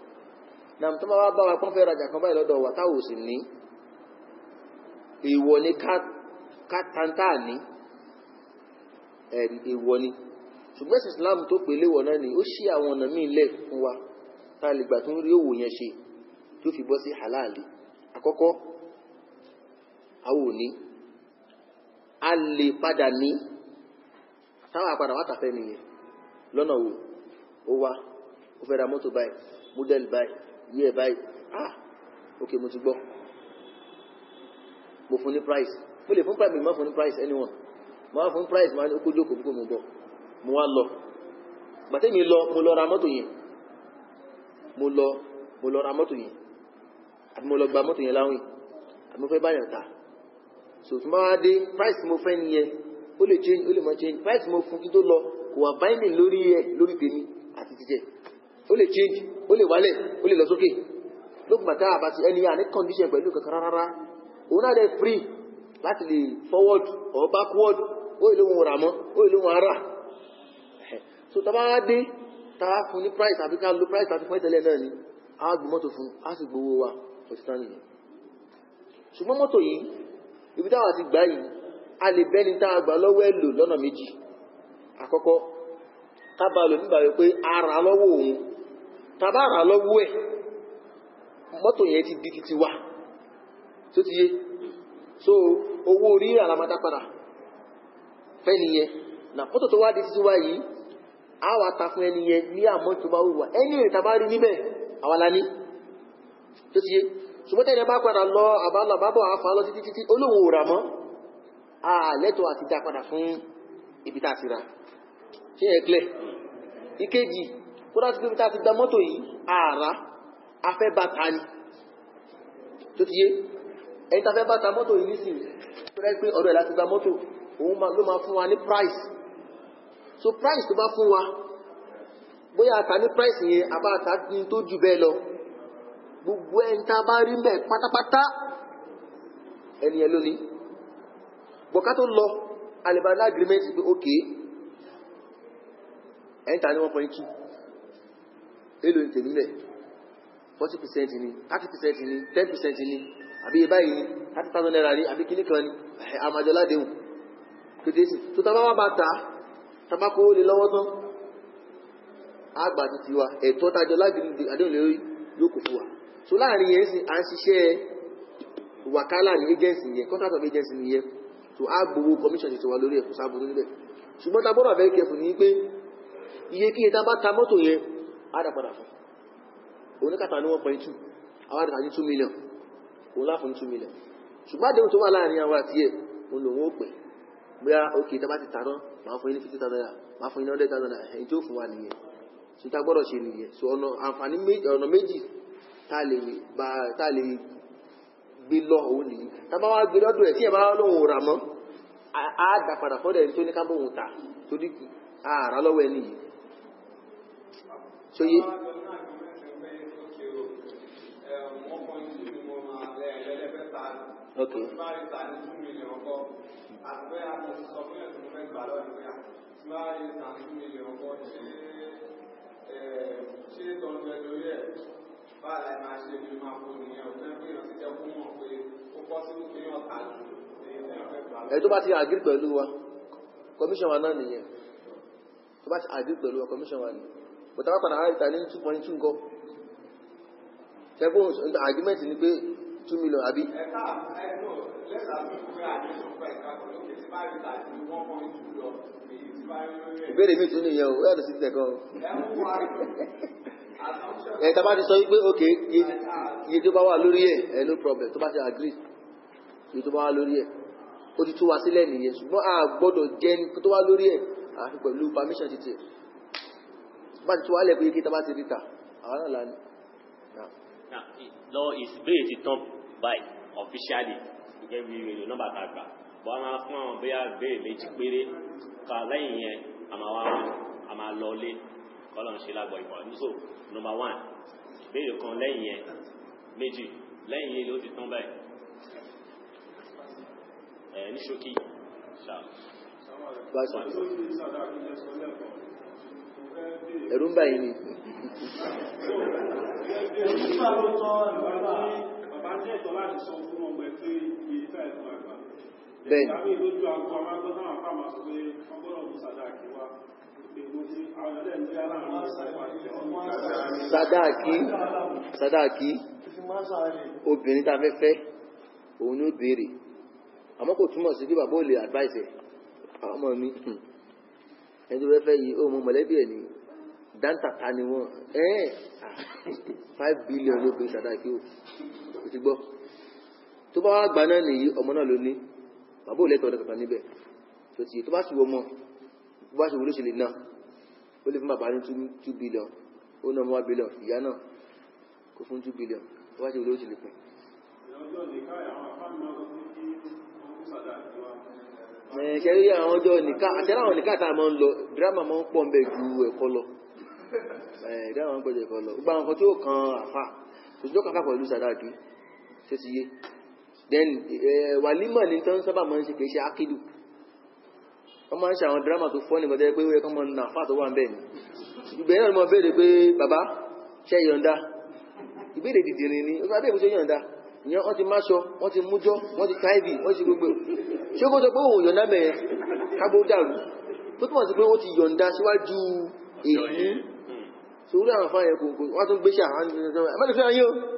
náà tó bá wá bá wa pọ́n fẹ́ rajà kan báyìí lọ́dọ̀ wa táwọn ò sì ní ìwọ ni ká kátàntà ní èèwọ̀ ni ṣùgbọ́n ẹ̀sìn islam tó pè léwọ̀ náà ni ó ṣí àwọn ọ̀nà míì lẹ̀ fún wa tá a lè gbà tó ń rí òwò yẹn ṣe tó fi bọ́ sí halali àkọ́kọ́ àwọn òní a lè padà ní táwọn àpadà wà tàfẹ́ nìyẹn lọ́nà wo ó wá ó fẹ́ ra mọ́tò báyìí model báyìí yíyẹ báyìí ah ok mo ti gbọ́ mo fún ní price mo lè fún price mi má fún ní price anyone mo wá fún price máa ní ó kó jókòó kó mo bọ̀ mo wá lọ gbàtẹ́ mi lọ mo lọ ra mọ́tò yẹn mo lọ mo lọ ra mọ́tò yẹn àti mo lọ gba mọ́tò yẹn láwìn àti mo fẹ́ báyàn ta so tí mo wá dé price mo fẹ́ nìyẹn ó lè change o lè ma change price mo fún kí tó lọ kò wà binding lórí ẹ lórí tèmi àti jíjẹ ó lè change o lè wálẹ̀ o lè lọ sókè lókùnbàtà àbàtì ẹni àní condition pẹ̀lú kankan rárá òun náà dẹ̀ free láti lè forward or backward ó ìlú wọn rà mọ́ ó ìlú wọn rà so tá a bá dé tá a fún ní price àbí ká lo price àti fún ìtẹ́lẹ̀ náà ni a gbọ́ mọ́tò fún a sì gbowó wa òtítọ́ nìyẹn ṣùgbọ́n mọ́tò yìí ibi táwa ti gbà yìí a lè bẹ́ni tá a gbà lọ́wọ́ ẹ̀ lò lọ́nà méjì àkọ́kọ́ ká bá lò nígbà wípé a rà lọ́wọ́ òun tá a bá rà lọ́wọ́ ẹ̀ mọ́tò yẹn ti di titi wa tó ti yé so owó orí àlàmọ́dá padà fẹ́ nìyẹn nà mọ́tò tó wá di títí wá yìí a wà ta fún ẹni yẹn ní àmọ́ tó bá wùwà ẹni ìrìta bá rí níbẹ̀ àwa la ní tó ti yé ṣùgbọ́n tẹ́lẹ̀ bá padà lọ àbálọ àbábọ̀ àfa lọ títí títí olóhùn ò mọ́ a lẹ́tọ̀ àti dá padà fún ibi tá a ti ra ṣé ẹ kílẹ̀ ìkejì kódà tí ibi tá ti da mọ́tò yìí àrà afẹ́ bá ni tó ti yé ẹni tá a fẹ́ mọ́tò yìí nísìnyí tó rẹ́ pé ọ̀dọ̀ ẹ̀ láti gba mọ́tò òun ló máa fún wa ní price so price tó bá fún wa bóyá àtà ní price yẹn àbá àtà ní tó jù bẹ́ẹ̀ lọ gbogbo ẹni tá a bá rí mẹ́ pátápátá ẹni ẹ lónìí bọ̀ká tó lọ alìbàdà agreement pé ok ẹni tà ní one point two èlò ìtẹ̀mílẹ̀ forty percent ni thirty percent ni ten percent ni àbí báyìí ni thirty thousand naira ni àbí kíní kan ni àmàjọlá tó dé sí tó tá a bá wà bá ta tá a bá kówó lé lọ́wọ́ tán wa so láàrin yẹn sì à ń ṣiṣẹ́ wàkálà ní agency yẹn contract of agency nìyẹn so gbowó commission lórí ẹ̀kọ́ níbẹ̀ ṣùgbọ́n tá a gbọ́dọ̀ ní pé iye tá a bá ta mọ́tò yẹn á dà padà fún oníkàtà one òun láfún tú mílíọ̀n ṣùgbọ́n àdéhùn tó wà láàrin àwọn àti ẹ̀ òun lòun ó pè bóyá ókè tá bá ti tà náà màá fún yín ní fifty thousand naira màá fún yín ní hundred thousand naira ẹ̀yìn tí ó fún wa nìyẹn ṣùgbọ́n gbọ́dọ̀ ṣe nìyẹn so ọ̀nà àǹfààní ọ̀nà méjì tá a lè gbé lọ òun nìyí tá a bá wá gbé lọ́dún ẹ̀ tí ẹ̀ bá lóun ò rà mọ́ á dà padà fọ́dẹ̀ tó ní ká bóun tà torí ààrà ok. tí máa rí ta ní two million kọ́ àtúbẹ́ àti sọ fún ẹ̀sùn fẹ́ gbà lọ́dún pé tí máa rí ta ní two million kọ́ ṣé ṣé tọ́jú ẹ lórí ẹ̀ báyìí láì máa ṣe ní máa kó nìyẹn ò fẹ́ fi hàn sí jẹ́ fún wọn pé ó bọ́ sí kí wọ́n ta jù ẹ̀ tó bá ti àgírí pẹ̀lú wa commission wa náà nìyẹn tó bá ti àgírí pẹ̀lú wa commission wa ni bọ̀tà bá padà ní two point two nǹkan ṣẹ́gun ni pé two million àbí. ìbéèrè mi tún nìyẹn o ẹ lọ sí tẹ kan. ẹ tá a bá ti sọ wípé ok iye tó bá wà lórí ẹ ẹ no problem tó bá ti agree iye tó bá wà lórí ẹ ó ti tú wa sílẹ̀ nìyẹn ṣùgbọ́n a gbọ́dọ̀ jẹ́ ní tó wà lórí ẹ àti pẹ̀lú permission ti tẹ̀ bá ti tú wa lẹ̀ pé kí tá a bá ti rí ta àwọn náà la ní. lọ ìsìbéyè ti tán báyìí ọ̀fíṣálì gẹ́gẹ́ bí èrò nọ́mbà tá a gbà bọ́ a máa fún àwọn bóyá béèrè méjì péré ká lẹ́yìn yẹn a máa wá a máa lọ lé kọ́lọ̀ ń ṣe lágbọ̀ ìwà níṣò nọ́mbà wán béèrè kan lẹ́yìn yẹn méjì lẹ́yìn yẹn ló ti tán báyìí ẹ̀ ní ṣókí ẹ̀rú ń báyìí ni bàbá ní ẹ̀tọ́ láti sọ fún ọmọ ẹ̀ pé iye tá ẹ̀tọ́ àgbà bẹ́ẹ̀ ni àbí lójú àgọ́ amágbọ́n náà fà máa sọ pé ọgbọ́dọ̀ mú sàdáàkì wá sàdáàkì obìnrin tá fẹ́ fẹ́ òun ni ó béèrè àmọ́ kò túmọ̀ sí bí bàbá ò lè advice ẹ̀ ọmọ mi ẹni tó fẹ́ fẹ́ yìí ó mọ mọ̀lẹ́bí ẹ̀ ni dáńtàkà ni wọ́n ẹ̀ five billion ló pe sàdáàkì o kò ti gbọ́ tó bá wá gbà náà nìyí ọmọ náà ló ní bàbá ò lẹ́tọ̀ọ́ kankan níbẹ̀ tó ti tó bá sì wọ ọmọ bó bá sì wọlé ṣe lè náà ó lè fún bàbá ní two billion ó náà mú one billion ìyá náà kò fún two billion tó bá sì wọlé ṣe lè pín. ṣẹ́rí àwọn ọjọ́ nìka àtẹ́rẹ́ àwọn nìka tá a máa ń lọ dírámà máa ń pọ̀ ń bẹ̀ ju ẹ̀kọ́ lọ dírámà máa ń pọ̀ ju ẹ̀kọ́ lọ gbogbo àwọn nǹkan tí ó kan àfà kò sí tó kàfà pẹ̀lú sàdáàkì ṣe ti yé then wàlímà ní tán sábà máa ń ṣe kìí ṣe ákìdù wọ́n máa ń ṣe àwọn dírámà tó fọ́ nìkan tẹ́lẹ̀ pé ó yẹ kán máa nà fà tó wà ń bẹ̀ ni ìbẹ̀rẹ̀ náà ni mo béèrè pé bàbá ṣe yọ̀ǹda ìbéèrè dìdìrín ni ó bá bẹ́ẹ̀ mo ṣe yọ̀ǹda ìyẹn wọ́n ti máṣọ wọ́n ti mújọ́ wọ́n ti káìbì wọ́n ti gbogbo ṣé kó sọ pé òun yọ̀ǹda bẹ̀rẹ̀ kábó dàrú tó túmọ̀ sí pé ó ti yọ̀ǹda síwájú èyí sòwúrò àwọn fáyẹn kò wọ́n tún gbéṣà àwọn ènìyàn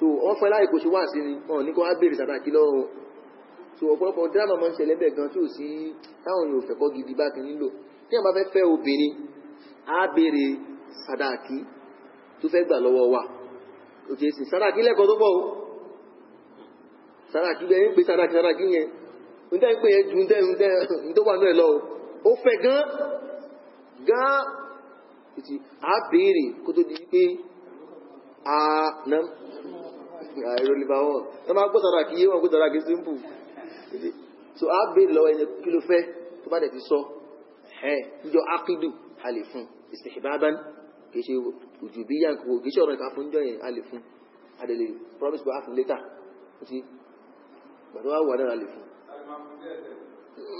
so wọ́n fẹ́ láì kò ṣe wá sí ni ọ̀ ní kó wá bèèrè sàtàkì lọ́rùn so ọ̀pọ̀lọpọ̀ dírámà máa ń ṣẹlẹ̀ bẹ́ẹ̀ gan tí ò sí táwọn yóò fẹ́kọ́ gidi bá ti nílò tí wọ́n bá fẹ́ fẹ́ obìnrin á bèèrè sàtàkì tó fẹ́ gbà lọ́wọ́ wa ó ti sìn sàtàkì lẹ́kọ̀ọ́ tó pọ̀ o sàtàkì bẹ́ẹ̀ ń pe sàtàkì sàtàkì yẹn ń tẹ́ ń pè yẹn ju ń tẹ́ ń tẹ́ ń tó wà náà lọ o ó fẹ́ gan gan á bèèrè kó tó di pé a náà àìrò liver one tó máa gbọ́ sàrà kí yé wọn gbọ́ sàrà kí simple so a béèrè lọ́wọ́ ẹni kí ló fẹ́ tó bá dẹ̀ ti sọ ẹ̀ níjọ akidu a lè fún istihbaban kì í ṣe òjò bí yàn kò kì í ṣe ọ̀rọ̀ ìka fún níjọ yẹn a lè fún a promise pé a fún later ó ti gbàdúrà wà náà a lè fún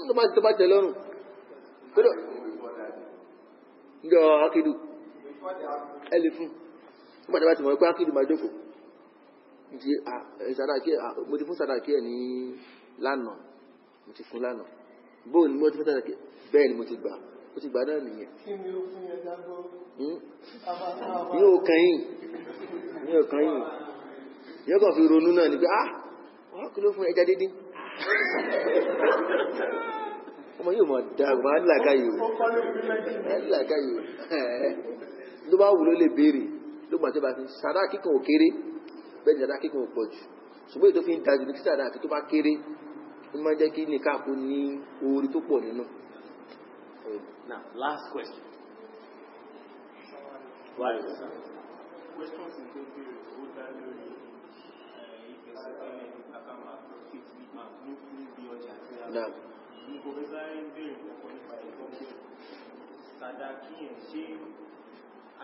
tó bá tó bá tẹ lọ́rùn kódò níjọ akidu ẹ lè fún nígbà tó bá ti mọ̀ pé akidu máa jókòó. Eh, di a mo ti fún sadaki ẹ̀ ní lánàá mo ti fún lánàá bóun ni mo ti fún sadaki bẹ́ẹ̀ ni mo ti gbà ó ti gbà náà nìyẹn. kí ni o fún yẹn dágbọ́. Hmm? yóò kàn yín yóò kàn yín yóò kàn fi ronú náà ni pé ah wọ́n kí ló fún ẹja dídín ọmọ yóò mọ̀ dàgbà ńlága yìí ńlága yìí ló bá wù ló lè béèrè ló gbà tí ó bá fi sàrà kíkan ò kéré bẹ́ẹ̀ ni sàdá kíkún pọ̀ jù ṣùgbọ́n ètò fi ń dájú ní kí sàdá tó bá kéré ó máa ń jẹ́ kí nìka kó ní orí tó pọ̀ nínú. now last question. why is that. question ti tó bèrè ó dá lórí ìfẹsẹ̀kẹ́lẹ̀ nípa máa profit máa ní níbi ọjà tí a lọ. ní kò fẹ́ ń bèrè ọ̀pọ̀ nípa ìfọ́nkẹ́ sàdá kíyàn ṣé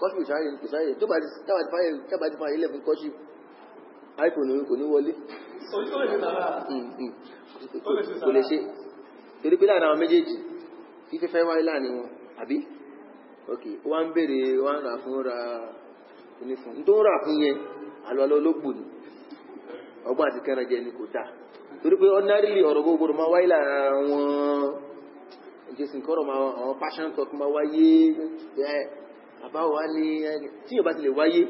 kọ́ṣípù sáré kò sáré tó bá ti fáyé ilẹ̀ 11 kọ́ṣípù iphone kò ní wọlé mm, mm. kò lè ṣe ok wá ń béèrè wá ń rà fún ra tó ń rà fún yẹn àlọ́lọ́ olóògbò ni ọgbọ́n àti ni kò dáa torí pé ordinarily ọ̀rọ̀ gbogbo máa wáyé láàrin talk máa bàbá wa ní ẹni tí yóò bá ti lè wáyé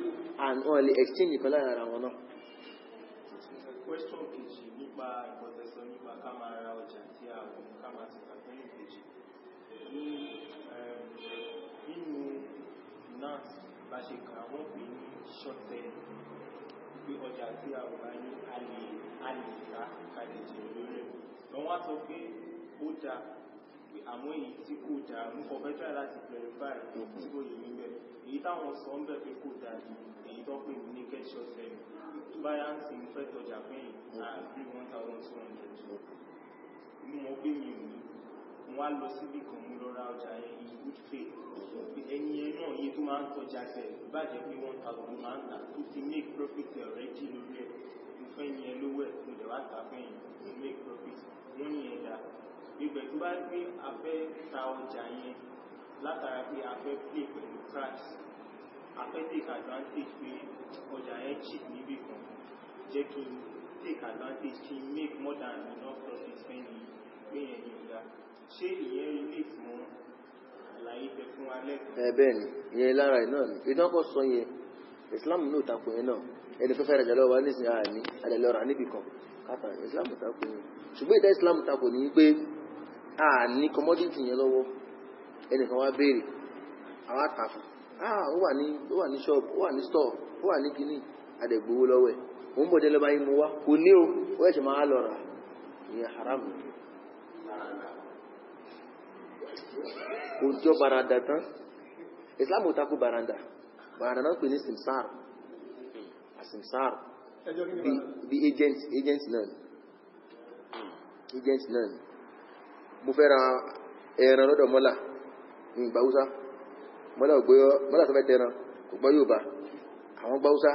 and wọn lè exchange ìkan láàrin ara wọn náà. question kejì nípa ìkọ̀tẹ̀sọ nípa ká máa ra ọjà tí a wọ̀ ká máa ti tàbí kejì ní nínú náà bá ṣe kà wọ́n pè ní ṣọ́tẹ̀ pé ọjà tí a wọ̀ bá ní a lè ra kàdéjì lórí ẹ̀ lọ́wọ́ sọ àmọ́ èyí tí kò dáa mú kọ fẹ́ try láti clarify tí kò yé mi bẹ́ẹ̀ èyí táwọn sọ ń bẹ̀ pé kò dáa ni èyí tó pè ní kẹ́ṣọ́ sẹ́yìn báyà ń sì ń fẹ́ tọjà pẹ́yìn àbí one thousand two hundred mú mọ́ pé mi ò ní wọ́n á lọ síbì kan mú lọ́ra ọjà yẹn in good faith make profit already lórí ẹ̀ mo fẹ́ yẹn lówó ẹ̀ mo dẹ̀ wá tà fẹ́yìn mo make profit wọ́n yẹn dáa ibẹ̀ tó bá pé a fẹ́ ta ọjà yẹn látara pé a fẹ́ play pẹ̀lú price a take advantage pé ọjà yẹn cheap níbí kan jẹ́ kí n take advantage kí n make more than enough profit fẹ́ni pé yẹn ní ọjà ṣé ìyẹn relate mọ́ àlàyé tẹ fún wa lẹ́kọ̀ọ́. ẹ bẹ́ẹ̀ ni ìyẹn lára ẹ̀ náà ni ìdánkọ̀ sọ yẹn islam ní òtakò yẹn náà ẹni tó fẹ́ràn jẹ́lọ́wọ́ nísìnyí àní alẹ́ lọ́ra níbì kan kátà islam takò yẹn ṣùgbọ́n ìdá islam takò ní pé a ní commodity yẹn lọ́wọ́ ẹnìkan wá béèrè àwọn àtàfù ah ó wà ní ó wà ní shop ó wà ní store ó wà ní kinní àdẹ̀gbowó lọ́wọ́ ẹ̀ mo ń bọ̀ délé báyìí mo wá kò ní o ó ẹ̀ṣẹ̀ máa lọ rà ìyẹn haram kò jọ baranda tán islam ò takò baranda baranda náà pè ní simsar asimsar bí agent agent náà agent náà mo ẹran lọ́dọ̀ mọla ní mọla húsá mọla tó fẹ́ tẹran kò gbọ́ àwọn gbọ́ húsá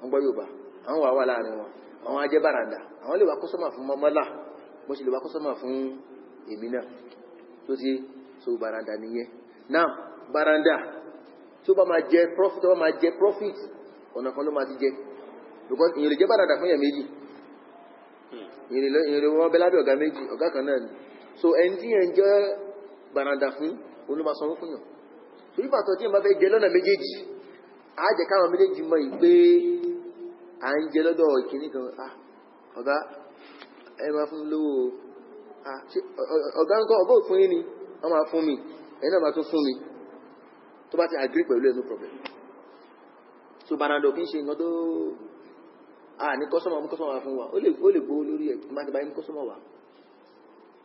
wọ́n gbọ́ àwọn wà wà láàrin wọn àwọn ajẹ́ bàràdà àwọn lè wá kọ́sọ́mà fún fụ mo sì lè fún èmi náà tó ti so baranda nìyẹn náà tí ó bá jẹ profit bá máa jẹ profit ọ̀nà kan ló máa ti jẹ because ìyẹn lè fún yẹn méjì kan náà ni so ndi tí yẹn jẹ́ baranda fún ma fún yàn so yípa tó tí yẹn bá fẹ́ jẹ lọ́nà méjèèjì á jẹ káwọn méjèèjì mọ̀ yìí à ń jẹ lọ́dọ̀ kan ah ọ̀gá ẹ máa fún lówó ah ọ̀gá ń ọ̀gá òfin yín ni wọ́n máa fún mi ẹ̀yin náà máa ti agree pẹ̀lú no problem so baranda òfin ṣe nǹkan tó ní kọ́sọ́mọ̀ mú kọ́sọ́mọ̀ wá fún wa ó lè gbowó lórí ẹ̀ má ti bá kọ́sọ́mọ̀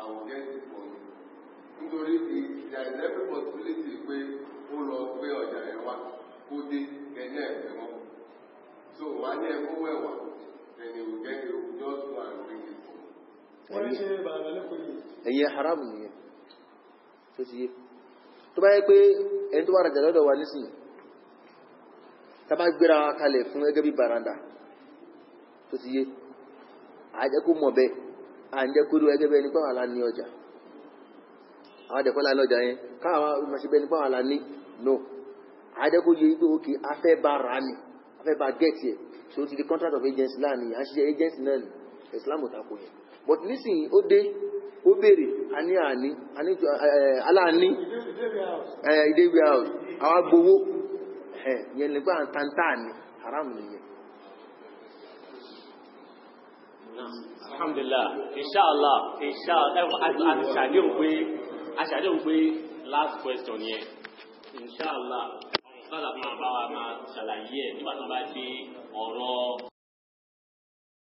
I will get it for you. Nítorí there is every possibility pé ó lọ gbé ọjà yẹn wá kó dé kẹ́nyẹ́ ẹ̀fẹ́ wọn. So wà ní ẹ̀kọ́ wẹ̀wà then he will get it just one and bring it for you. Wọ́n ní ṣe bàbá lẹ́kọ̀ọ́ yìí. Ẹ̀yẹ haram nìyẹn. Tó ti yé. Tó bá yẹ pé ẹni tó wà rajà àǹjẹ́kúrú ẹgẹ́ bẹ́ẹ̀ ni pàwọn àlá ọjà àwọn àjẹ́kọ́lá lọ́jà yẹn káwọn ìmọ̀ṣẹ́bẹ́ ni pàwọn àlá no àjẹ́kó yẹ ipò òkè afẹ́bà rà ní afẹ́bà gẹ̀ẹ́tì ẹ̀ so ti di contract of agency láàrin àṣìṣe agency náà ni Islam òtàkùn yẹn but nísìnyí ó dé ó béèrè àní àní àní aláàní ìdéwì house àwọn agbowó yẹn nígbà tàǹtà ni haram nìyẹn alhamdulillah inshallah inshallah As aṣàdéhùn pé aṣàdéhùn pé last question yẹn inshallah ọ̀rọ̀ sábà máa bá wa máa ṣàlàyé ẹ̀ nígbà tó bá dé ọ̀rọ̀.